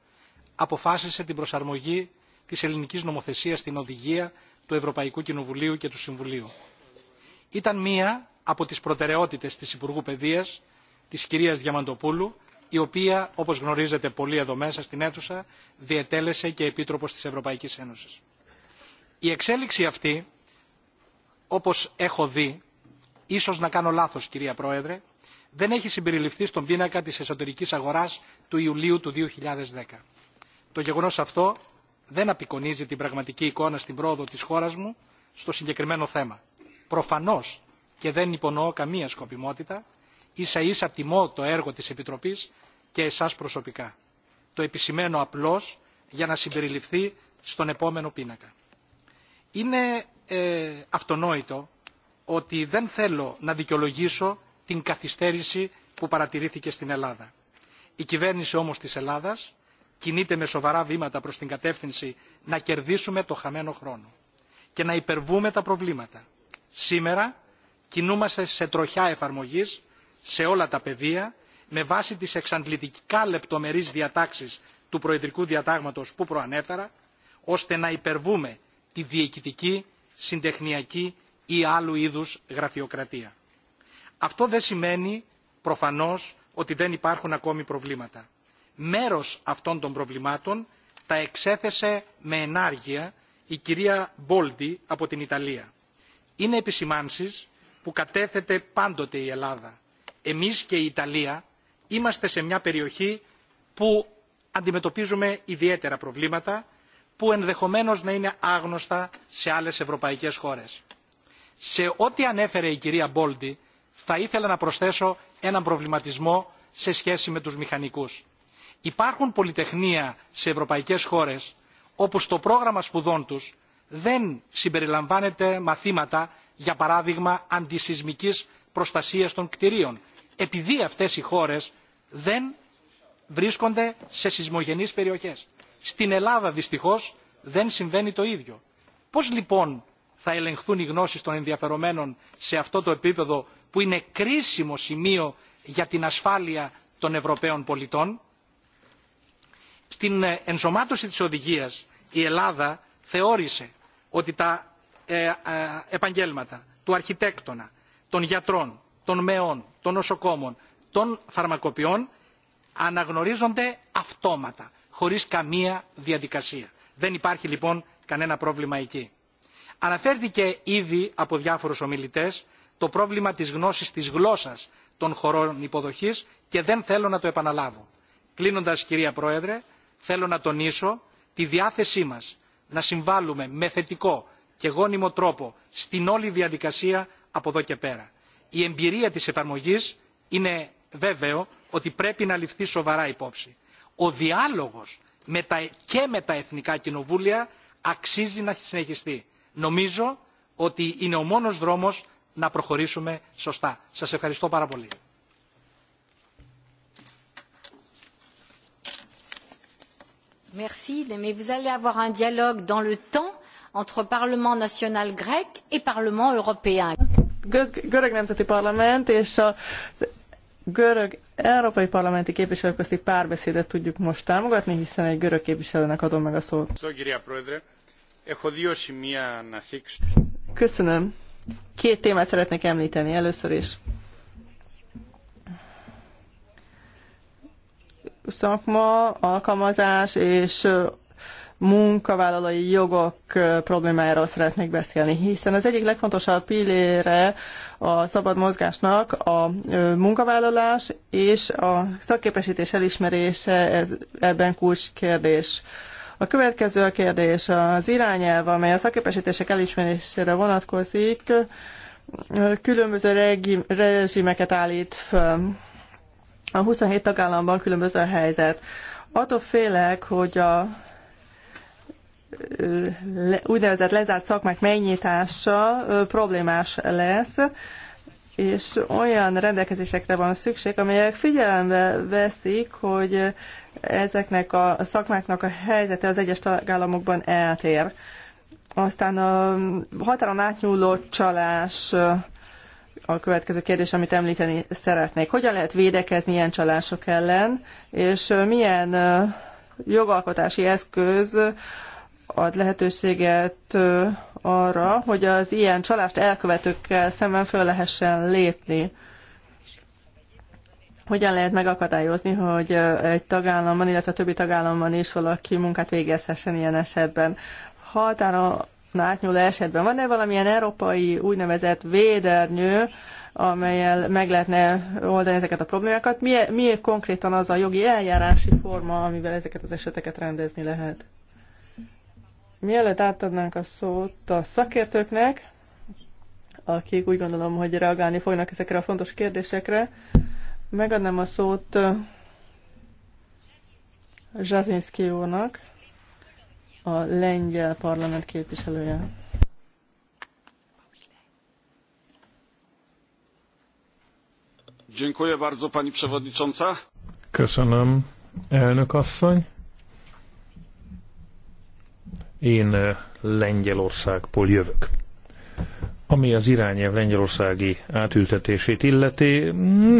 αποφάσισε την προσαρμογή της ελληνικής νομοθεσίας στην οδηγία του Ευρωπαϊκού Κοινοβουλίου και του Συμβουλίου. Ήταν μία από τις προτεραιότητες της Υπουργού Παιδείας, της κυρίας Διαμαντοπούλου, η οποία, όπως γνωρίζετε πολλοί εδώ μέσα στην αίθουσα, διετέλεσε και Επίτροπος της Ευρωπαϊκής Ένωσης. Η εξέλιξη αυτή, όπως έχω δει, ίσως να κάνω λάθος κυρία Πρόεδρε, δεν έχει συμπεριληφθεί στον πίνακα της εσωτερικής αγοράς του Ιουλίου του 2010. Το γεγονός αυτό δεν απεικονίζει την πραγματική εικόνα στην πρόοδο της χώρας μου στο συγκεκριμένο θέμα. Προφανώς και δεν υπονοώ καμία σκοπιμότητα, Ίσα ίσα τιμώ το έργο της Επιτροπής και εσάς προσωπικά. Το επισημαίνω απλώς για να συμπεριληφθεί στον επόμενο πίνακα. Είναι ε, αυτονόητο ότι δεν θέλω να δικαιολογήσω την καθυστέρηση που παρατηρήθηκε στην Ελλάδα. Η κυβέρνηση όμως της Ελλάδας κινείται με σοβαρά βήματα προς την κατεύθυνση να κερδίσουμε το χαμένο χρόνο και να υπερβούμε τα προβλήματα. Σήμερα κινούμαστε σε τροχιά εφαρμογής σε όλα τα πεδία με βάση τις εξαντλητικά λεπτομερείς διατάξεις του Προεδρικού Διατάγματος που προανέφερα, ώστε να υπερβούμε τη διοικητική, συντεχνιακή ή άλλου είδους γραφειοκρατία. Αυτό δεν σημαίνει προφανώς ότι δεν υπάρχουν ακόμη προβλήματα. Μέρος αυτών των προβλημάτων τα εξέθεσε με ενάργεια η κυρία Μπόλντι από την Ιταλία. Είναι επισημάνσεις που κατέθετε πάντοτε η Ελλάδα εμείς και η Ιταλία είμαστε σε μια περιοχή που αντιμετωπίζουμε ιδιαίτερα προβλήματα που ενδεχομένως να είναι άγνωστα σε άλλες ευρωπαϊκές χώρες. Σε ό,τι ανέφερε η κυρία Μπόλντι θα ήθελα να προσθέσω έναν προβληματισμό σε σχέση με τους μηχανικούς. Υπάρχουν πολυτεχνία σε ευρωπαϊκές χώρες όπου στο πρόγραμμα σπουδών τους δεν συμπεριλαμβάνεται μαθήματα για παράδειγμα αντισυσμικής προστασίας των κτηρίων επειδή αυτές οι χώρες δεν βρίσκονται σε σεισμογενείς περιοχές. Στην Ελλάδα δυστυχώς δεν συμβαίνει το ίδιο. Πώς λοιπόν θα ελεγχθούν οι γνώσεις των ενδιαφερομένων σε αυτό το επίπεδο που είναι κρίσιμο σημείο για την ασφάλεια των Ευρωπαίων πολιτών. Στην ενσωμάτωση της οδηγίας η Ελλάδα θεώρησε ότι τα ε, ε, επαγγέλματα του αρχιτέκτονα, των γιατρών, των μεών, των νοσοκόμων, των φαρμακοποιών αναγνωρίζονται αυτόματα, χωρίς καμία διαδικασία. Δεν υπάρχει λοιπόν κανένα πρόβλημα εκεί. Αναφέρθηκε ήδη από διάφορους ομιλητές το πρόβλημα της γνώσης της γλώσσας των χωρών υποδοχής και δεν θέλω να το επαναλάβω. Κλείνοντας κυρία Πρόεδρε, θέλω να τονίσω τη διάθεσή μας να συμβάλλουμε με θετικό και γόνιμο τρόπο στην όλη διαδικασία από εδώ και πέρα η εμπειρία της εφαρμογής είναι βέβαιο ότι πρέπει να ληφθεί σοβαρά υπόψη. Ο διάλογος με τα, και με τα εθνικά κοινοβούλια αξίζει να συνεχιστεί. Νομίζω ότι είναι ο μόνος δρόμος να προχωρήσουμε σωστά. Σας ευχαριστώ πάρα πολύ. Merci, mais vous allez avoir un dialogue dans le temps entre Parlement national grec et Parlement européen görög nemzeti parlament és a görög európai parlamenti képviselők közti párbeszédet tudjuk most támogatni, hiszen egy görög képviselőnek adom meg a szót. Köszönöm. Két témát szeretnék említeni először is. Szakma, alkalmazás és munkavállalói jogok problémájáról szeretnék beszélni, hiszen az egyik legfontosabb pillére a szabad mozgásnak a munkavállalás és a szakképesítés elismerése, ez, ebben kulcs kérdés. A következő a kérdés, az irányelv, amely a szakképesítések elismerésére vonatkozik, különböző regi- rezsimeket állít föl. A 27 tagállamban különböző a helyzet. Attól félek, hogy a úgynevezett lezárt szakmák megnyitása problémás lesz, és olyan rendelkezésekre van szükség, amelyek figyelembe veszik, hogy ezeknek a szakmáknak a helyzete az egyes tagállamokban eltér. Aztán a határon átnyúló csalás a következő kérdés, amit említeni szeretnék. Hogyan lehet védekezni ilyen csalások ellen, és milyen jogalkotási eszköz ad lehetőséget arra, hogy az ilyen csalást elkövetőkkel szemben föl lehessen lépni. Hogyan lehet megakadályozni, hogy egy tagállamban, illetve többi tagállamban is valaki munkát végezhessen ilyen esetben? Határon átnyúló esetben van-e valamilyen európai úgynevezett védernyő, amelyel meg lehetne oldani ezeket a problémákat? Miért, konkrétan az a jogi eljárási forma, amivel ezeket az eseteket rendezni lehet? Mielőtt átadnánk a szót a szakértőknek, akik úgy gondolom, hogy reagálni fognak ezekre a fontos kérdésekre, megadnám a szót Zsazinszki úrnak, a lengyel parlament képviselője. Dziękuję bardzo, pani przewodnicząca. Köszönöm, elnök asszony. Én eh, Lengyelországból jövök. Ami az irányelv lengyelországi átültetését illeti,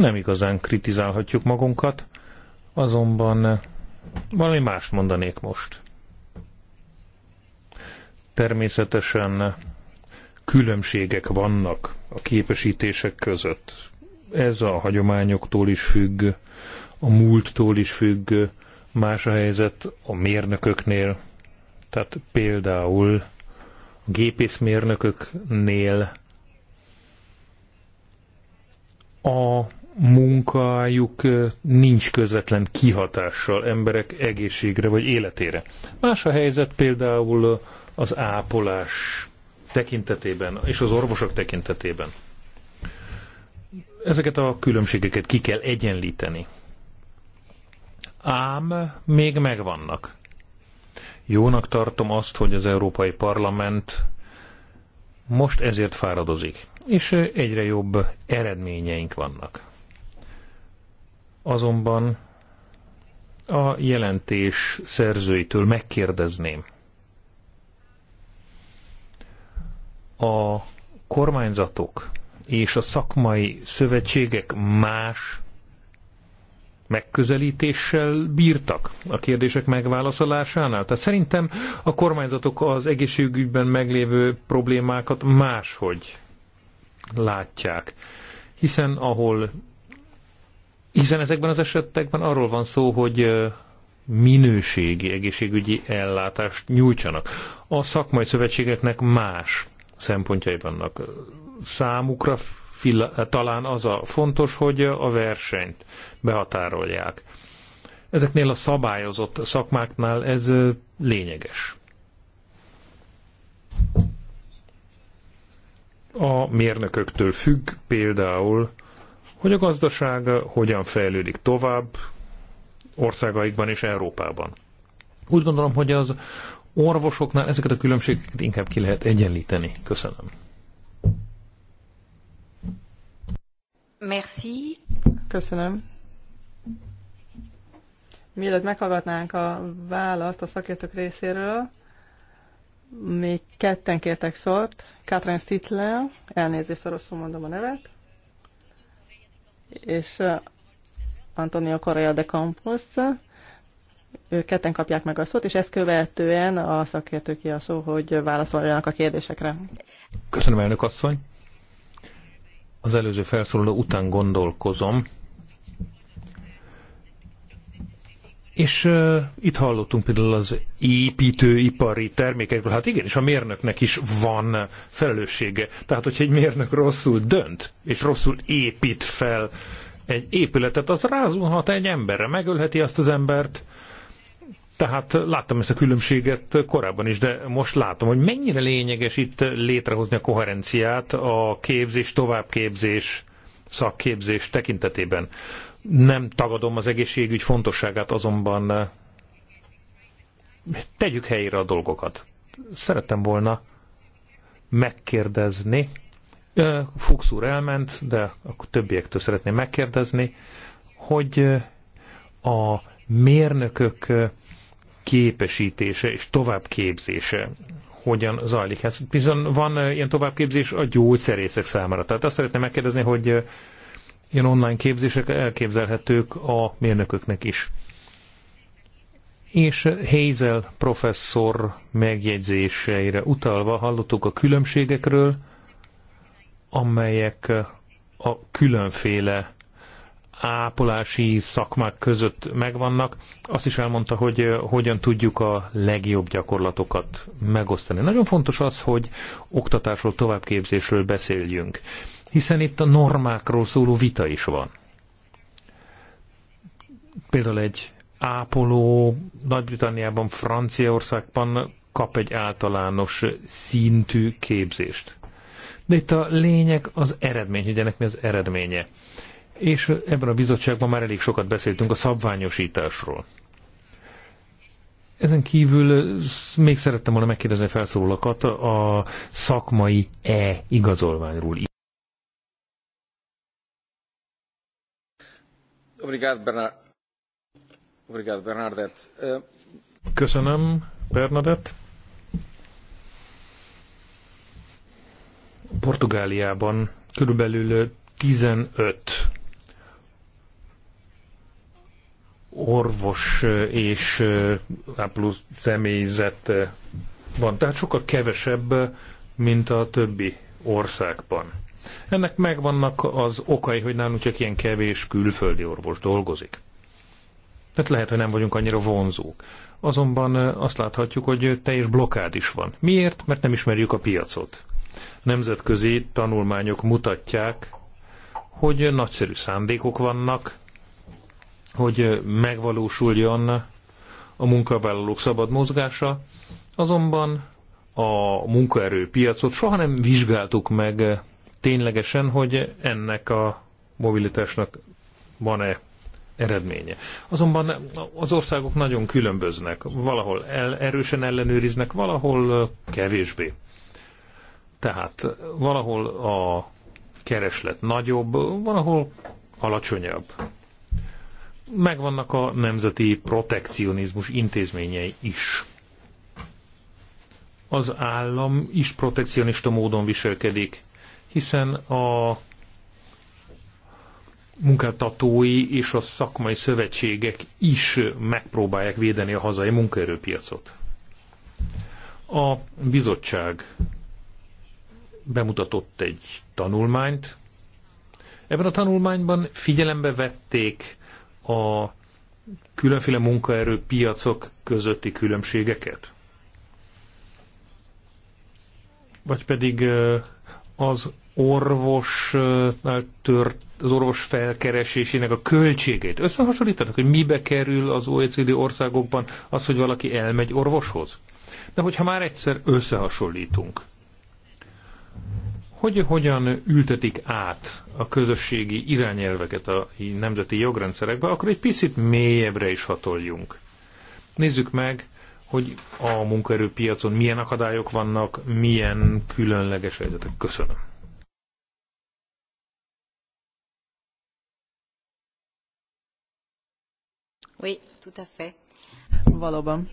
nem igazán kritizálhatjuk magunkat, azonban eh, valami más mondanék most. Természetesen eh, különbségek vannak a képesítések között. Ez a hagyományoktól is függ, a múlttól is függ, más a helyzet a mérnököknél, tehát például a gépészmérnököknél a munkájuk nincs közvetlen kihatással emberek egészségre vagy életére. Más a helyzet például az ápolás tekintetében és az orvosok tekintetében. Ezeket a különbségeket ki kell egyenlíteni. Ám még megvannak. Jónak tartom azt, hogy az Európai Parlament most ezért fáradozik, és egyre jobb eredményeink vannak. Azonban a jelentés szerzőitől megkérdezném. A kormányzatok és a szakmai szövetségek más megközelítéssel bírtak a kérdések megválaszolásánál. Tehát szerintem a kormányzatok az egészségügyben meglévő problémákat máshogy látják. Hiszen ahol hiszen ezekben az esetekben arról van szó, hogy minőségi egészségügyi ellátást nyújtsanak. A szakmai szövetségeknek más szempontjai vannak. Számukra talán az a fontos, hogy a versenyt behatárolják. Ezeknél a szabályozott szakmáknál ez lényeges. A mérnököktől függ például, hogy a gazdaság hogyan fejlődik tovább országaikban és Európában. Úgy gondolom, hogy az orvosoknál ezeket a különbségeket inkább ki lehet egyenlíteni. Köszönöm. Merci. Köszönöm. Mielőtt meghallgatnánk a választ a szakértők részéről, még ketten kértek szót. Katrin Stittler, elnézést, rosszul mondom a nevet, és uh, Antonio Correa de Campos. Ők ketten kapják meg a szót, és ezt követően a szakértők a szó, hogy válaszoljanak a kérdésekre. Köszönöm, elnök asszony. Az előző felszólaló után gondolkozom, És uh, itt hallottunk például az építőipari termékekről. Hát igen, és a mérnöknek is van felelőssége. Tehát, hogyha egy mérnök rosszul dönt, és rosszul épít fel egy épületet, az rázulhat egy emberre, megölheti azt az embert. Tehát láttam ezt a különbséget korábban is, de most látom, hogy mennyire lényeges itt létrehozni a koherenciát a képzés, továbbképzés, szakképzés tekintetében. Nem tagadom az egészségügy fontosságát, azonban eh, tegyük helyére a dolgokat. Szerettem volna megkérdezni, eh, Fuchs úr elment, de akkor többiektől szeretném megkérdezni, hogy eh, a mérnökök képesítése és továbbképzése hogyan zajlik. Hát bizony van ilyen továbbképzés a gyógyszerészek számára. Tehát azt szeretném megkérdezni, hogy ilyen online képzések elképzelhetők a mérnököknek is. És Hazel professzor megjegyzéseire utalva hallottuk a különbségekről, amelyek a különféle ápolási szakmák között megvannak. Azt is elmondta, hogy eh, hogyan tudjuk a legjobb gyakorlatokat megosztani. Nagyon fontos az, hogy oktatásról, továbbképzésről beszéljünk hiszen itt a normákról szóló vita is van. Például egy ápoló Nagy-Britanniában, Franciaországban kap egy általános szintű képzést. De itt a lényeg az eredmény, hogy ennek mi az eredménye. És ebben a bizottságban már elég sokat beszéltünk a szabványosításról. Ezen kívül még szerettem volna megkérdezni felszólókat a szakmai e-igazolványról. Eh, Köszönöm, Bernadette. Portugáliában körülbelül 15 orvos és ápoló eh, személyzet eh, van, tehát sokkal kevesebb, mint a többi országban. Ennek megvannak az okai, hogy nálunk csak ilyen kevés külföldi orvos dolgozik. Tehát lehet, hogy nem vagyunk annyira vonzók. Azonban azt láthatjuk, hogy teljes blokád is van. Miért? Mert nem ismerjük a piacot. Nemzetközi tanulmányok mutatják, hogy nagyszerű szándékok vannak, hogy megvalósuljon a munkavállalók szabad mozgása, azonban a munkaerőpiacot soha nem vizsgáltuk meg ténylegesen, hogy ennek a mobilitásnak van-e eredménye. Azonban az országok nagyon különböznek. Valahol el, erősen ellenőriznek, valahol kevésbé. Tehát valahol a kereslet nagyobb, valahol alacsonyabb. Megvannak a nemzeti protekcionizmus intézményei is. Az állam is protekcionista módon viselkedik, hiszen a munkáltatói és a szakmai szövetségek is megpróbálják védeni a hazai munkaerőpiacot. A bizottság bemutatott egy tanulmányt. Ebben a tanulmányban figyelembe vették a különféle munkaerőpiacok közötti különbségeket? Vagy pedig az orvos, tört, az orvos felkeresésének a költségét összehasonlítanak, hogy mibe kerül az OECD országokban az, hogy valaki elmegy orvoshoz? De hogyha már egyszer összehasonlítunk, hogy hogyan ültetik át a közösségi irányelveket a nemzeti jogrendszerekbe, akkor egy picit mélyebbre is hatoljunk. Nézzük meg, hogy a munkaerőpiacon milyen akadályok vannak, milyen különleges helyzetek. Köszönöm. Valóban.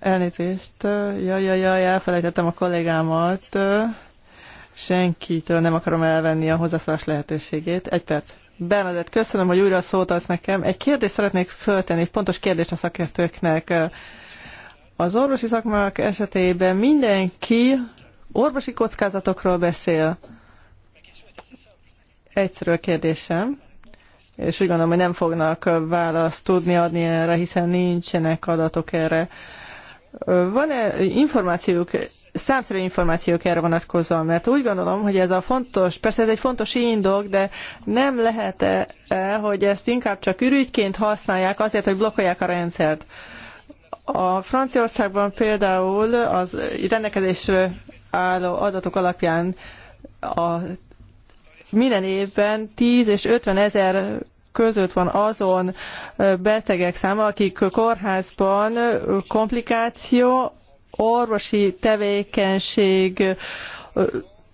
Elnézést. Jaj, jaj, jaj, elfelejtettem a kollégámat. Senkitől nem akarom elvenni a hozzászólás lehetőségét. Egy perc. Bernadett, köszönöm, hogy újra szót adsz nekem. Egy kérdést szeretnék föltenni, egy pontos kérdést a szakértőknek. Az orvosi szakmák esetében mindenki orvosi kockázatokról beszél. Egyszerű a kérdésem és úgy gondolom, hogy nem fognak választ tudni adni erre, hiszen nincsenek adatok erre. Van-e információk, számszerű információk erre vonatkozóan? Mert úgy gondolom, hogy ez a fontos, persze ez egy fontos indok, de nem lehet -e, hogy ezt inkább csak ürügyként használják azért, hogy blokkolják a rendszert. A Franciaországban például az rendelkezésre álló adatok alapján a minden évben 10 és 50 ezer között van azon betegek száma, akik kórházban komplikáció, orvosi tevékenység,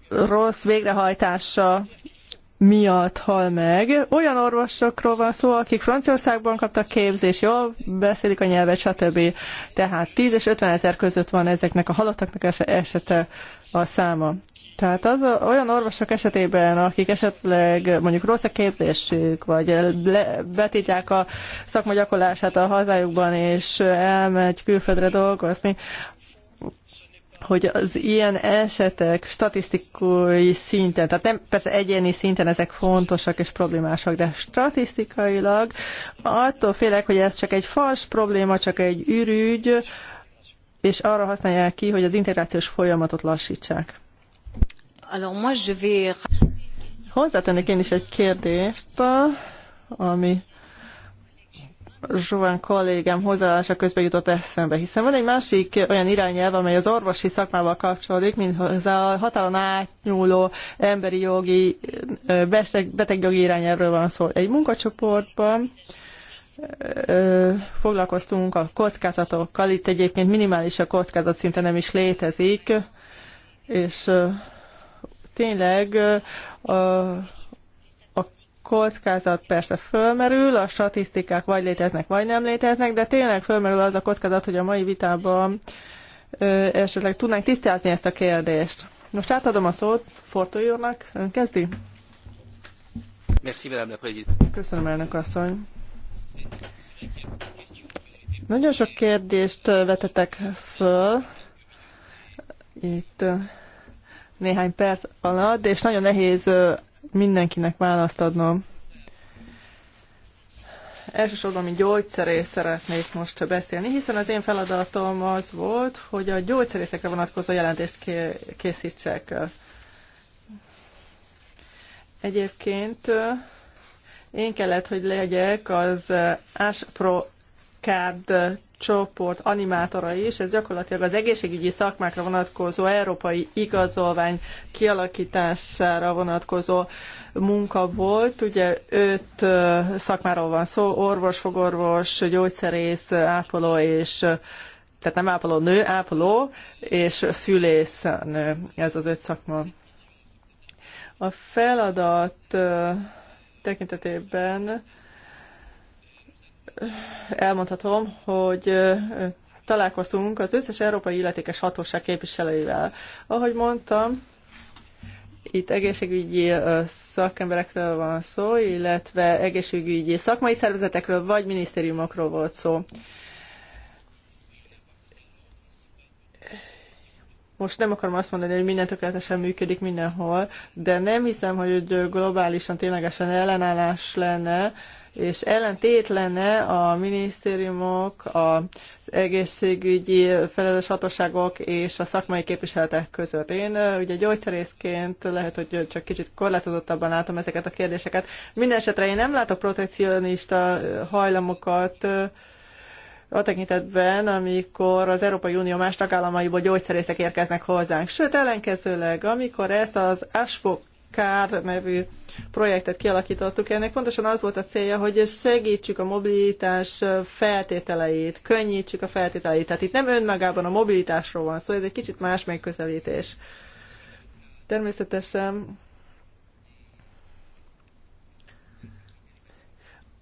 rossz végrehajtása miatt hal meg. Olyan orvosokról van szó, akik Franciaországban kaptak képzést, jól beszélik a nyelvet, stb. Tehát 10 és 50 ezer között van ezeknek a halottaknak esete a száma. Tehát az olyan orvosok esetében, akik esetleg mondjuk rossz a képzésük, vagy le, betítják a szakma gyakorlását a hazájukban, és elmegy külföldre dolgozni, hogy az ilyen esetek statisztikai szinten, tehát nem persze egyéni szinten ezek fontosak és problémásak, de statisztikailag attól félek, hogy ez csak egy fals probléma, csak egy ürügy, és arra használják ki, hogy az integrációs folyamatot lassítsák. Alors moi je vais... Hozzátennék én is egy kérdést, ami Zsuván kollégám hozzáállása közben jutott eszembe, hiszen van egy másik olyan irányelv, amely az orvosi szakmával kapcsolódik, mint az a határon átnyúló emberi jogi, betegjogi irányelvről van szó. Egy munkacsoportban foglalkoztunk a kockázatokkal, itt egyébként minimális a kockázat szinte nem is létezik, és tényleg a, kockázat persze fölmerül, a statisztikák vagy léteznek, vagy nem léteznek, de tényleg fölmerül az a kockázat, hogy a mai vitában esetleg tudnánk tisztázni ezt a kérdést. Most átadom a szót Fortói úrnak, ön kezdi? Merci, Madame la Köszönöm, elnök asszony. Nagyon sok kérdést vetetek föl. Itt néhány perc alatt, és nagyon nehéz mindenkinek választ adnom. Elsősorban, mint gyógyszerész szeretnék most beszélni, hiszen az én feladatom az volt, hogy a gyógyszerészekre vonatkozó jelentést készítsek. Egyébként én kellett, hogy legyek az Aspro Card csoport animátora is, ez gyakorlatilag az egészségügyi szakmákra vonatkozó európai igazolvány kialakítására vonatkozó munka volt. Ugye öt szakmáról van szó, orvos, fogorvos, gyógyszerész, ápoló és tehát nem ápoló nő, ápoló és szülész nő. Ez az öt szakma. A feladat tekintetében elmondhatom, hogy találkoztunk az összes európai illetékes hatóság képviselőivel. Ahogy mondtam, itt egészségügyi szakemberekről van szó, illetve egészségügyi szakmai szervezetekről vagy minisztériumokról volt szó. Most nem akarom azt mondani, hogy minden tökéletesen működik mindenhol, de nem hiszem, hogy globálisan ténylegesen ellenállás lenne, és ellentét lenne a minisztériumok, az egészségügyi felelős hatóságok és a szakmai képviseletek között. Én ugye gyógyszerészként lehet, hogy csak kicsit korlátozottabban látom ezeket a kérdéseket. Mindenesetre én nem látok protekcionista hajlamokat a tekintetben, amikor az Európai Unió más tagállamaiból gyógyszerészek érkeznek hozzánk. Sőt, ellenkezőleg, amikor ezt az ASFO Car nevű projektet kialakítottuk. Ennek pontosan az volt a célja, hogy segítsük a mobilitás feltételeit, könnyítsük a feltételeit. Tehát itt nem önmagában a mobilitásról van szó, szóval ez egy kicsit más megközelítés. Természetesen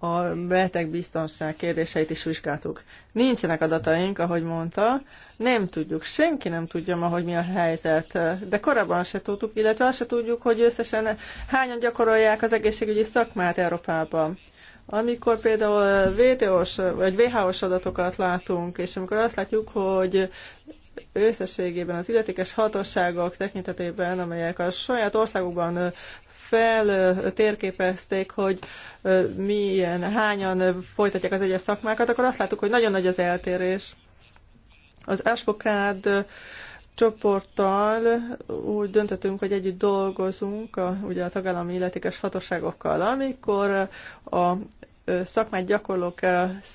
a betegbiztonság kérdéseit is vizsgáltuk. Nincsenek adataink, ahogy mondta, nem tudjuk, senki nem tudja ma, hogy mi a helyzet, de korábban se tudtuk, illetve azt se tudjuk, hogy összesen hányan gyakorolják az egészségügyi szakmát Európában. Amikor például vto s vagy WHO-s adatokat látunk, és amikor azt látjuk, hogy összességében az illetékes hatóságok tekintetében, amelyek a saját országukban fel hogy milyen, hányan folytatják az egyes szakmákat, akkor azt láttuk, hogy nagyon nagy az eltérés. Az Ásfokád csoporttal úgy döntöttünk, hogy együtt dolgozunk a, ugye a tagállami illetékes hatóságokkal, amikor a szakmát gyakorlók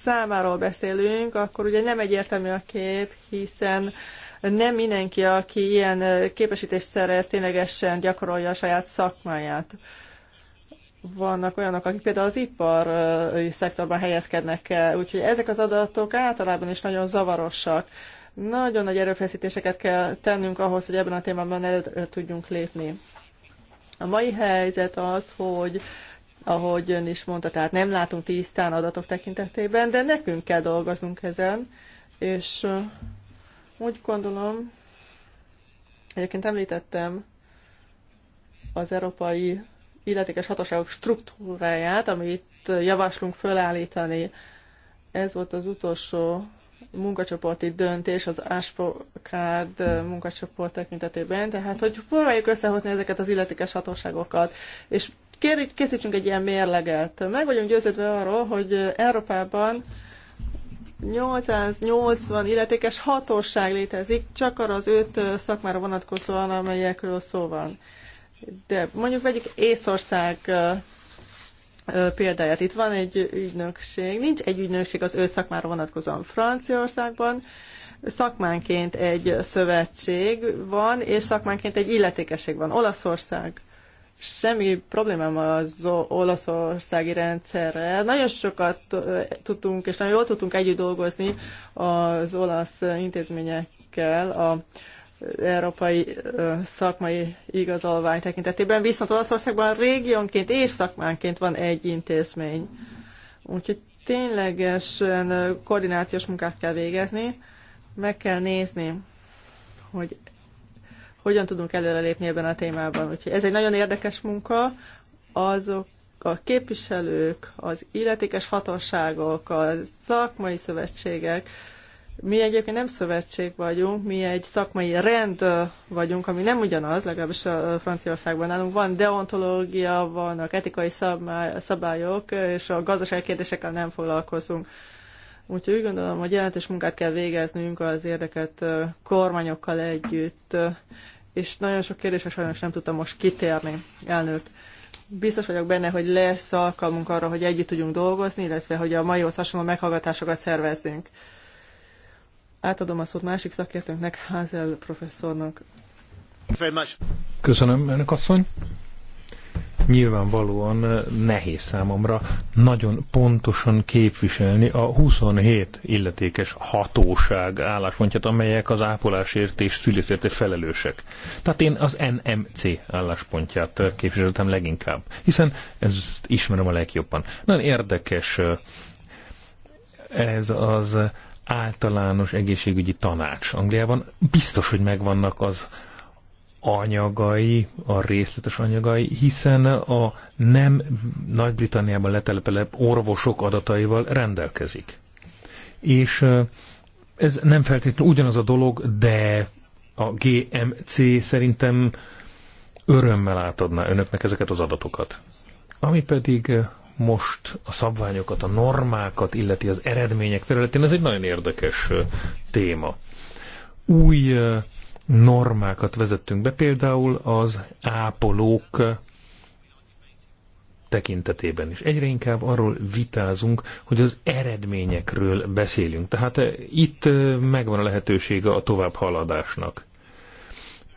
számáról beszélünk, akkor ugye nem egyértelmű a kép, hiszen nem mindenki, aki ilyen képesítést szerez, ténylegesen gyakorolja a saját szakmáját. Vannak olyanok, akik például az ipari szektorban helyezkednek el, úgyhogy ezek az adatok általában is nagyon zavarosak. Nagyon nagy erőfeszítéseket kell tennünk ahhoz, hogy ebben a témában előre tudjunk lépni. A mai helyzet az, hogy ahogy ön is mondta, tehát nem látunk tisztán adatok tekintetében, de nekünk kell dolgoznunk ezen, és úgy gondolom, egyébként említettem az európai illetékes hatóságok struktúráját, amit javaslunk fölállítani. Ez volt az utolsó munkacsoporti döntés az Áspokárd munkacsoport tekintetében, tehát hogy próbáljuk összehozni ezeket az illetékes hatóságokat, és kérjük, készítsünk egy ilyen mérleget. Meg vagyunk győződve arról, hogy Európában 880 illetékes hatóság létezik, csak arra az öt szakmára vonatkozóan, amelyekről szó van. De mondjuk vegyük Észország példáját. Itt van egy ügynökség, nincs egy ügynökség az öt szakmára vonatkozóan Franciaországban, szakmánként egy szövetség van, és szakmánként egy illetékesség van. Olaszország semmi problémám az olaszországi rendszerrel. Nagyon sokat tudtunk, és nagyon jól tudtunk együtt dolgozni az olasz intézményekkel a európai szakmai igazolvány tekintetében, viszont Olaszországban régiónként és szakmánként van egy intézmény. Úgyhogy ténylegesen koordinációs munkát kell végezni, meg kell nézni, hogy hogyan tudunk előrelépni ebben a témában. Úgyhogy ez egy nagyon érdekes munka, azok a képviselők, az illetékes hatóságok, a szakmai szövetségek, mi egyébként nem szövetség vagyunk, mi egy szakmai rend vagyunk, ami nem ugyanaz, legalábbis a Franciaországban nálunk van deontológia, vannak etikai szabályok, és a gazdasági kérdésekkel nem foglalkozunk. Úgyhogy úgy gondolom, hogy jelentős munkát kell végeznünk az érdeket kormányokkal együtt, és nagyon sok kérdésre sajnos nem tudtam most kitérni, elnök. Biztos vagyok benne, hogy lesz alkalmunk arra, hogy együtt tudjunk dolgozni, illetve hogy a maihoz hasonló meghallgatásokat szervezzünk. Átadom a szót másik szakértőnknek, Házel professzornak. Köszönöm, elnök asszony nyilvánvalóan eh, nehéz számomra nagyon pontosan képviselni a 27 illetékes hatóság álláspontját, amelyek az ápolásért és szülészért felelősek. Tehát én az NMC álláspontját eh, képviseltem leginkább, hiszen ezt ismerem a legjobban. Nagyon érdekes eh, ez az általános egészségügyi tanács Angliában. Biztos, hogy megvannak az anyagai, a részletes anyagai, hiszen a nem Nagy-Britanniában letelepelebb orvosok adataival rendelkezik. És ez nem feltétlenül ugyanaz a dolog, de a GMC szerintem örömmel átadná önöknek ezeket az adatokat. Ami pedig most a szabványokat, a normákat, illeti az eredmények területén, ez egy nagyon érdekes téma. Új normákat vezettünk be, például az ápolók tekintetében is. Egyre inkább arról vitázunk, hogy az eredményekről beszélünk. Tehát eh, itt eh, megvan a lehetősége a továbbhaladásnak.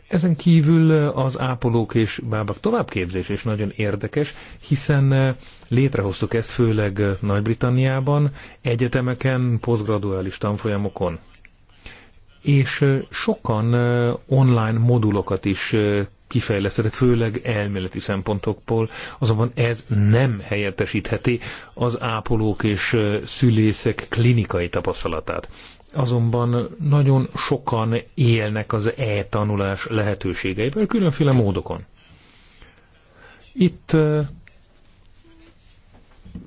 Ezen kívül eh, az ápolók és bábak továbbképzés is nagyon érdekes, hiszen létrehoztuk ezt főleg Nagy-Britanniában, egyetemeken, posztgraduális tanfolyamokon és sokan online modulokat is kifejlesztetek, főleg elméleti szempontokból, azonban ez nem helyettesítheti az ápolók és szülészek klinikai tapasztalatát. Azonban nagyon sokan élnek az e-tanulás lehetőségeivel különféle módokon. Itt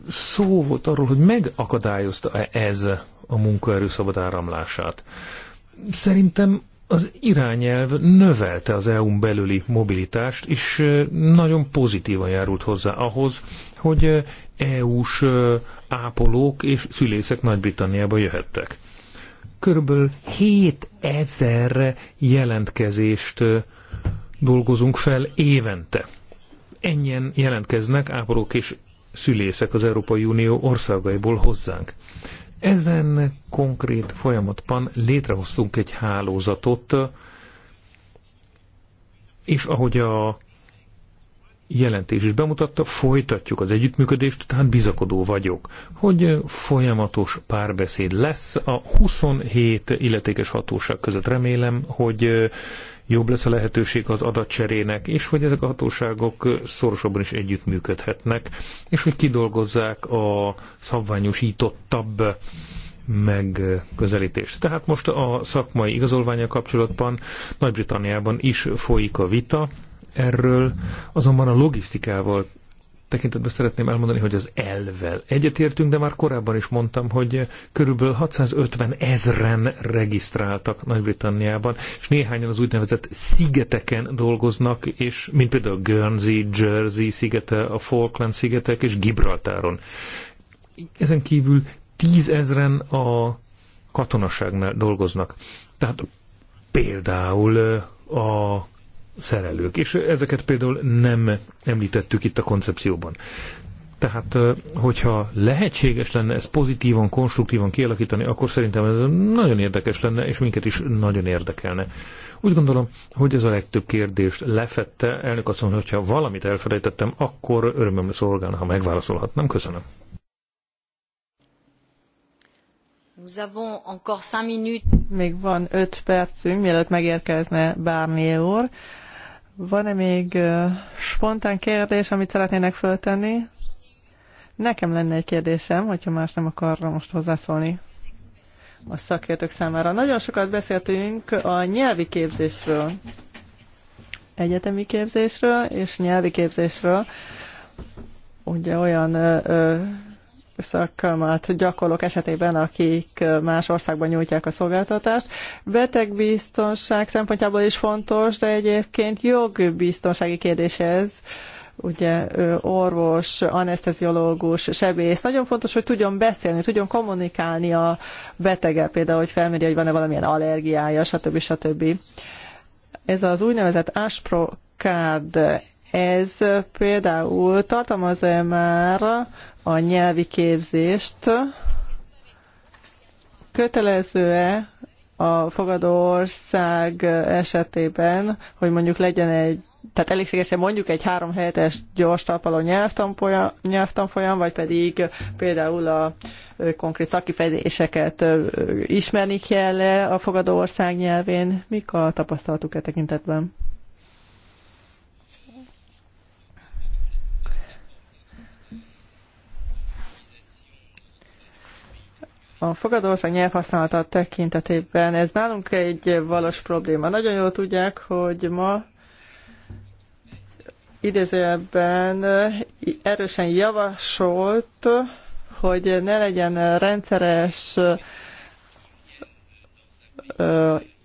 szó volt arról, hogy megakadályozta -e ez a munkaerő szabad áramlását. Szerintem az irányelv növelte az EU-n belüli mobilitást, és nagyon pozitívan járult hozzá ahhoz, hogy EU-s ápolók és szülészek Nagy-Britanniába jöhettek. Körülbelül 7000 jelentkezést dolgozunk fel évente. Ennyien jelentkeznek ápolók és szülészek az Európai Unió országaiból hozzánk. Ezen konkrét folyamatban létrehoztunk egy hálózatot, és ahogy a jelentés is bemutatta, folytatjuk az együttműködést, tehát bizakodó vagyok, hogy folyamatos párbeszéd lesz a 27 illetékes hatóság között. Remélem, hogy jobb lesz a lehetőség az adatcserének, és hogy ezek a hatóságok szorosabban is együttműködhetnek, és hogy kidolgozzák a szabványosítottabb megközelítést. Tehát most a szakmai igazolványa kapcsolatban Nagy-Britanniában is folyik a vita erről, azonban a logisztikával tekintetben szeretném elmondani, hogy az elvel egyetértünk, de már korábban is mondtam, hogy körülbelül 650 ezren regisztráltak Nagy-Britanniában, és néhányan az úgynevezett szigeteken dolgoznak, és mint például Guernsey, Jersey szigete, a Falkland szigetek és Gibraltáron. Ezen kívül tízezren a katonaságnál dolgoznak. Tehát például a szerelők, és ezeket például nem említettük itt a koncepcióban. Tehát, hogyha lehetséges lenne ezt pozitívan, konstruktívan kialakítani, akkor szerintem ez nagyon érdekes lenne, és minket is nagyon érdekelne. Úgy gondolom, hogy ez a legtöbb kérdést lefette. Elnök azt mondja, hogyha valamit elfelejtettem, akkor örömömre szolgálna, ha megválaszolhatnám. Köszönöm. Még van öt percünk, mielőtt megérkezne Barnier úr. Van-e még spontán kérdés, amit szeretnének föltenni? Nekem lenne egy kérdésem, hogyha más nem akarra most hozzászólni a szakértők számára. Nagyon sokat beszéltünk a nyelvi képzésről, egyetemi képzésről és nyelvi képzésről. Ugye olyan uh, uh, szakmát gyakorlók esetében, akik más országban nyújtják a szolgáltatást. Betegbiztonság szempontjából is fontos, de egyébként jogbiztonsági kérdés ez ugye orvos, anesteziológus, sebész. Nagyon fontos, hogy tudjon beszélni, tudjon kommunikálni a betege, például, hogy felméri, hogy van-e valamilyen allergiája, stb. stb. Ez az úgynevezett ASPRO card, ez például tartalmaz-e már a nyelvi képzést kötelező-e a fogadó ország esetében, hogy mondjuk legyen egy, tehát elégségesen mondjuk egy három hetes gyors talpaló nyelvtanfolyam, nyelvtanfolyam, vagy pedig például a konkrét szakifejezéseket ismerni kell -e a fogadó ország nyelvén. Mik a tapasztalatuk e tekintetben? a fogadóország nyelvhasználata tekintetében ez nálunk egy valós probléma. Nagyon jól tudják, hogy ma idézőjelben erősen javasolt, hogy ne legyen rendszeres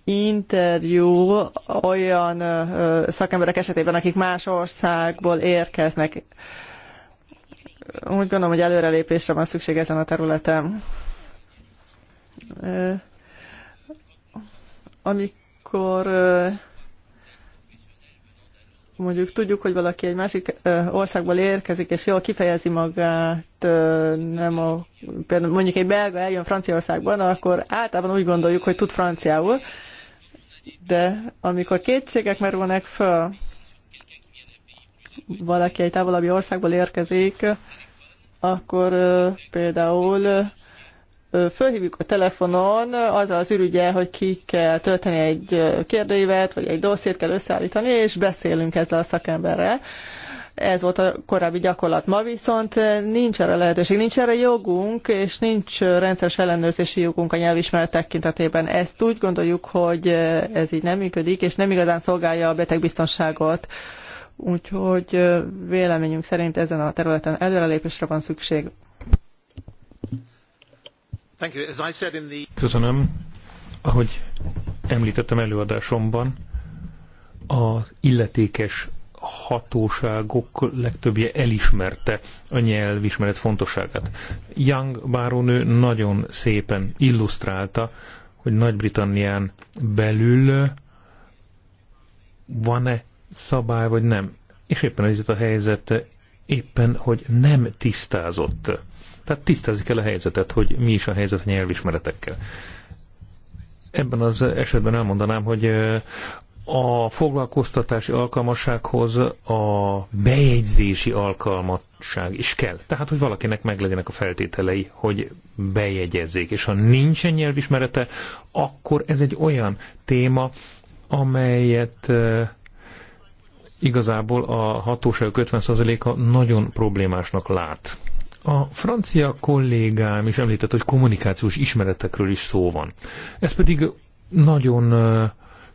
interjú olyan szakemberek esetében, akik más országból érkeznek. Úgy gondolom, hogy előrelépésre van szükség ezen a területen amikor mondjuk tudjuk, hogy valaki egy másik országból érkezik, és jól kifejezi magát, nem a, például mondjuk egy belga eljön Franciaországban, akkor általában úgy gondoljuk, hogy tud franciául, de amikor kétségek merülnek föl, valaki egy távolabbi országból érkezik, akkor például fölhívjuk a telefonon az az ürügye, hogy ki kell tölteni egy kérdőívet, vagy egy dossziét kell összeállítani, és beszélünk ezzel a szakemberrel. Ez volt a korábbi gyakorlat. Ma viszont nincs erre lehetőség, nincs erre jogunk, és nincs rendszeres ellenőrzési jogunk a nyelvismeret tekintetében. Ezt úgy gondoljuk, hogy ez így nem működik, és nem igazán szolgálja a betegbiztonságot. Úgyhogy véleményünk szerint ezen a területen előrelépésre van szükség. Köszönöm. Ahogy említettem előadásomban, az illetékes hatóságok legtöbbje elismerte a nyelvismeret fontosságát. Young bárónő nagyon szépen illusztrálta, hogy Nagy-Britannián belül van-e szabály, vagy nem. És éppen ez a helyzet éppen, hogy nem tisztázott. Tehát tisztázni kell a helyzetet, hogy mi is a helyzet a nyelvismeretekkel. Ebben az esetben elmondanám, hogy a foglalkoztatási alkalmassághoz a bejegyzési alkalmasság is kell. Tehát, hogy valakinek meglegyenek a feltételei, hogy bejegyezzék. És ha nincsen nyelvismerete, akkor ez egy olyan téma, amelyet igazából a hatóságok 50%-a nagyon problémásnak lát. A francia kollégám is említett, hogy kommunikációs ismeretekről is szó van. Ez pedig nagyon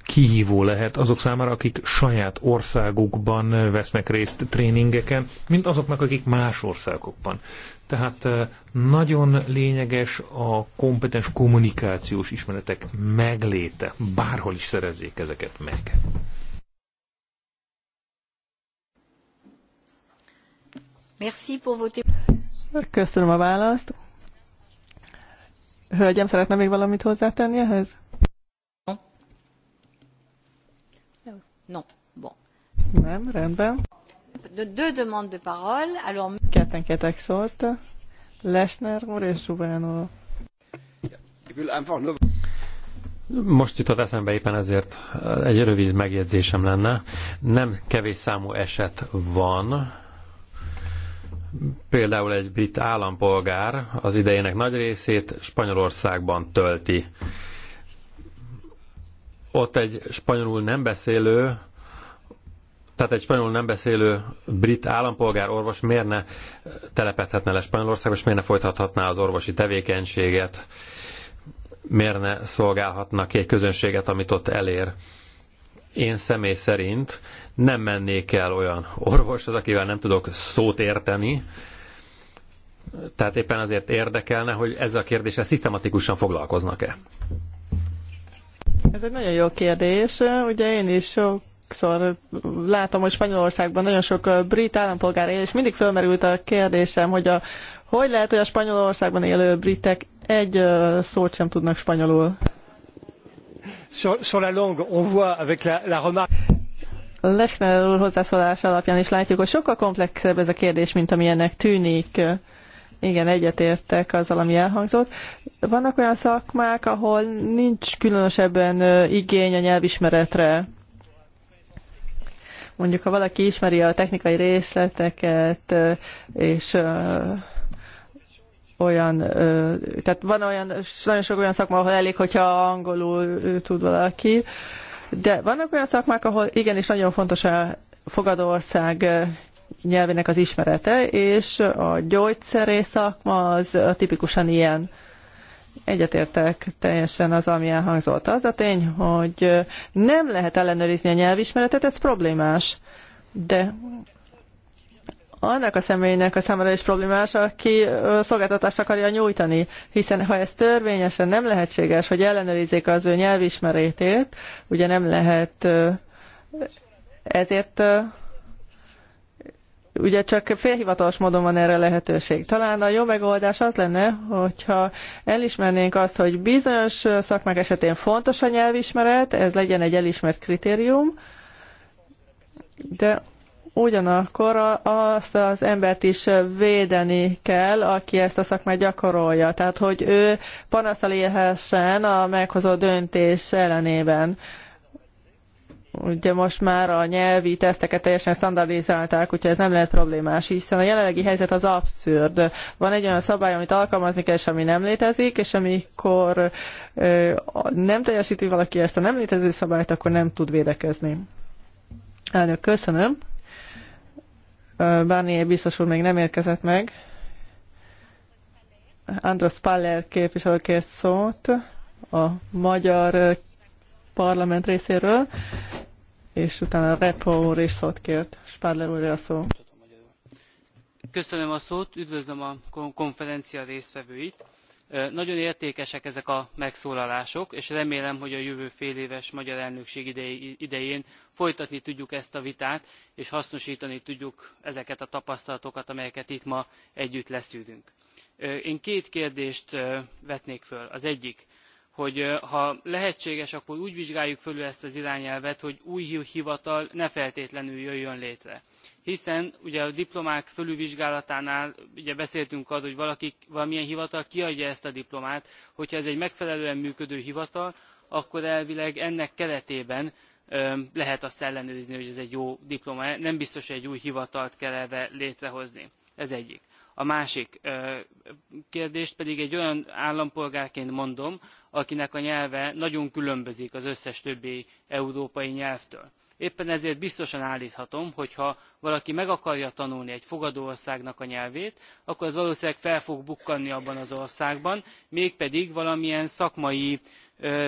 kihívó lehet azok számára, akik saját országukban vesznek részt tréningeken, mint azoknak, akik más országokban. Tehát nagyon lényeges a kompetens kommunikációs ismeretek megléte. Bárhol is szerezzék ezeket meg. Merci pour votre... Köszönöm a választ. Hölgyem, szeretne még valamit hozzátenni ehhez? Nem, rendben. deux demandes de parole, alors... Ketten szólt. Lesner úr és Zsubánó. Most jutott eszembe éppen ezért eh, egy rövid megjegyzésem lenne. Nem kevés számú eset van, például egy brit állampolgár az idejének nagy részét Spanyolországban tölti. Ott egy spanyolul nem beszélő, tehát egy spanyolul nem beszélő brit állampolgár orvos miért ne telepedhetne le Spanyolországba, és miért ne folytathatná az orvosi tevékenységet, miért ne szolgálhatna ki egy közönséget, amit ott elér én személy szerint nem mennék el olyan orvoshoz, akivel nem tudok szót érteni, tehát éppen azért érdekelne, hogy ezzel a kérdéssel szisztematikusan foglalkoznak-e? Ez egy nagyon jó kérdés. Ugye én is sokszor látom, hogy Spanyolországban nagyon sok brit állampolgár él, és mindig fölmerült a kérdésem, hogy a, hogy lehet, hogy a Spanyolországban élő britek egy szót sem tudnak spanyolul sur, sur la langue, on voit avec la, la remarque. Lechner úr hozzászólás alapján is látjuk, hogy sokkal komplexebb ez a kérdés, mint amilyennek tűnik. Igen, egyetértek azzal, ami elhangzott. Vannak olyan szakmák, ahol nincs különösebben igény a nyelvismeretre. Mondjuk, ha valaki ismeri a technikai részleteket, és olyan, tehát van olyan, nagyon sok olyan szakma, ahol elég, hogyha angolul tud valaki, de vannak olyan szakmák, ahol igenis nagyon fontos a fogadóország nyelvének az ismerete, és a gyógyszerész szakma az tipikusan ilyen. Egyetértek teljesen az, ami elhangzott. Az a tény, hogy nem lehet ellenőrizni a nyelvismeretet, ez problémás. De annak a személynek a számára is problémás, aki szolgáltatást akarja nyújtani, hiszen ha ez törvényesen nem lehetséges, hogy ellenőrizzék az ő nyelvismeretét, ugye nem lehet ezért ugye csak félhivatalos módon van erre lehetőség. Talán a jó megoldás az lenne, hogyha elismernénk azt, hogy bizonyos szakmák esetén fontos a nyelvismeret, ez legyen egy elismert kritérium, de ugyanakkor azt az embert is védeni kell, aki ezt a szakmát gyakorolja. Tehát, hogy ő panaszal élhessen a meghozott döntés ellenében. Ugye most már a nyelvi teszteket teljesen standardizálták, úgyhogy ez nem lehet problémás, hiszen a jelenlegi helyzet az abszurd. Van egy olyan szabály, amit alkalmazni kell, és ami nem létezik, és amikor nem teljesíti valaki ezt a nem létező szabályt, akkor nem tud védekezni. Elnök, köszönöm. Barnier biztos úr még nem érkezett meg. Andros Paller képviselő kért szót a magyar parlament részéről, és utána Repo úr is szót kért. Spadler úr a szó. Köszönöm a szót, üdvözlöm a konferencia résztvevőit nagyon értékesek ezek a megszólalások, és remélem, hogy a jövő féléves magyar elnökség idején folytatni tudjuk ezt a vitát, és hasznosítani tudjuk ezeket a tapasztalatokat, amelyeket itt ma együtt leszűrünk. Én két kérdést vetnék föl. Az egyik, hogy ha lehetséges, akkor úgy vizsgáljuk fölül ezt az irányelvet, hogy új hivatal ne feltétlenül jöjjön létre. Hiszen ugye a diplomák fölülvizsgálatánál ugye beszéltünk arról, hogy valaki, valamilyen hivatal kiadja ezt a diplomát, hogyha ez egy megfelelően működő hivatal, akkor elvileg ennek keretében lehet azt ellenőrizni, hogy ez egy jó diploma. Nem biztos, hogy egy új hivatalt kell erre létrehozni. Ez egyik a másik kérdést pedig egy olyan állampolgárként mondom akinek a nyelve nagyon különbözik az összes többi európai nyelvtől. éppen ezért biztosan állthatom hogy ha valaki meg akarja tanulni egy fogadó országnak a nyelvét akkor az valósznűleg fel fog bukkanni abban az országban mégpedig valamilyen szakmai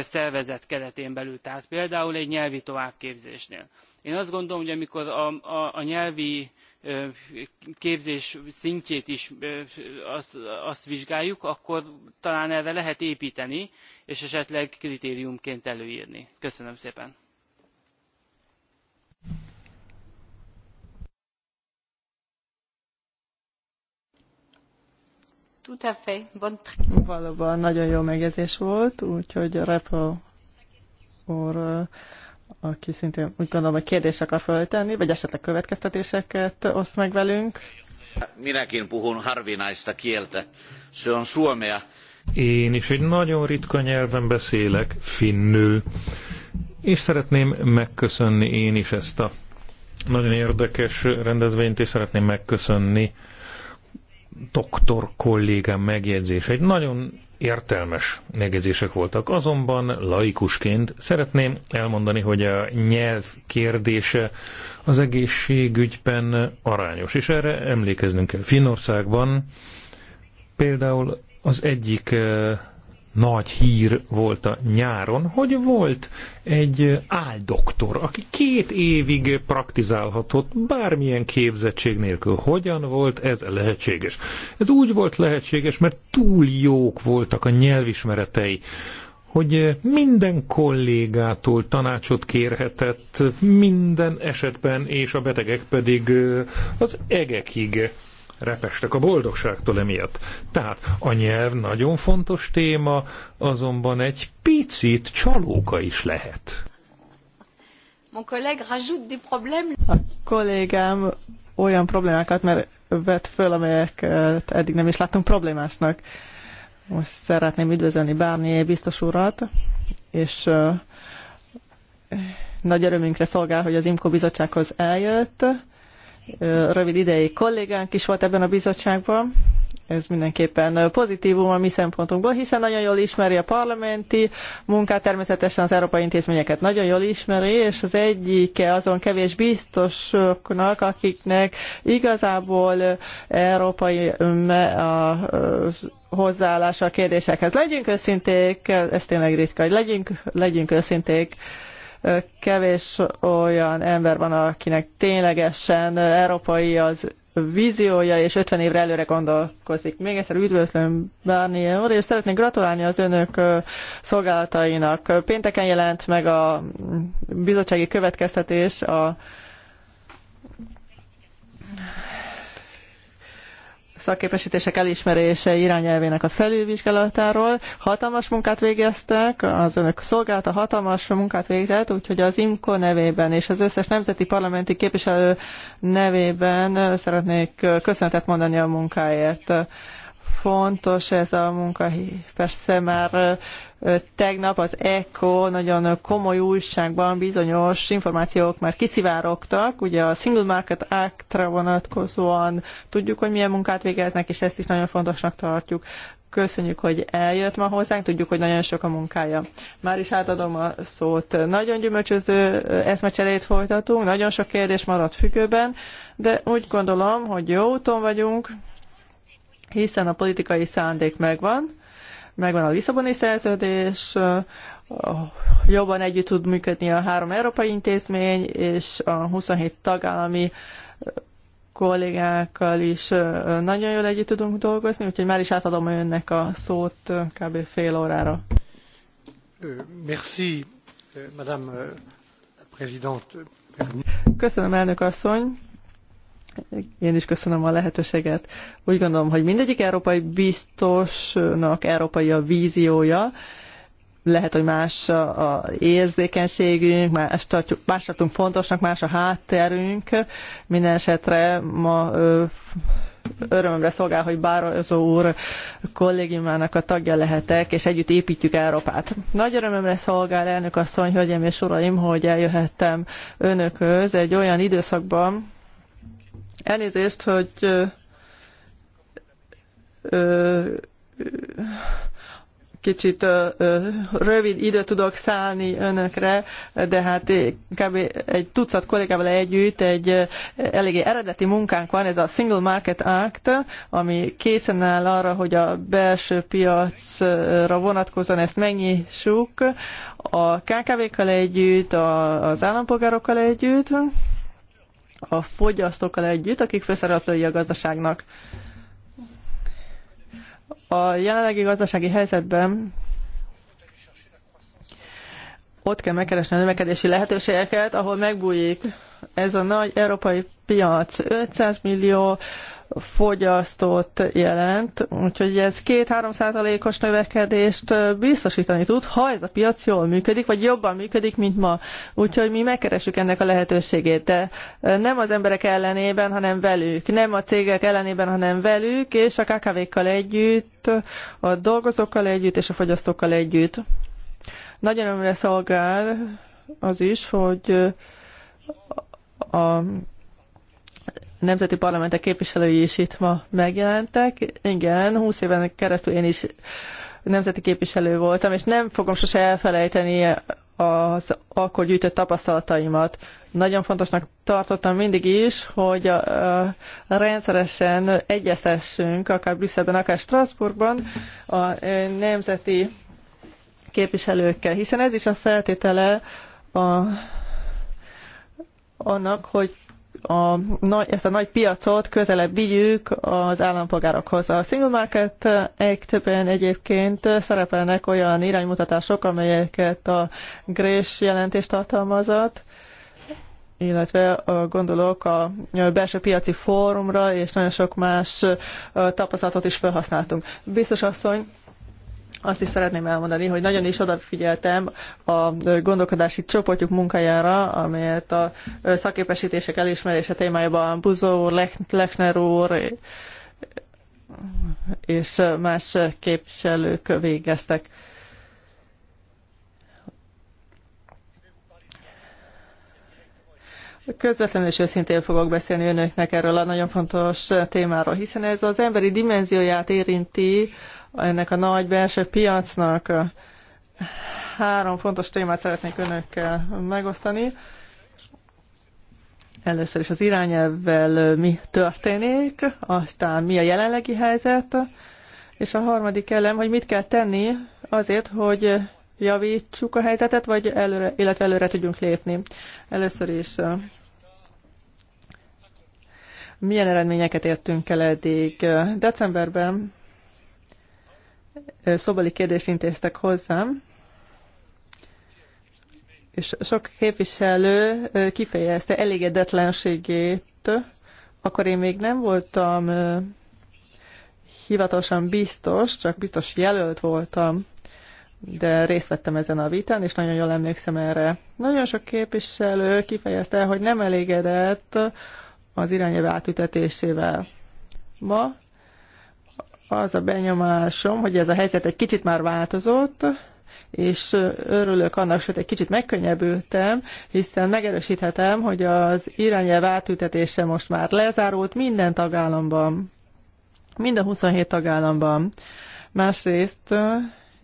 szervezet keretén belül tehát például egy nyelvi továbbképzésnél. én azt gondolom hogy amikor a, a, a nyelvi képzés szintjét is azt, azt vizsgáljuk, akkor talán erre lehet építeni, és esetleg kritériumként előírni. Köszönöm szépen! Valóban nagyon jó megjegyzés volt, úgyhogy Repo úr aki szintén úgy gondolom, hogy kérdés akar föltenni, vagy esetleg következtetéseket oszt meg velünk. Minekin puhun harvinaista kielte. Se on suomea. Én is egy nagyon ritka nyelven beszélek, finnül. És szeretném megköszönni én is ezt a nagyon érdekes rendezvényt, és szeretném megköszönni doktor kollégám egy Nagyon értelmes megjegyzések voltak, azonban laikusként szeretném elmondani, hogy a nyelv kérdése az egészségügyben arányos, és erre emlékeznünk kell. Finországban például az egyik eh, nagy hír volt a nyáron, hogy volt egy áldoktor, aki két évig praktizálhatott bármilyen képzettség nélkül. Hogyan volt ez lehetséges? Ez úgy volt lehetséges, mert túl jók voltak a nyelvismeretei, hogy minden kollégától tanácsot kérhetett minden esetben, és a betegek pedig az egekig repestek a boldogságtól emiatt. Tehát a nyelv nagyon fontos téma, azonban egy picit csalóka is lehet. A kollégám olyan problémákat mert vett föl, amelyeket eddig nem is láttunk problémásnak. Most szeretném üdvözölni Bárnyé biztos urat, és nagy örömünkre szolgál, hogy az IMCO bizottsághoz eljött rövid ideig kollégánk is volt ebben a bizottságban. Ez mindenképpen pozitívum a mi szempontunkból, hiszen nagyon jól ismeri a parlamenti munkát, természetesen az európai intézményeket nagyon jól ismeri, és az egyike azon kevés biztosoknak, akiknek igazából európai a, hozzáállása a kérdésekhez. Legyünk őszinték, ez tényleg ritka, hogy legyünk, legyünk őszinték, Kevés olyan ember van, akinek ténylegesen európai az víziója, és 50 évre előre gondolkozik. Még egyszer üdvözlöm Barnier úr, és szeretnék gratulálni az önök szolgálatainak. Pénteken jelent meg a bizottsági következtetés a szakképesítések elismerése irányelvének a felülvizsgálatáról. Hatalmas munkát végeztek, az önök szolgálta hatalmas munkát végzett, úgyhogy az IMCO nevében és az összes nemzeti parlamenti képviselő nevében szeretnék köszönetet mondani a munkáért fontos ez a munka. Persze már tegnap az ECO nagyon komoly újságban bizonyos információk már kiszivárogtak. Ugye a Single Market Act-ra vonatkozóan tudjuk, hogy milyen munkát végeznek, és ezt is nagyon fontosnak tartjuk. Köszönjük, hogy eljött ma hozzánk, tudjuk, hogy nagyon sok a munkája. Már is átadom a szót. Nagyon gyümölcsöző eszmecserét folytatunk, nagyon sok kérdés maradt függőben, de úgy gondolom, hogy jó úton vagyunk, hiszen a politikai szándék megvan, megvan a Lisszaboni szerződés, jobban együtt tud működni a három európai intézmény, és a 27 tagállami kollégákkal is nagyon jól együtt tudunk dolgozni, úgyhogy már is átadom önnek a szót kb. fél órára. Merci, Madame Présidente. Köszönöm, elnök asszony. Én is köszönöm a lehetőséget. Úgy gondolom, hogy mindegyik európai biztosnak európai a víziója, lehet, hogy más a érzékenységünk, más, tartjuk, más tartunk fontosnak, más a hátterünk. Minden esetre ma ö, örömömre szolgál, hogy Bározó úr kollégiumának a tagja lehetek, és együtt építjük Európát. Nagy örömömre szolgál elnök asszony, hölgyeim és uraim, hogy eljöhettem önökhöz egy olyan időszakban, Elnézést, hogy kicsit rövid idő tudok szállni önökre, de hát kb. egy tucat kollégával együtt egy eléggé eredeti munkánk van, ez a Single Market Act, ami készen áll arra, hogy a belső piacra vonatkozóan ezt megnyissuk a KKV-kkal együtt, a, az állampolgárokkal együtt, a fogyasztókkal együtt, akik főszereplői a gazdaságnak. A jelenlegi gazdasági helyzetben ott kell megkeresni a növekedési lehetőségeket, ahol megbújik ez a nagy európai piac. 500 millió fogyasztót jelent, úgyhogy ez 2-3 százalékos növekedést biztosítani tud, ha ez a piac jól működik, vagy jobban működik, mint ma. Úgyhogy mi megkeressük ennek a lehetőségét, de nem az emberek ellenében, hanem velük, nem a cégek ellenében, hanem velük, és a KKV-kkal együtt, a dolgozókkal együtt, és a fogyasztókkal együtt. Nagyon örömre szolgál az is, hogy a nemzeti parlamentek képviselői is itt ma megjelentek. Igen, 20 éven keresztül én is nemzeti képviselő voltam, és nem fogom sose elfelejteni az akkor gyűjtött tapasztalataimat. Nagyon fontosnak tartottam mindig is, hogy a, a rendszeresen egyeztessünk, akár Brüsszelben, akár Strasbourgban a, a nemzeti képviselőkkel, hiszen ez is a feltétele a, annak, hogy a, ezt a nagy piacot közelebb vigyük az állampolgárokhoz. A Single Market act egyébként szerepelnek olyan iránymutatások, amelyeket a GRÉS jelentést tartalmazott, illetve gondolok a belső piaci fórumra, és nagyon sok más tapasztalatot is felhasználtunk. Biztos asszony, azt is szeretném elmondani, hogy nagyon is odafigyeltem a gondolkodási csoportjuk munkájára, amelyet a szaképesítések elismerése témájában Buzó úr, Lechner úr és más képviselők végeztek. Közvetlenül és őszintén fogok beszélni önöknek erről a nagyon fontos témáról, hiszen ez az emberi dimenzióját érinti ennek a nagy belső piacnak. Három fontos témát szeretnék önökkel megosztani. Először is az irányelvvel mi történik, aztán mi a jelenlegi helyzet, és a harmadik elem, hogy mit kell tenni azért, hogy javítsuk a helyzetet, vagy előre, illetve előre tudjunk lépni. Először is milyen eredményeket értünk el eddig? Decemberben szobali kérdést intéztek hozzám, és sok képviselő kifejezte elégedetlenségét, akkor én még nem voltam hivatalosan biztos, csak biztos jelölt voltam, de részt vettem ezen a vitán, és nagyon jól emlékszem erre. Nagyon sok képviselő kifejezte, hogy nem elégedett az irányelv átütetésével. Ma az a benyomásom, hogy ez a helyzet egy kicsit már változott, és örülök annak, sőt egy kicsit megkönnyebbültem, hiszen megerősíthetem, hogy az irányelv átültetése most már lezárult minden tagállamban, minden 27 tagállamban. Másrészt,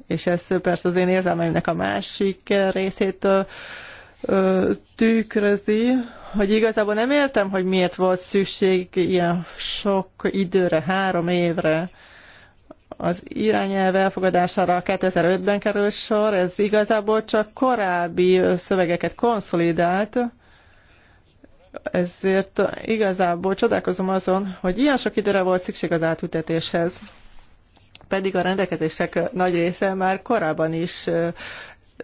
és ez persze az én érzelmeimnek a másik részét tükrözi, hogy igazából nem értem, hogy miért volt szükség ilyen sok időre, három évre, az irányelv elfogadására 2005-ben került sor, ez igazából csak korábbi szövegeket konszolidált, ezért igazából csodálkozom azon, hogy ilyen sok időre volt szükség az átültetéshez. Pedig a rendelkezések nagy része már korábban is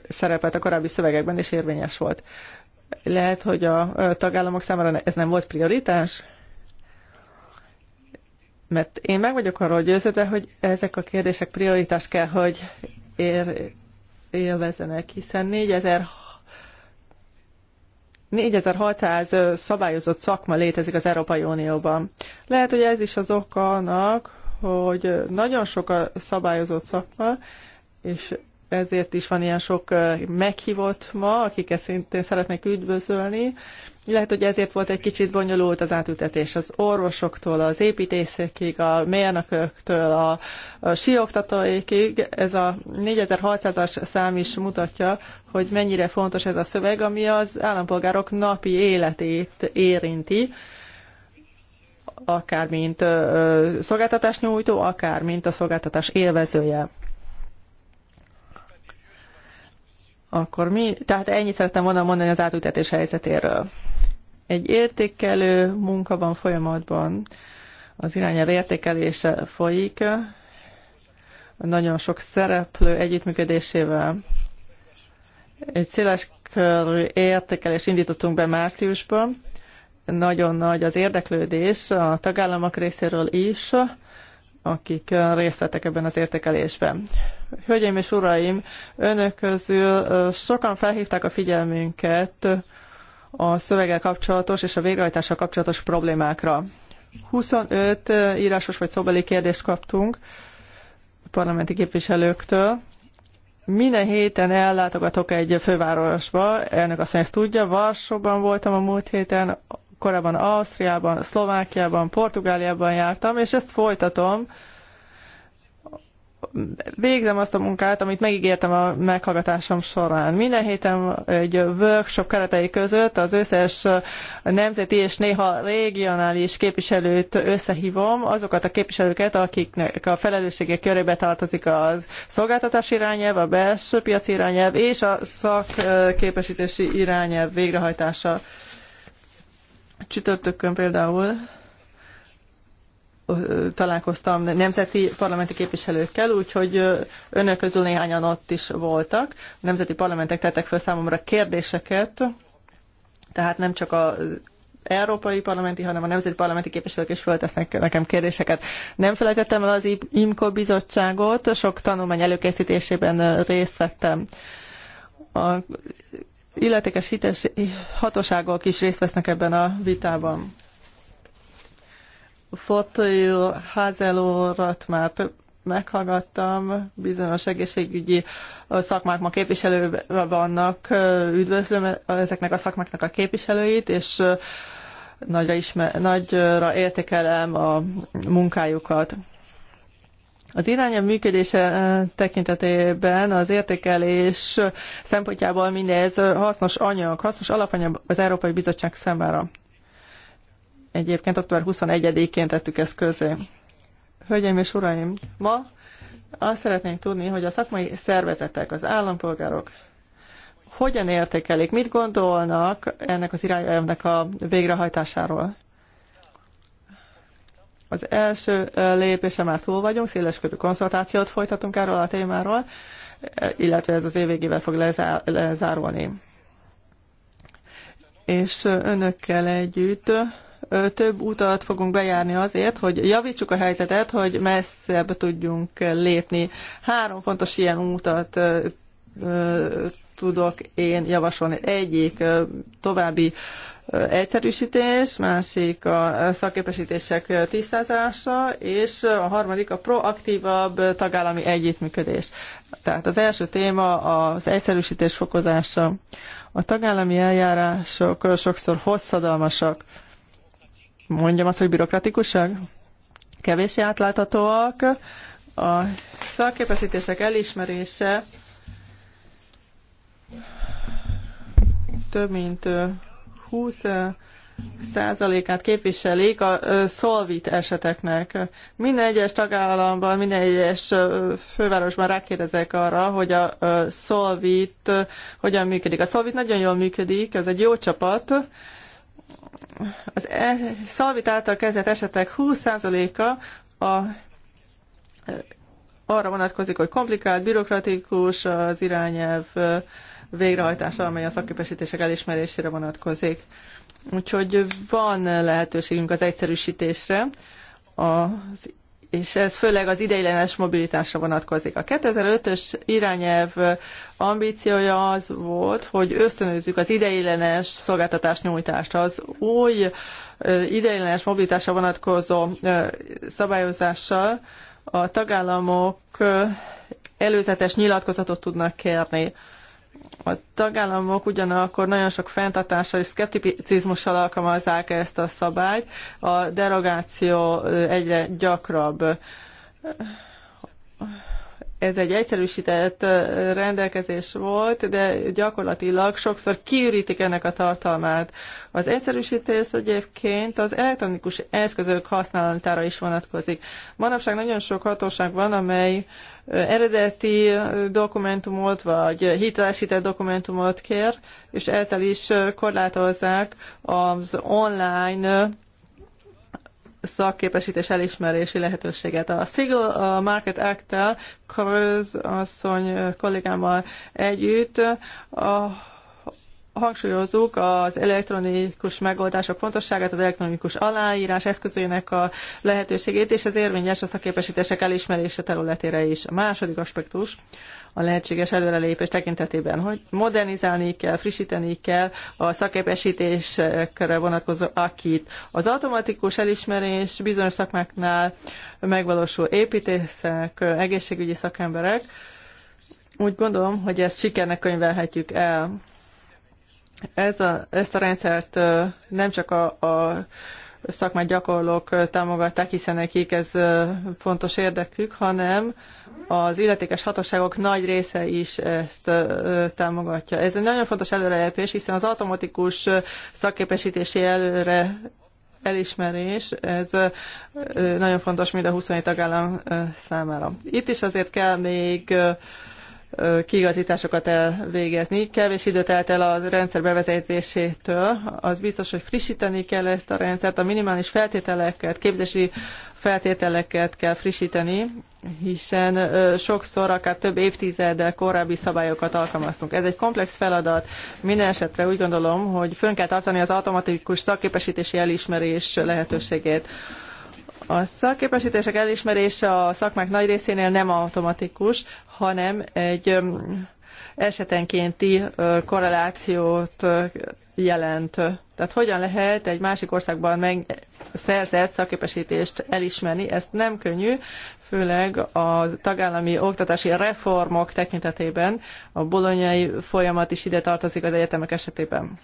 szerepelt a korábbi szövegekben, és érvényes volt. Lehet, hogy a tagállamok számára ez nem volt prioritás? Mert én meg vagyok arról győződve, hogy ezek a kérdések prioritás kell, hogy ér, élvezenek, hiszen 4000 4600 szabályozott szakma létezik az Európai Unióban. Lehet, hogy ez is az oka annak, hogy nagyon sok a szabályozott szakma, és ezért is van ilyen sok meghívott ma, akiket szintén szeretnék üdvözölni, lehet, hogy ezért volt egy kicsit bonyolult az átültetés az orvosoktól, az építészekig, a mérnököktől, a, a sioktatóikig. Ez a 4600-as szám is mutatja, hogy mennyire fontos ez a szöveg, ami az állampolgárok napi életét érinti akár mint szolgáltatás nyújtó, akár mint a szolgáltatás élvezője. Akkor mi, tehát ennyit szerettem volna mondani az átültetés helyzetéről. Egy értékelő munka van folyamatban, az irányelv értékelése folyik, nagyon sok szereplő együttműködésével. Egy széles körű értékelés indítottunk be márciusban. Nagyon nagy az érdeklődés a tagállamok részéről is, akik részt vettek ebben az értékelésben. Hölgyeim és uraim, önök közül sokan felhívták a figyelmünket a szöveggel kapcsolatos és a végrehajtással kapcsolatos problémákra. 25 írásos vagy szóbeli kérdést kaptunk parlamenti képviselőktől. Minden héten ellátogatok egy fővárosba, elnök azt ezt tudja, Varsóban voltam a múlt héten, korábban Ausztriában, Szlovákiában, Portugáliában jártam, és ezt folytatom végzem azt a munkát, amit megígértem a meghallgatásom során. Minden héten egy workshop keretei között az összes nemzeti és néha regionális képviselőt összehívom, azokat a képviselőket, akiknek a felelőssége körébe tartozik az szolgáltatás irányelv, a belső piac irányelv és a szakképesítési irányelv végrehajtása. Csütörtökön például találkoztam nemzeti parlamenti képviselőkkel, úgyhogy önök közül néhányan ott is voltak. A nemzeti parlamentek tettek fel számomra kérdéseket, tehát nem csak az európai parlamenti, hanem a nemzeti parlamenti képviselők is föltesznek nekem kérdéseket. Nem felejtettem el az IMCO bizottságot, sok tanulmány előkészítésében részt vettem. A illetékes hites hatóságok is részt vesznek ebben a vitában. Fortoil Hazel urat már több meghallgattam, bizonyos egészségügyi szakmák ma képviselővel vannak, üdvözlöm ezeknek a szakmáknak a képviselőit, és nagyra, ismer, nagyra értékelem a munkájukat. Az irányom működése tekintetében az értékelés szempontjából mindez hasznos anyag, hasznos alapanyag az Európai Bizottság számára. Egyébként október 21-én tettük ezt közé. Hölgyeim és uraim, ma azt szeretnénk tudni, hogy a szakmai szervezetek, az állampolgárok hogyan értékelik, mit gondolnak ennek az irányelvnek a végrehajtásáról. Az első lépése már túl vagyunk, széleskörű konzultációt folytatunk erről a témáról, illetve ez az év végével fog lezá lezárulni. És önökkel együtt több utat fogunk bejárni azért, hogy javítsuk a helyzetet, hogy messzebb tudjunk lépni. Három fontos ilyen útat tudok én javasolni. Egyik további egyszerűsítés, másik a szakképesítések tisztázása, és a harmadik a proaktívabb tagállami együttműködés. Tehát az első téma az egyszerűsítés fokozása. A tagállami eljárások sokszor hosszadalmasak mondjam azt, hogy bürokratikusak, kevéssé átláthatóak. A szakképesítések elismerése több mint 20 százalékát képviselik a szolvit eseteknek. Minden egyes tagállamban, minden egyes fővárosban rákérdezek arra, hogy a szolvit hogyan működik. A szolvit nagyon jól működik, ez egy jó csapat, az e, szalvit által kezdett esetek 20%-a a, arra vonatkozik, hogy komplikált, bürokratikus az irányelv végrehajtása, amely a szakképesítések elismerésére vonatkozik. Úgyhogy van lehetőségünk az egyszerűsítésre az és ez főleg az ideiglenes mobilitásra vonatkozik. A 2005-ös irányelv ambíciója az volt, hogy ösztönözzük az ideiglenes szolgáltatás nyújtást. Az új ideiglenes mobilitásra vonatkozó szabályozással a tagállamok előzetes nyilatkozatot tudnak kérni. A tagállamok ugyanakkor nagyon sok fenntartással és szkepticizmussal alkalmazzák ezt a szabályt. A derogáció egyre gyakrabb ez egy egyszerűsített rendelkezés volt, de gyakorlatilag sokszor kiürítik ennek a tartalmát. Az egyszerűsítés egyébként az elektronikus eszközök használatára is vonatkozik. Manapság nagyon sok hatóság van, amely eredeti dokumentumot vagy hitelesített dokumentumot kér, és ezzel is korlátozzák az online szakképesítés elismerési lehetőséget. A Single a Market Act-tel Kröz asszony kollégámmal együtt a hangsúlyozzuk az elektronikus megoldások fontosságát, az elektronikus aláírás eszközének a lehetőségét, és az érvényes a szakképesítések elismerése területére is. A második aspektus a lehetséges előrelépés tekintetében, hogy modernizálni kell, frissíteni kell a szakképesítésekre vonatkozó akit. Az automatikus elismerés bizonyos szakmáknál megvalósul építészek, egészségügyi szakemberek, úgy gondolom, hogy ezt sikernek könyvelhetjük el. Ez a, ezt a rendszert nem csak a, a szakmai gyakorlók támogatták, hiszen nekik ez fontos érdekük, hanem az illetékes hatóságok nagy része is ezt támogatja. Ez egy nagyon fontos előrelépés, hiszen az automatikus szakképesítési előre elismerés, ez nagyon fontos mind a 27 tagállam számára. Itt is azért kell még kiigazításokat elvégezni. Kevés idő telt el a rendszer bevezetésétől. Az biztos, hogy frissíteni kell ezt a rendszert, a minimális feltételeket, képzési feltételeket kell frissíteni, hiszen sokszor akár több évtizeddel korábbi szabályokat alkalmaztunk. Ez egy komplex feladat. Minden esetre úgy gondolom, hogy fönn kell tartani az automatikus szakképesítési elismerés lehetőségét. A szakképesítések elismerése a szakmák nagy részénél nem automatikus hanem egy esetenkénti korrelációt jelent. Tehát hogyan lehet egy másik országban meg szerzett szakképesítést elismerni, ezt nem könnyű, főleg a tagállami oktatási reformok tekintetében, a bolonyai folyamat is ide tartozik az egyetemek esetében.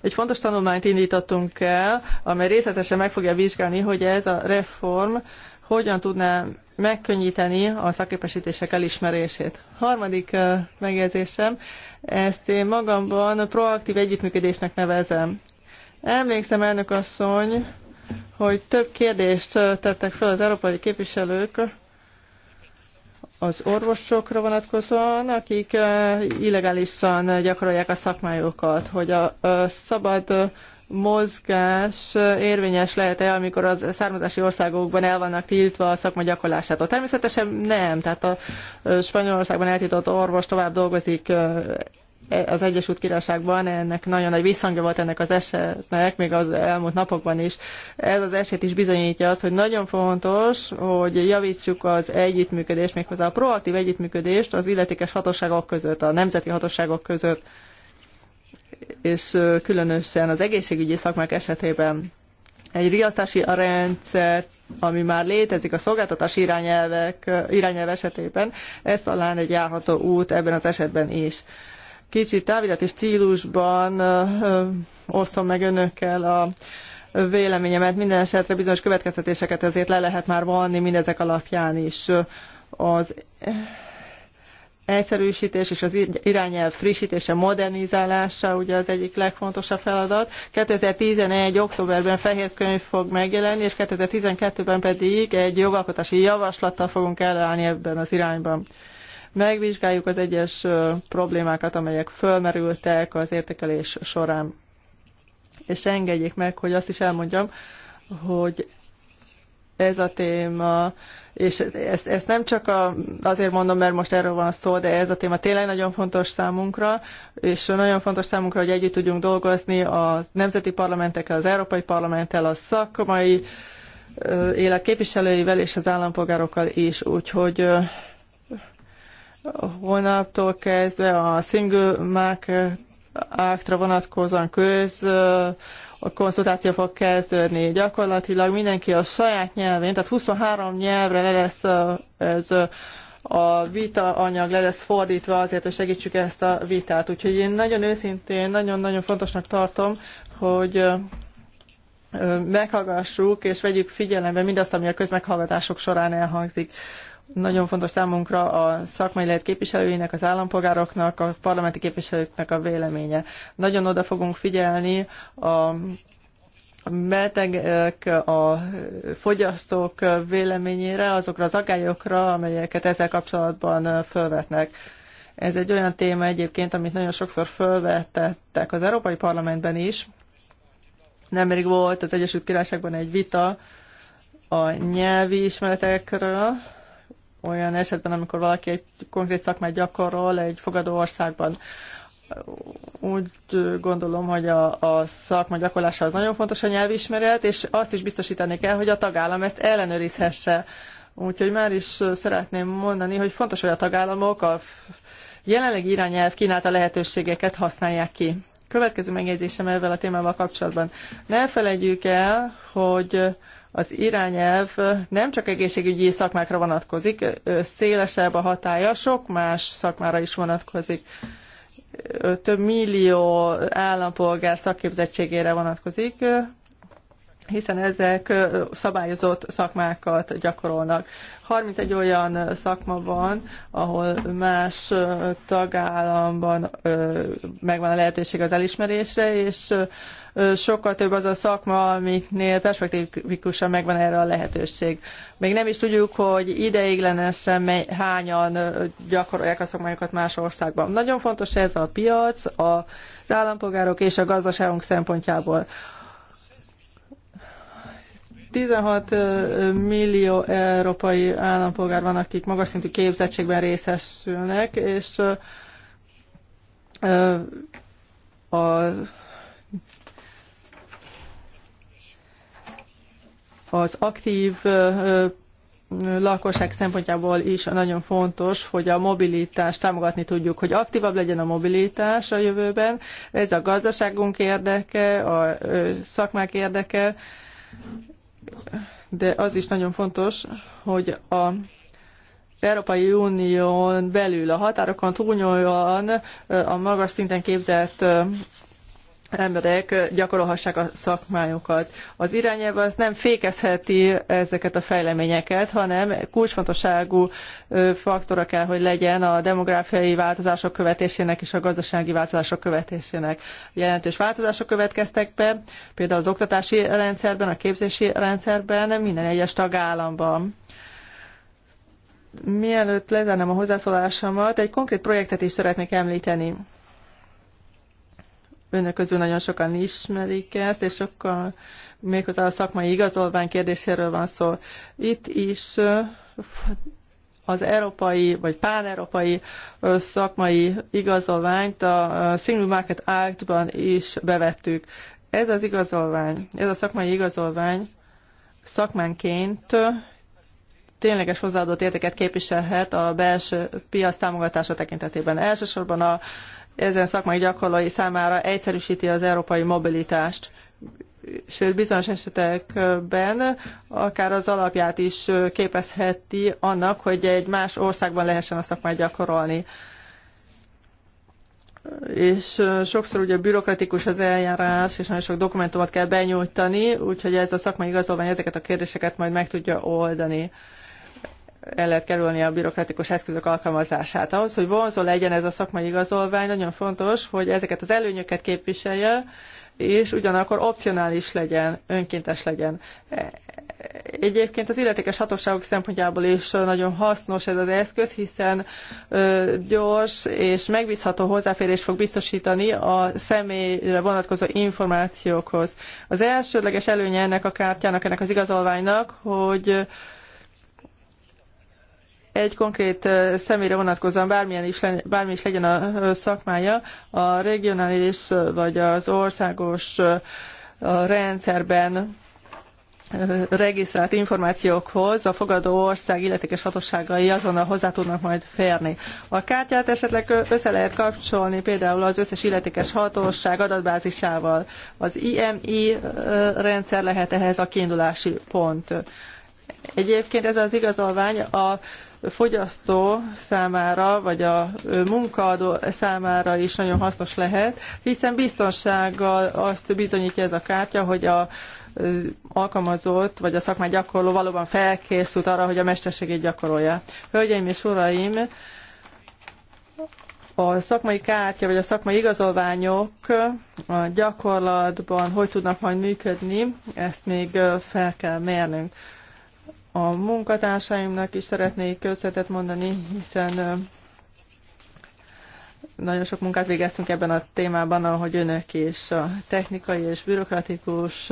Egy fontos tanulmányt indítottunk el, amely részletesen meg fogja vizsgálni, hogy ez a reform hogyan tudná megkönnyíteni a szakképesítések elismerését. Harmadik megjegyzésem, ezt én magamban proaktív együttműködésnek nevezem. Emlékszem, elnök asszony, hogy több kérdést tettek fel az európai képviselők az orvosokra vonatkozóan, akik illegálisan gyakorolják a szakmájukat, hogy a szabad mozgás érvényes lehet-e, amikor az származási országokban el vannak tiltva a szakma gyakorlásától? Természetesen nem, tehát a Spanyolországban eltiltott orvos tovább dolgozik e, az Egyesült Királyságban ennek nagyon nagy visszhangja volt ennek az esetnek, még az elmúlt napokban is. Ez az eset is bizonyítja azt, hogy nagyon fontos, hogy javítsuk az együttműködést, méghozzá a proaktív együttműködést az illetékes hatóságok között, a nemzeti hatóságok között és különösen az egészségügyi szakmák esetében egy riasztási rendszer, ami már létezik a szolgáltatás irányelvek, irányelv esetében, ez talán egy járható út ebben az esetben is. Kicsit távirati stílusban ö, ö, osztom meg önökkel a véleményemet. Minden esetre bizonyos következtetéseket ezért le lehet már vonni mindezek alapján is. Az egyszerűsítés és az irányelv frissítése, modernizálása ugye az egyik legfontosabb feladat. 2011. októberben fehér könyv fog megjelenni, és 2012-ben pedig egy jogalkotási javaslattal fogunk előállni ebben az irányban. Megvizsgáljuk az egyes problémákat, amelyek fölmerültek az értékelés során. És engedjék meg, hogy azt is elmondjam, hogy ez a téma és ezt, ezt nem csak a, azért mondom, mert most erről van szó, de ez a téma tényleg nagyon fontos számunkra, és nagyon fontos számunkra, hogy együtt tudjunk dolgozni a nemzeti parlamentekkel, az Európai Parlamenttel, a szakmai élet képviselőivel és az állampolgárokkal is. Úgyhogy holnaptól kezdve a Single Market Act-ra vonatkozóan köz a konzultáció fog kezdődni. Gyakorlatilag mindenki a saját nyelvén, tehát 23 nyelvre le lesz ez a vita anyag le lesz fordítva azért, hogy segítsük ezt a vitát. Úgyhogy én nagyon őszintén, nagyon-nagyon fontosnak tartom, hogy meghallgassuk és vegyük figyelembe mindazt, ami a közmeghallgatások során elhangzik. Nagyon fontos számunkra a szakmai lehet képviselőinek, az állampolgároknak, a parlamenti képviselőknek a véleménye. Nagyon oda fogunk figyelni a a betegek, a fogyasztók véleményére, azokra az agályokra, amelyeket ezzel kapcsolatban felvetnek. Ez egy olyan téma egyébként, amit nagyon sokszor felvetettek az Európai Parlamentben is. Nemrég volt az Egyesült Királyságban egy vita a nyelvi ismeretekről, olyan esetben, amikor valaki egy konkrét szakmát gyakorol egy fogadó országban. Úgy gondolom, hogy a, a szakma gyakorlása az nagyon fontos a nyelvismeret, és azt is biztosítani kell, hogy a tagállam ezt ellenőrizhesse. Úgyhogy már is szeretném mondani, hogy fontos, hogy a tagállamok a jelenlegi irányelv kínálta lehetőségeket használják ki. Következő megjegyzésem ezzel a témával kapcsolatban. Ne felejtjük el, hogy az irányelv nem csak egészségügyi szakmákra vonatkozik, szélesebb a hatája, sok más szakmára is vonatkozik. Több millió állampolgár szakképzettségére vonatkozik, hiszen ezek szabályozott szakmákat gyakorolnak. 31 olyan szakma van, ahol más tagállamban megvan a lehetőség az elismerésre, és sokkal több az a szakma, amiknél perspektívikusan megvan erre a lehetőség. Még nem is tudjuk, hogy ideiglenesen hányan gyakorolják a szakmájukat más országban. Nagyon fontos ez a piac, az állampolgárok és a gazdaságunk szempontjából. 16 millió európai állampolgár van, akik magas szintű képzettségben részesülnek, és a az aktív lakosság szempontjából is nagyon fontos, hogy a mobilitást támogatni tudjuk, hogy aktívabb legyen a mobilitás a jövőben. Ez a gazdaságunk érdeke, a szakmák érdeke, de az is nagyon fontos, hogy a Európai Unión belül a határokon túlnyúlóan a magas szinten képzett emberek gyakorolhassák a szakmájukat. Az irányelv az nem fékezheti ezeket a fejleményeket, hanem kulcsfontosságú faktora kell, hogy legyen a demográfiai változások követésének és a gazdasági változások követésének. Jelentős változások következtek be, például az oktatási rendszerben, a képzési rendszerben, minden egyes tagállamban mielőtt lezárnám a hozzászólásomat, egy konkrét projektet is szeretnék említeni önök közül nagyon sokan ismerik ezt, és sokkal méghozzá a szakmai igazolvány kérdéséről van szó. Itt is az európai vagy pán-európai szakmai igazolványt a Single Market Act-ban is bevettük. Ez az igazolvány, ez a szakmai igazolvány szakmánként tényleges hozzáadott értéket képviselhet a belső piac támogatása tekintetében. Elsősorban a ezen szakmai gyakorlói számára egyszerűsíti az európai mobilitást. Sőt, bizonyos esetekben akár az alapját is képezheti annak, hogy egy más országban lehessen a szakmát gyakorolni és sokszor ugye bürokratikus az eljárás, és nagyon sok dokumentumot kell benyújtani, úgyhogy ez a szakmai igazolvány ezeket a kérdéseket majd meg tudja oldani el lehet kerülni a bürokratikus eszközök alkalmazását. Ahhoz, hogy vonzó legyen ez a szakmai igazolvány, nagyon fontos, hogy ezeket az előnyöket képviselje, és ugyanakkor opcionális legyen, önkéntes legyen. Egyébként az illetékes hatóságok szempontjából is nagyon hasznos ez az eszköz, hiszen gyors és megbízható hozzáférés fog biztosítani a személyre vonatkozó információkhoz. Az elsődleges előnye ennek a kártyának, ennek az igazolványnak, hogy egy konkrét személyre vonatkozóan bármilyen is, bármi is legyen a szakmája, a regionális vagy az országos rendszerben regisztrált információkhoz a fogadó ország illetékes hatóságai azonnal hozzá tudnak majd férni. A kártyát esetleg össze lehet kapcsolni például az összes illetékes hatóság adatbázisával. Az IMI rendszer lehet ehhez a kiindulási pont. Egyébként ez az igazolvány a fogyasztó számára, vagy a munkaadó számára is nagyon hasznos lehet, hiszen biztonsággal azt bizonyítja ez a kártya, hogy a alkalmazott, vagy a szakmai gyakorló valóban felkészült arra, hogy a mesterségét gyakorolja. Hölgyeim és uraim, a szakmai kártya vagy a szakmai igazolványok a gyakorlatban hogy tudnak majd működni, ezt még fel kell mérnünk. A munkatársaimnak is szeretnék köszönetet mondani, hiszen nagyon sok munkát végeztünk ebben a témában, ahogy önök is a technikai és bürokratikus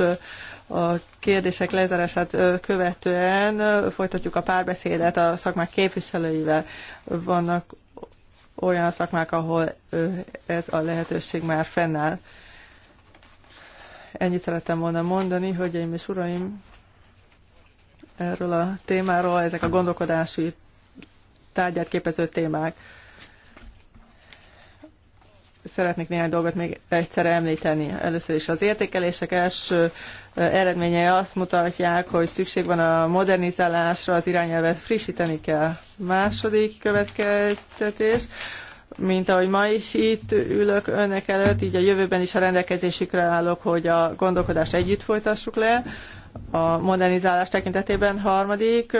a kérdések lezárását követően folytatjuk a párbeszédet a szakmák képviselőivel. Vannak olyan szakmák, ahol ez a lehetőség már fennáll. Ennyit szerettem volna mondani, hölgyeim és uraim erről a témáról, ezek a gondolkodási tárgyát képező témák. Szeretnék néhány dolgot még egyszer említeni. Először is az értékelések első eredményei azt mutatják, hogy szükség van a modernizálásra, az irányelvet frissíteni kell. Második következtetés, mint ahogy ma is itt ülök önnek előtt, így a jövőben is a rendelkezésükre állok, hogy a gondolkodást együtt folytassuk le a modernizálás tekintetében. Harmadik,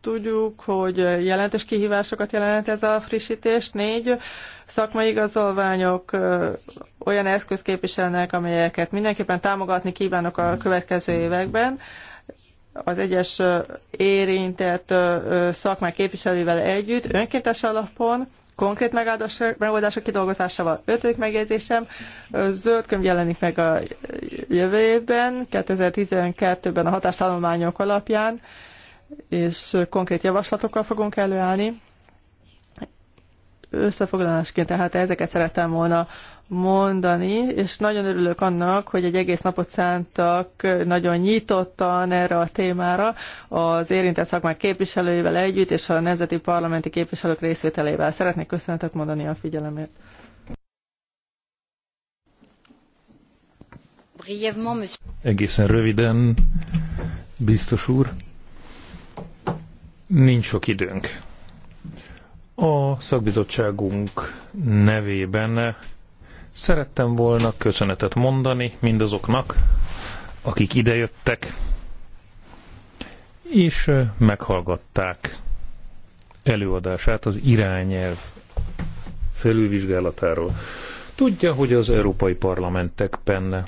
tudjuk, hogy jelentős kihívásokat jelent ez a frissítés. Négy, szakmai igazolványok olyan eszköz képviselnek, amelyeket mindenképpen támogatni kívánok a következő években. Az egyes érintett szakmák képviselővel együtt önkéntes alapon konkrét megoldások kidolgozásával. Ötödik megjegyzésem, zöld könyv jelenik meg a jövő évben, 2012-ben a hatástanulmányok alapján, és konkrét javaslatokkal fogunk előállni. Összefoglalásként tehát ezeket szerettem volna mondani, és nagyon örülök annak, hogy egy egész napot szántak nagyon nyitottan erre a témára az érintett szakmák képviselőivel együtt, és a nemzeti parlamenti képviselők részvételével. Szeretnék köszönetet mondani a figyelemért. Egészen röviden, biztos úr. Nincs sok időnk. A szakbizottságunk nevében Szerettem volna köszönetet mondani mindazoknak, akik idejöttek, és meghallgatták előadását az irányelv felülvizsgálatáról. Tudja, hogy az európai parlamentekben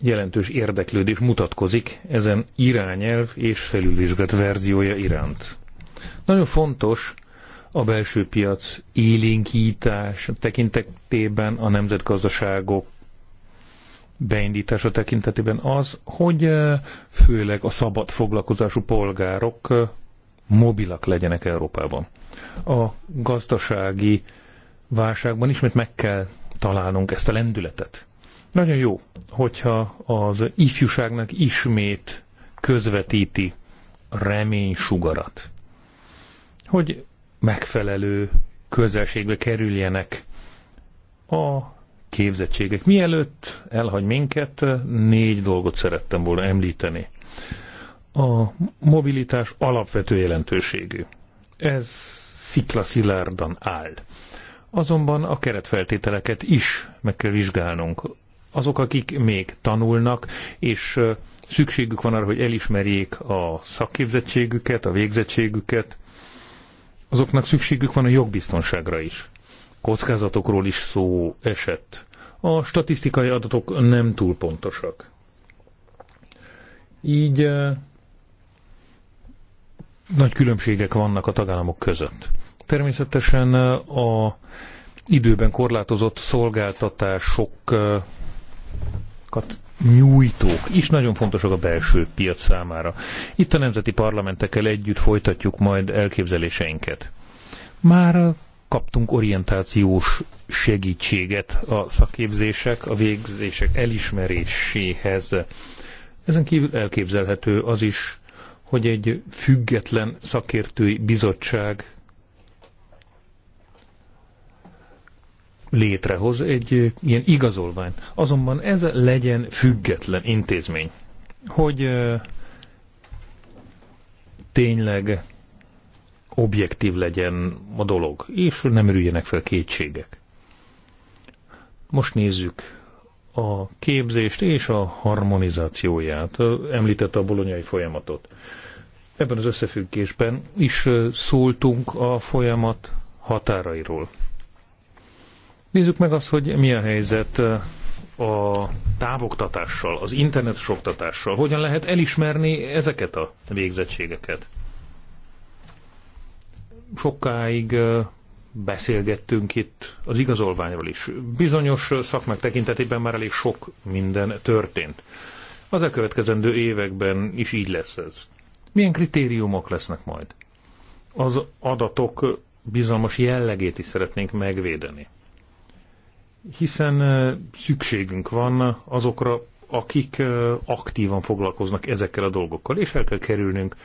jelentős érdeklődés mutatkozik ezen irányelv és felülvizsgált verziója iránt. Nagyon fontos, a belső piac élénkítás tekintetében, a nemzetgazdaságok beindítása tekintetében az, hogy eh, főleg a szabad foglalkozású polgárok eh, mobilak legyenek Európában. A gazdasági válságban ismét meg kell találnunk ezt a lendületet. Nagyon jó, hogyha az ifjúságnak ismét közvetíti remény sugarat. Hogy megfelelő közelségbe kerüljenek a képzettségek. Mielőtt elhagy minket, négy dolgot szerettem volna említeni. A mobilitás alapvető jelentőségű. Ez sziklaszilárdan áll. Azonban a keretfeltételeket is meg kell vizsgálnunk. Azok, akik még tanulnak, és szükségük van arra, hogy elismerjék a szakképzettségüket, a végzettségüket, azoknak szükségük van a jogbiztonságra is. Kockázatokról is szó esett. A statisztikai adatok nem túl pontosak. Így eh, nagy különbségek vannak a tagállamok között. Természetesen eh, a időben korlátozott szolgáltatások eh, piacokat nyújtók is nagyon fontosak a belső piac számára. Itt a nemzeti parlamentekkel együtt folytatjuk majd elképzeléseinket. Már kaptunk orientációs segítséget a szakképzések, a végzések elismeréséhez. Ezen kívül elképzelhető az is, hogy egy független szakértői bizottság létrehoz egy ilyen igazolványt. Azonban ez legyen független intézmény, hogy tényleg objektív legyen a dolog, és nem örüljenek fel kétségek. Most nézzük a képzést és a harmonizációját. Említette a bolonyai folyamatot. Ebben az összefüggésben is szóltunk a folyamat határairól. Nézzük meg azt, hogy mi a helyzet a távoktatással, az internetes oktatással. Hogyan lehet elismerni ezeket a végzettségeket? Sokáig beszélgettünk itt az igazolványról is. Bizonyos szakmák tekintetében már elég sok minden történt. Az elkövetkezendő években is így lesz ez. Milyen kritériumok lesznek majd? Az adatok bizalmas jellegét is szeretnénk megvédeni hiszen szükségünk van azokra, akik aktívan foglalkoznak ezekkel a dolgokkal, és el kell kerülnünk,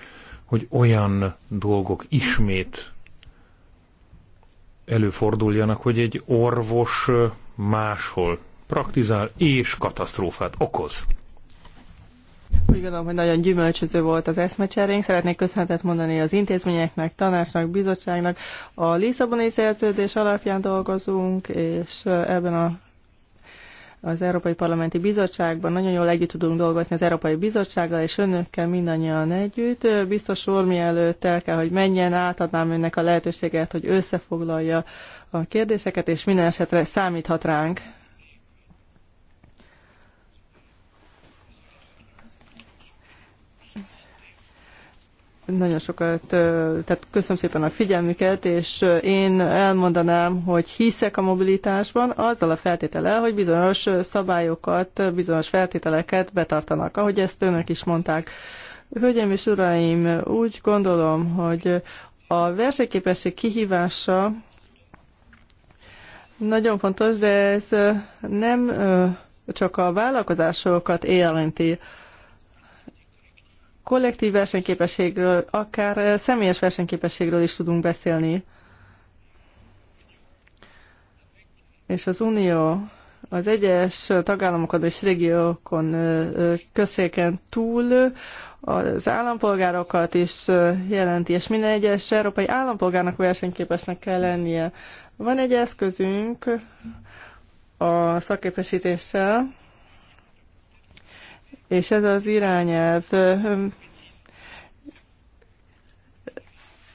hogy olyan dolgok ismét előforduljanak, hogy egy orvos máshol praktizál és katasztrófát okoz. Úgy gondolom, hogy nagyon gyümölcsöző volt az eszmecserénk. Szeretnék köszönetet mondani az intézményeknek, tanácsnak, bizottságnak. A Lisszaboni szerződés alapján dolgozunk, és ebben a az Európai Parlamenti Bizottságban. Nagyon jól együtt tudunk dolgozni az Európai Bizottsággal, és önökkel mindannyian együtt. Biztos úr, mielőtt el kell, hogy menjen, átadnám önnek a lehetőséget, hogy összefoglalja a kérdéseket, és minden esetre számíthat ránk. nagyon sokat, tehát köszönöm szépen a figyelmüket, és én elmondanám, hogy hiszek a mobilitásban, azzal a feltétele, hogy bizonyos szabályokat, bizonyos feltételeket betartanak, ahogy ezt önök is mondták. Hölgyeim és uraim, úgy gondolom, hogy a versenyképesség kihívása nagyon fontos, de ez nem csak a vállalkozásokat érinti, kollektív versenyképességről, akár eh, személyes versenyképességről is tudunk beszélni. És az Unió az egyes tagállamokon és régiókon eh, eh, községeken túl az állampolgárokat is jelenti, és minden egyes európai állampolgárnak versenyképesnek kell lennie. Van egy eszközünk a szakképesítéssel, és ez az irányelv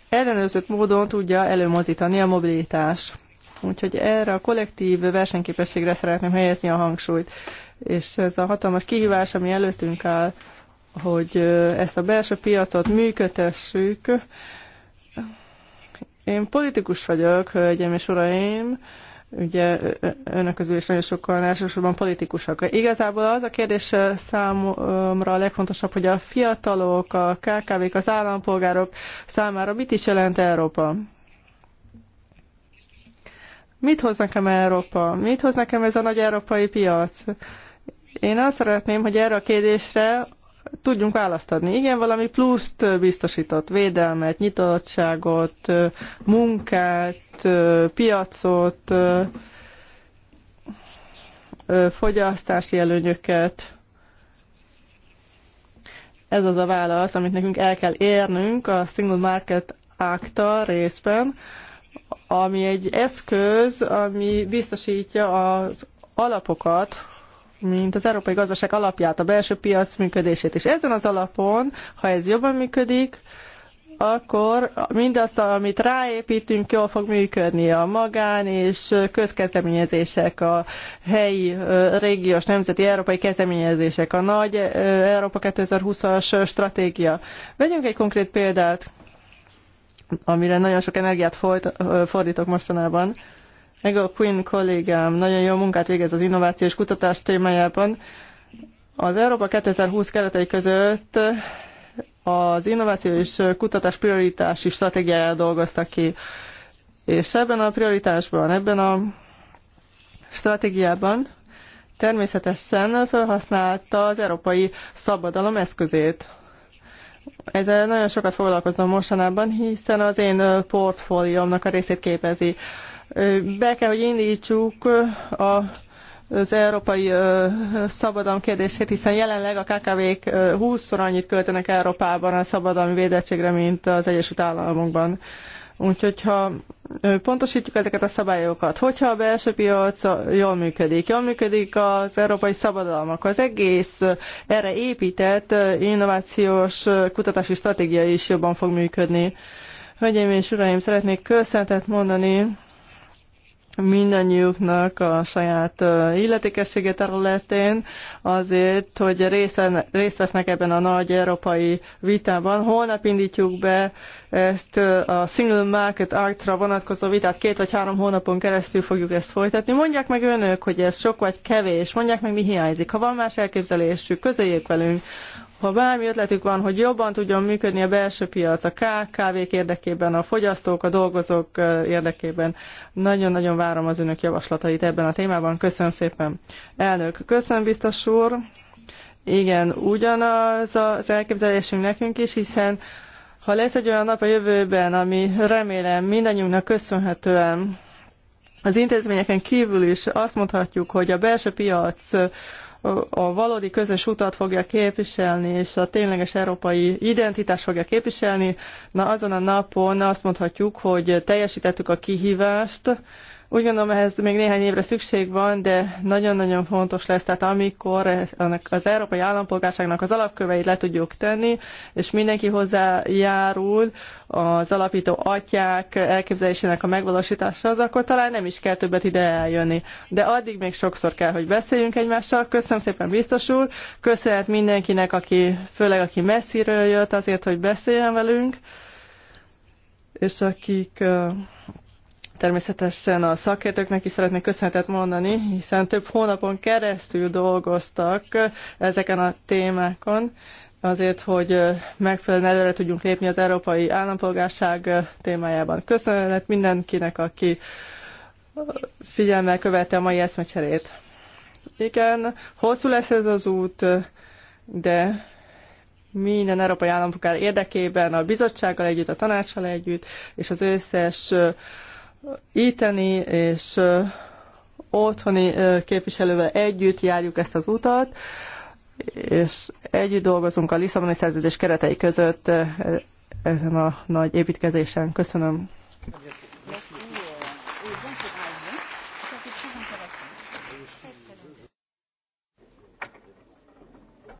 ellenőrzött módon tudja előmozítani a mobilitás. Úgyhogy erre a kollektív versenyképességre szeretném helyezni a hangsúlyt. És ez a hatalmas kihívás, ami előttünk áll, hogy ezt a belső piacot működtessük. Én politikus vagyok, hölgyeim és uraim, ugye önök közül is nagyon sokan elsősorban politikusok. Igazából az a kérdés számomra a legfontosabb, hogy a fiatalok, a KKV-k, az állampolgárok számára mit is jelent Európa? Mit hoz nekem Európa? Mit hoz nekem ez a nagy európai piac? Én azt szeretném, hogy erre a kérdésre tudjunk választ adni. Igen, valami pluszt biztosított, védelmet, nyitottságot, munkát, piacot, fogyasztási előnyöket. Ez az a válasz, amit nekünk el kell érnünk a Single Market act részben, ami egy eszköz, ami biztosítja az alapokat, mint az európai gazdaság alapját, a belső piac működését. És ezen az alapon, ha ez jobban működik, akkor mindazt, amit ráépítünk, jól fog működni a magán és közkezdeményezések, a helyi, régiós, nemzeti, európai kezdeményezések, a nagy Európa 2020-as stratégia. Vegyünk egy konkrét példát, amire nagyon sok energiát fordítok mostanában. Ego Quinn kollégám nagyon jó munkát végez az innovációs és kutatás témájában. Az Európa 2020 keretei között az innováció és kutatás prioritási stratégiáját dolgozta ki. És ebben a prioritásban, ebben a stratégiában természetesen felhasználta az európai szabadalom eszközét. Ezzel nagyon sokat foglalkozom mostanában, hiszen az én portfóliómnak a részét képezi be kell, hogy indítsuk a az európai szabadalom kérdését, hiszen jelenleg a KKV-k 20-szor annyit költenek Európában a szabadalmi védettségre, mint az Egyesült Államokban. Úgyhogy ha pontosítjuk ezeket a szabályokat, hogyha a belső piac jól működik, jól működik az európai szabadalmak, az egész erre épített innovációs kutatási stratégia is jobban fog működni. Hölgyeim és uraim, szeretnék köszöntet mondani mindannyiuknak a saját illetékessége területén azért, hogy részt, részt vesznek ebben a nagy európai vitában. Holnap indítjuk be ezt a Single Market Act-ra vonatkozó vitát. Két vagy három hónapon keresztül fogjuk ezt folytatni. Mondják meg önök, hogy ez sok vagy kevés. Mondják meg, mi hiányzik. Ha van más elképzelésük, közeljék velünk. Ha bármi ötletük van, hogy jobban tudjon működni a belső piac, a KKV-k érdekében, a fogyasztók, a dolgozók érdekében, nagyon-nagyon várom az önök javaslatait ebben a témában. Köszönöm szépen. Elnök, köszönöm biztos úr. Igen, ugyanaz az elképzelésünk nekünk is, hiszen ha lesz egy olyan nap a jövőben, ami remélem mindannyiunknak köszönhetően az intézményeken kívül is azt mondhatjuk, hogy a belső piac a valódi közös utat fogja képviselni, és a tényleges európai identitást fogja képviselni, na azon a napon azt mondhatjuk, hogy teljesítettük a kihívást, úgy gondolom, ehhez még néhány évre szükség van, de nagyon-nagyon fontos lesz, tehát amikor az európai állampolgárságnak az alapköveit le tudjuk tenni, és mindenki hozzájárul az alapító atyák elképzelésének a megvalósításához, akkor talán nem is kell többet ide eljönni. De addig még sokszor kell, hogy beszéljünk egymással. Köszönöm szépen, biztos úr. Köszönet mindenkinek, aki, főleg aki messziről jött azért, hogy beszéljen velünk és akik Természetesen a szakértőknek is szeretnék köszönetet mondani, hiszen több hónapon keresztül dolgoztak ezeken a témákon, azért, hogy megfelelően előre tudjunk lépni az európai állampolgárság témájában. Köszönet mindenkinek, aki figyelmel követte a mai eszmecserét. Igen, hosszú lesz ez az út, de minden európai állampolgár érdekében, a bizottsággal együtt, a tanácssal együtt, és az összes itteni és otthoni képviselővel együtt járjuk ezt az utat, és együtt dolgozunk a Lisszaboni szerződés keretei között ezen a nagy építkezésen. Köszönöm.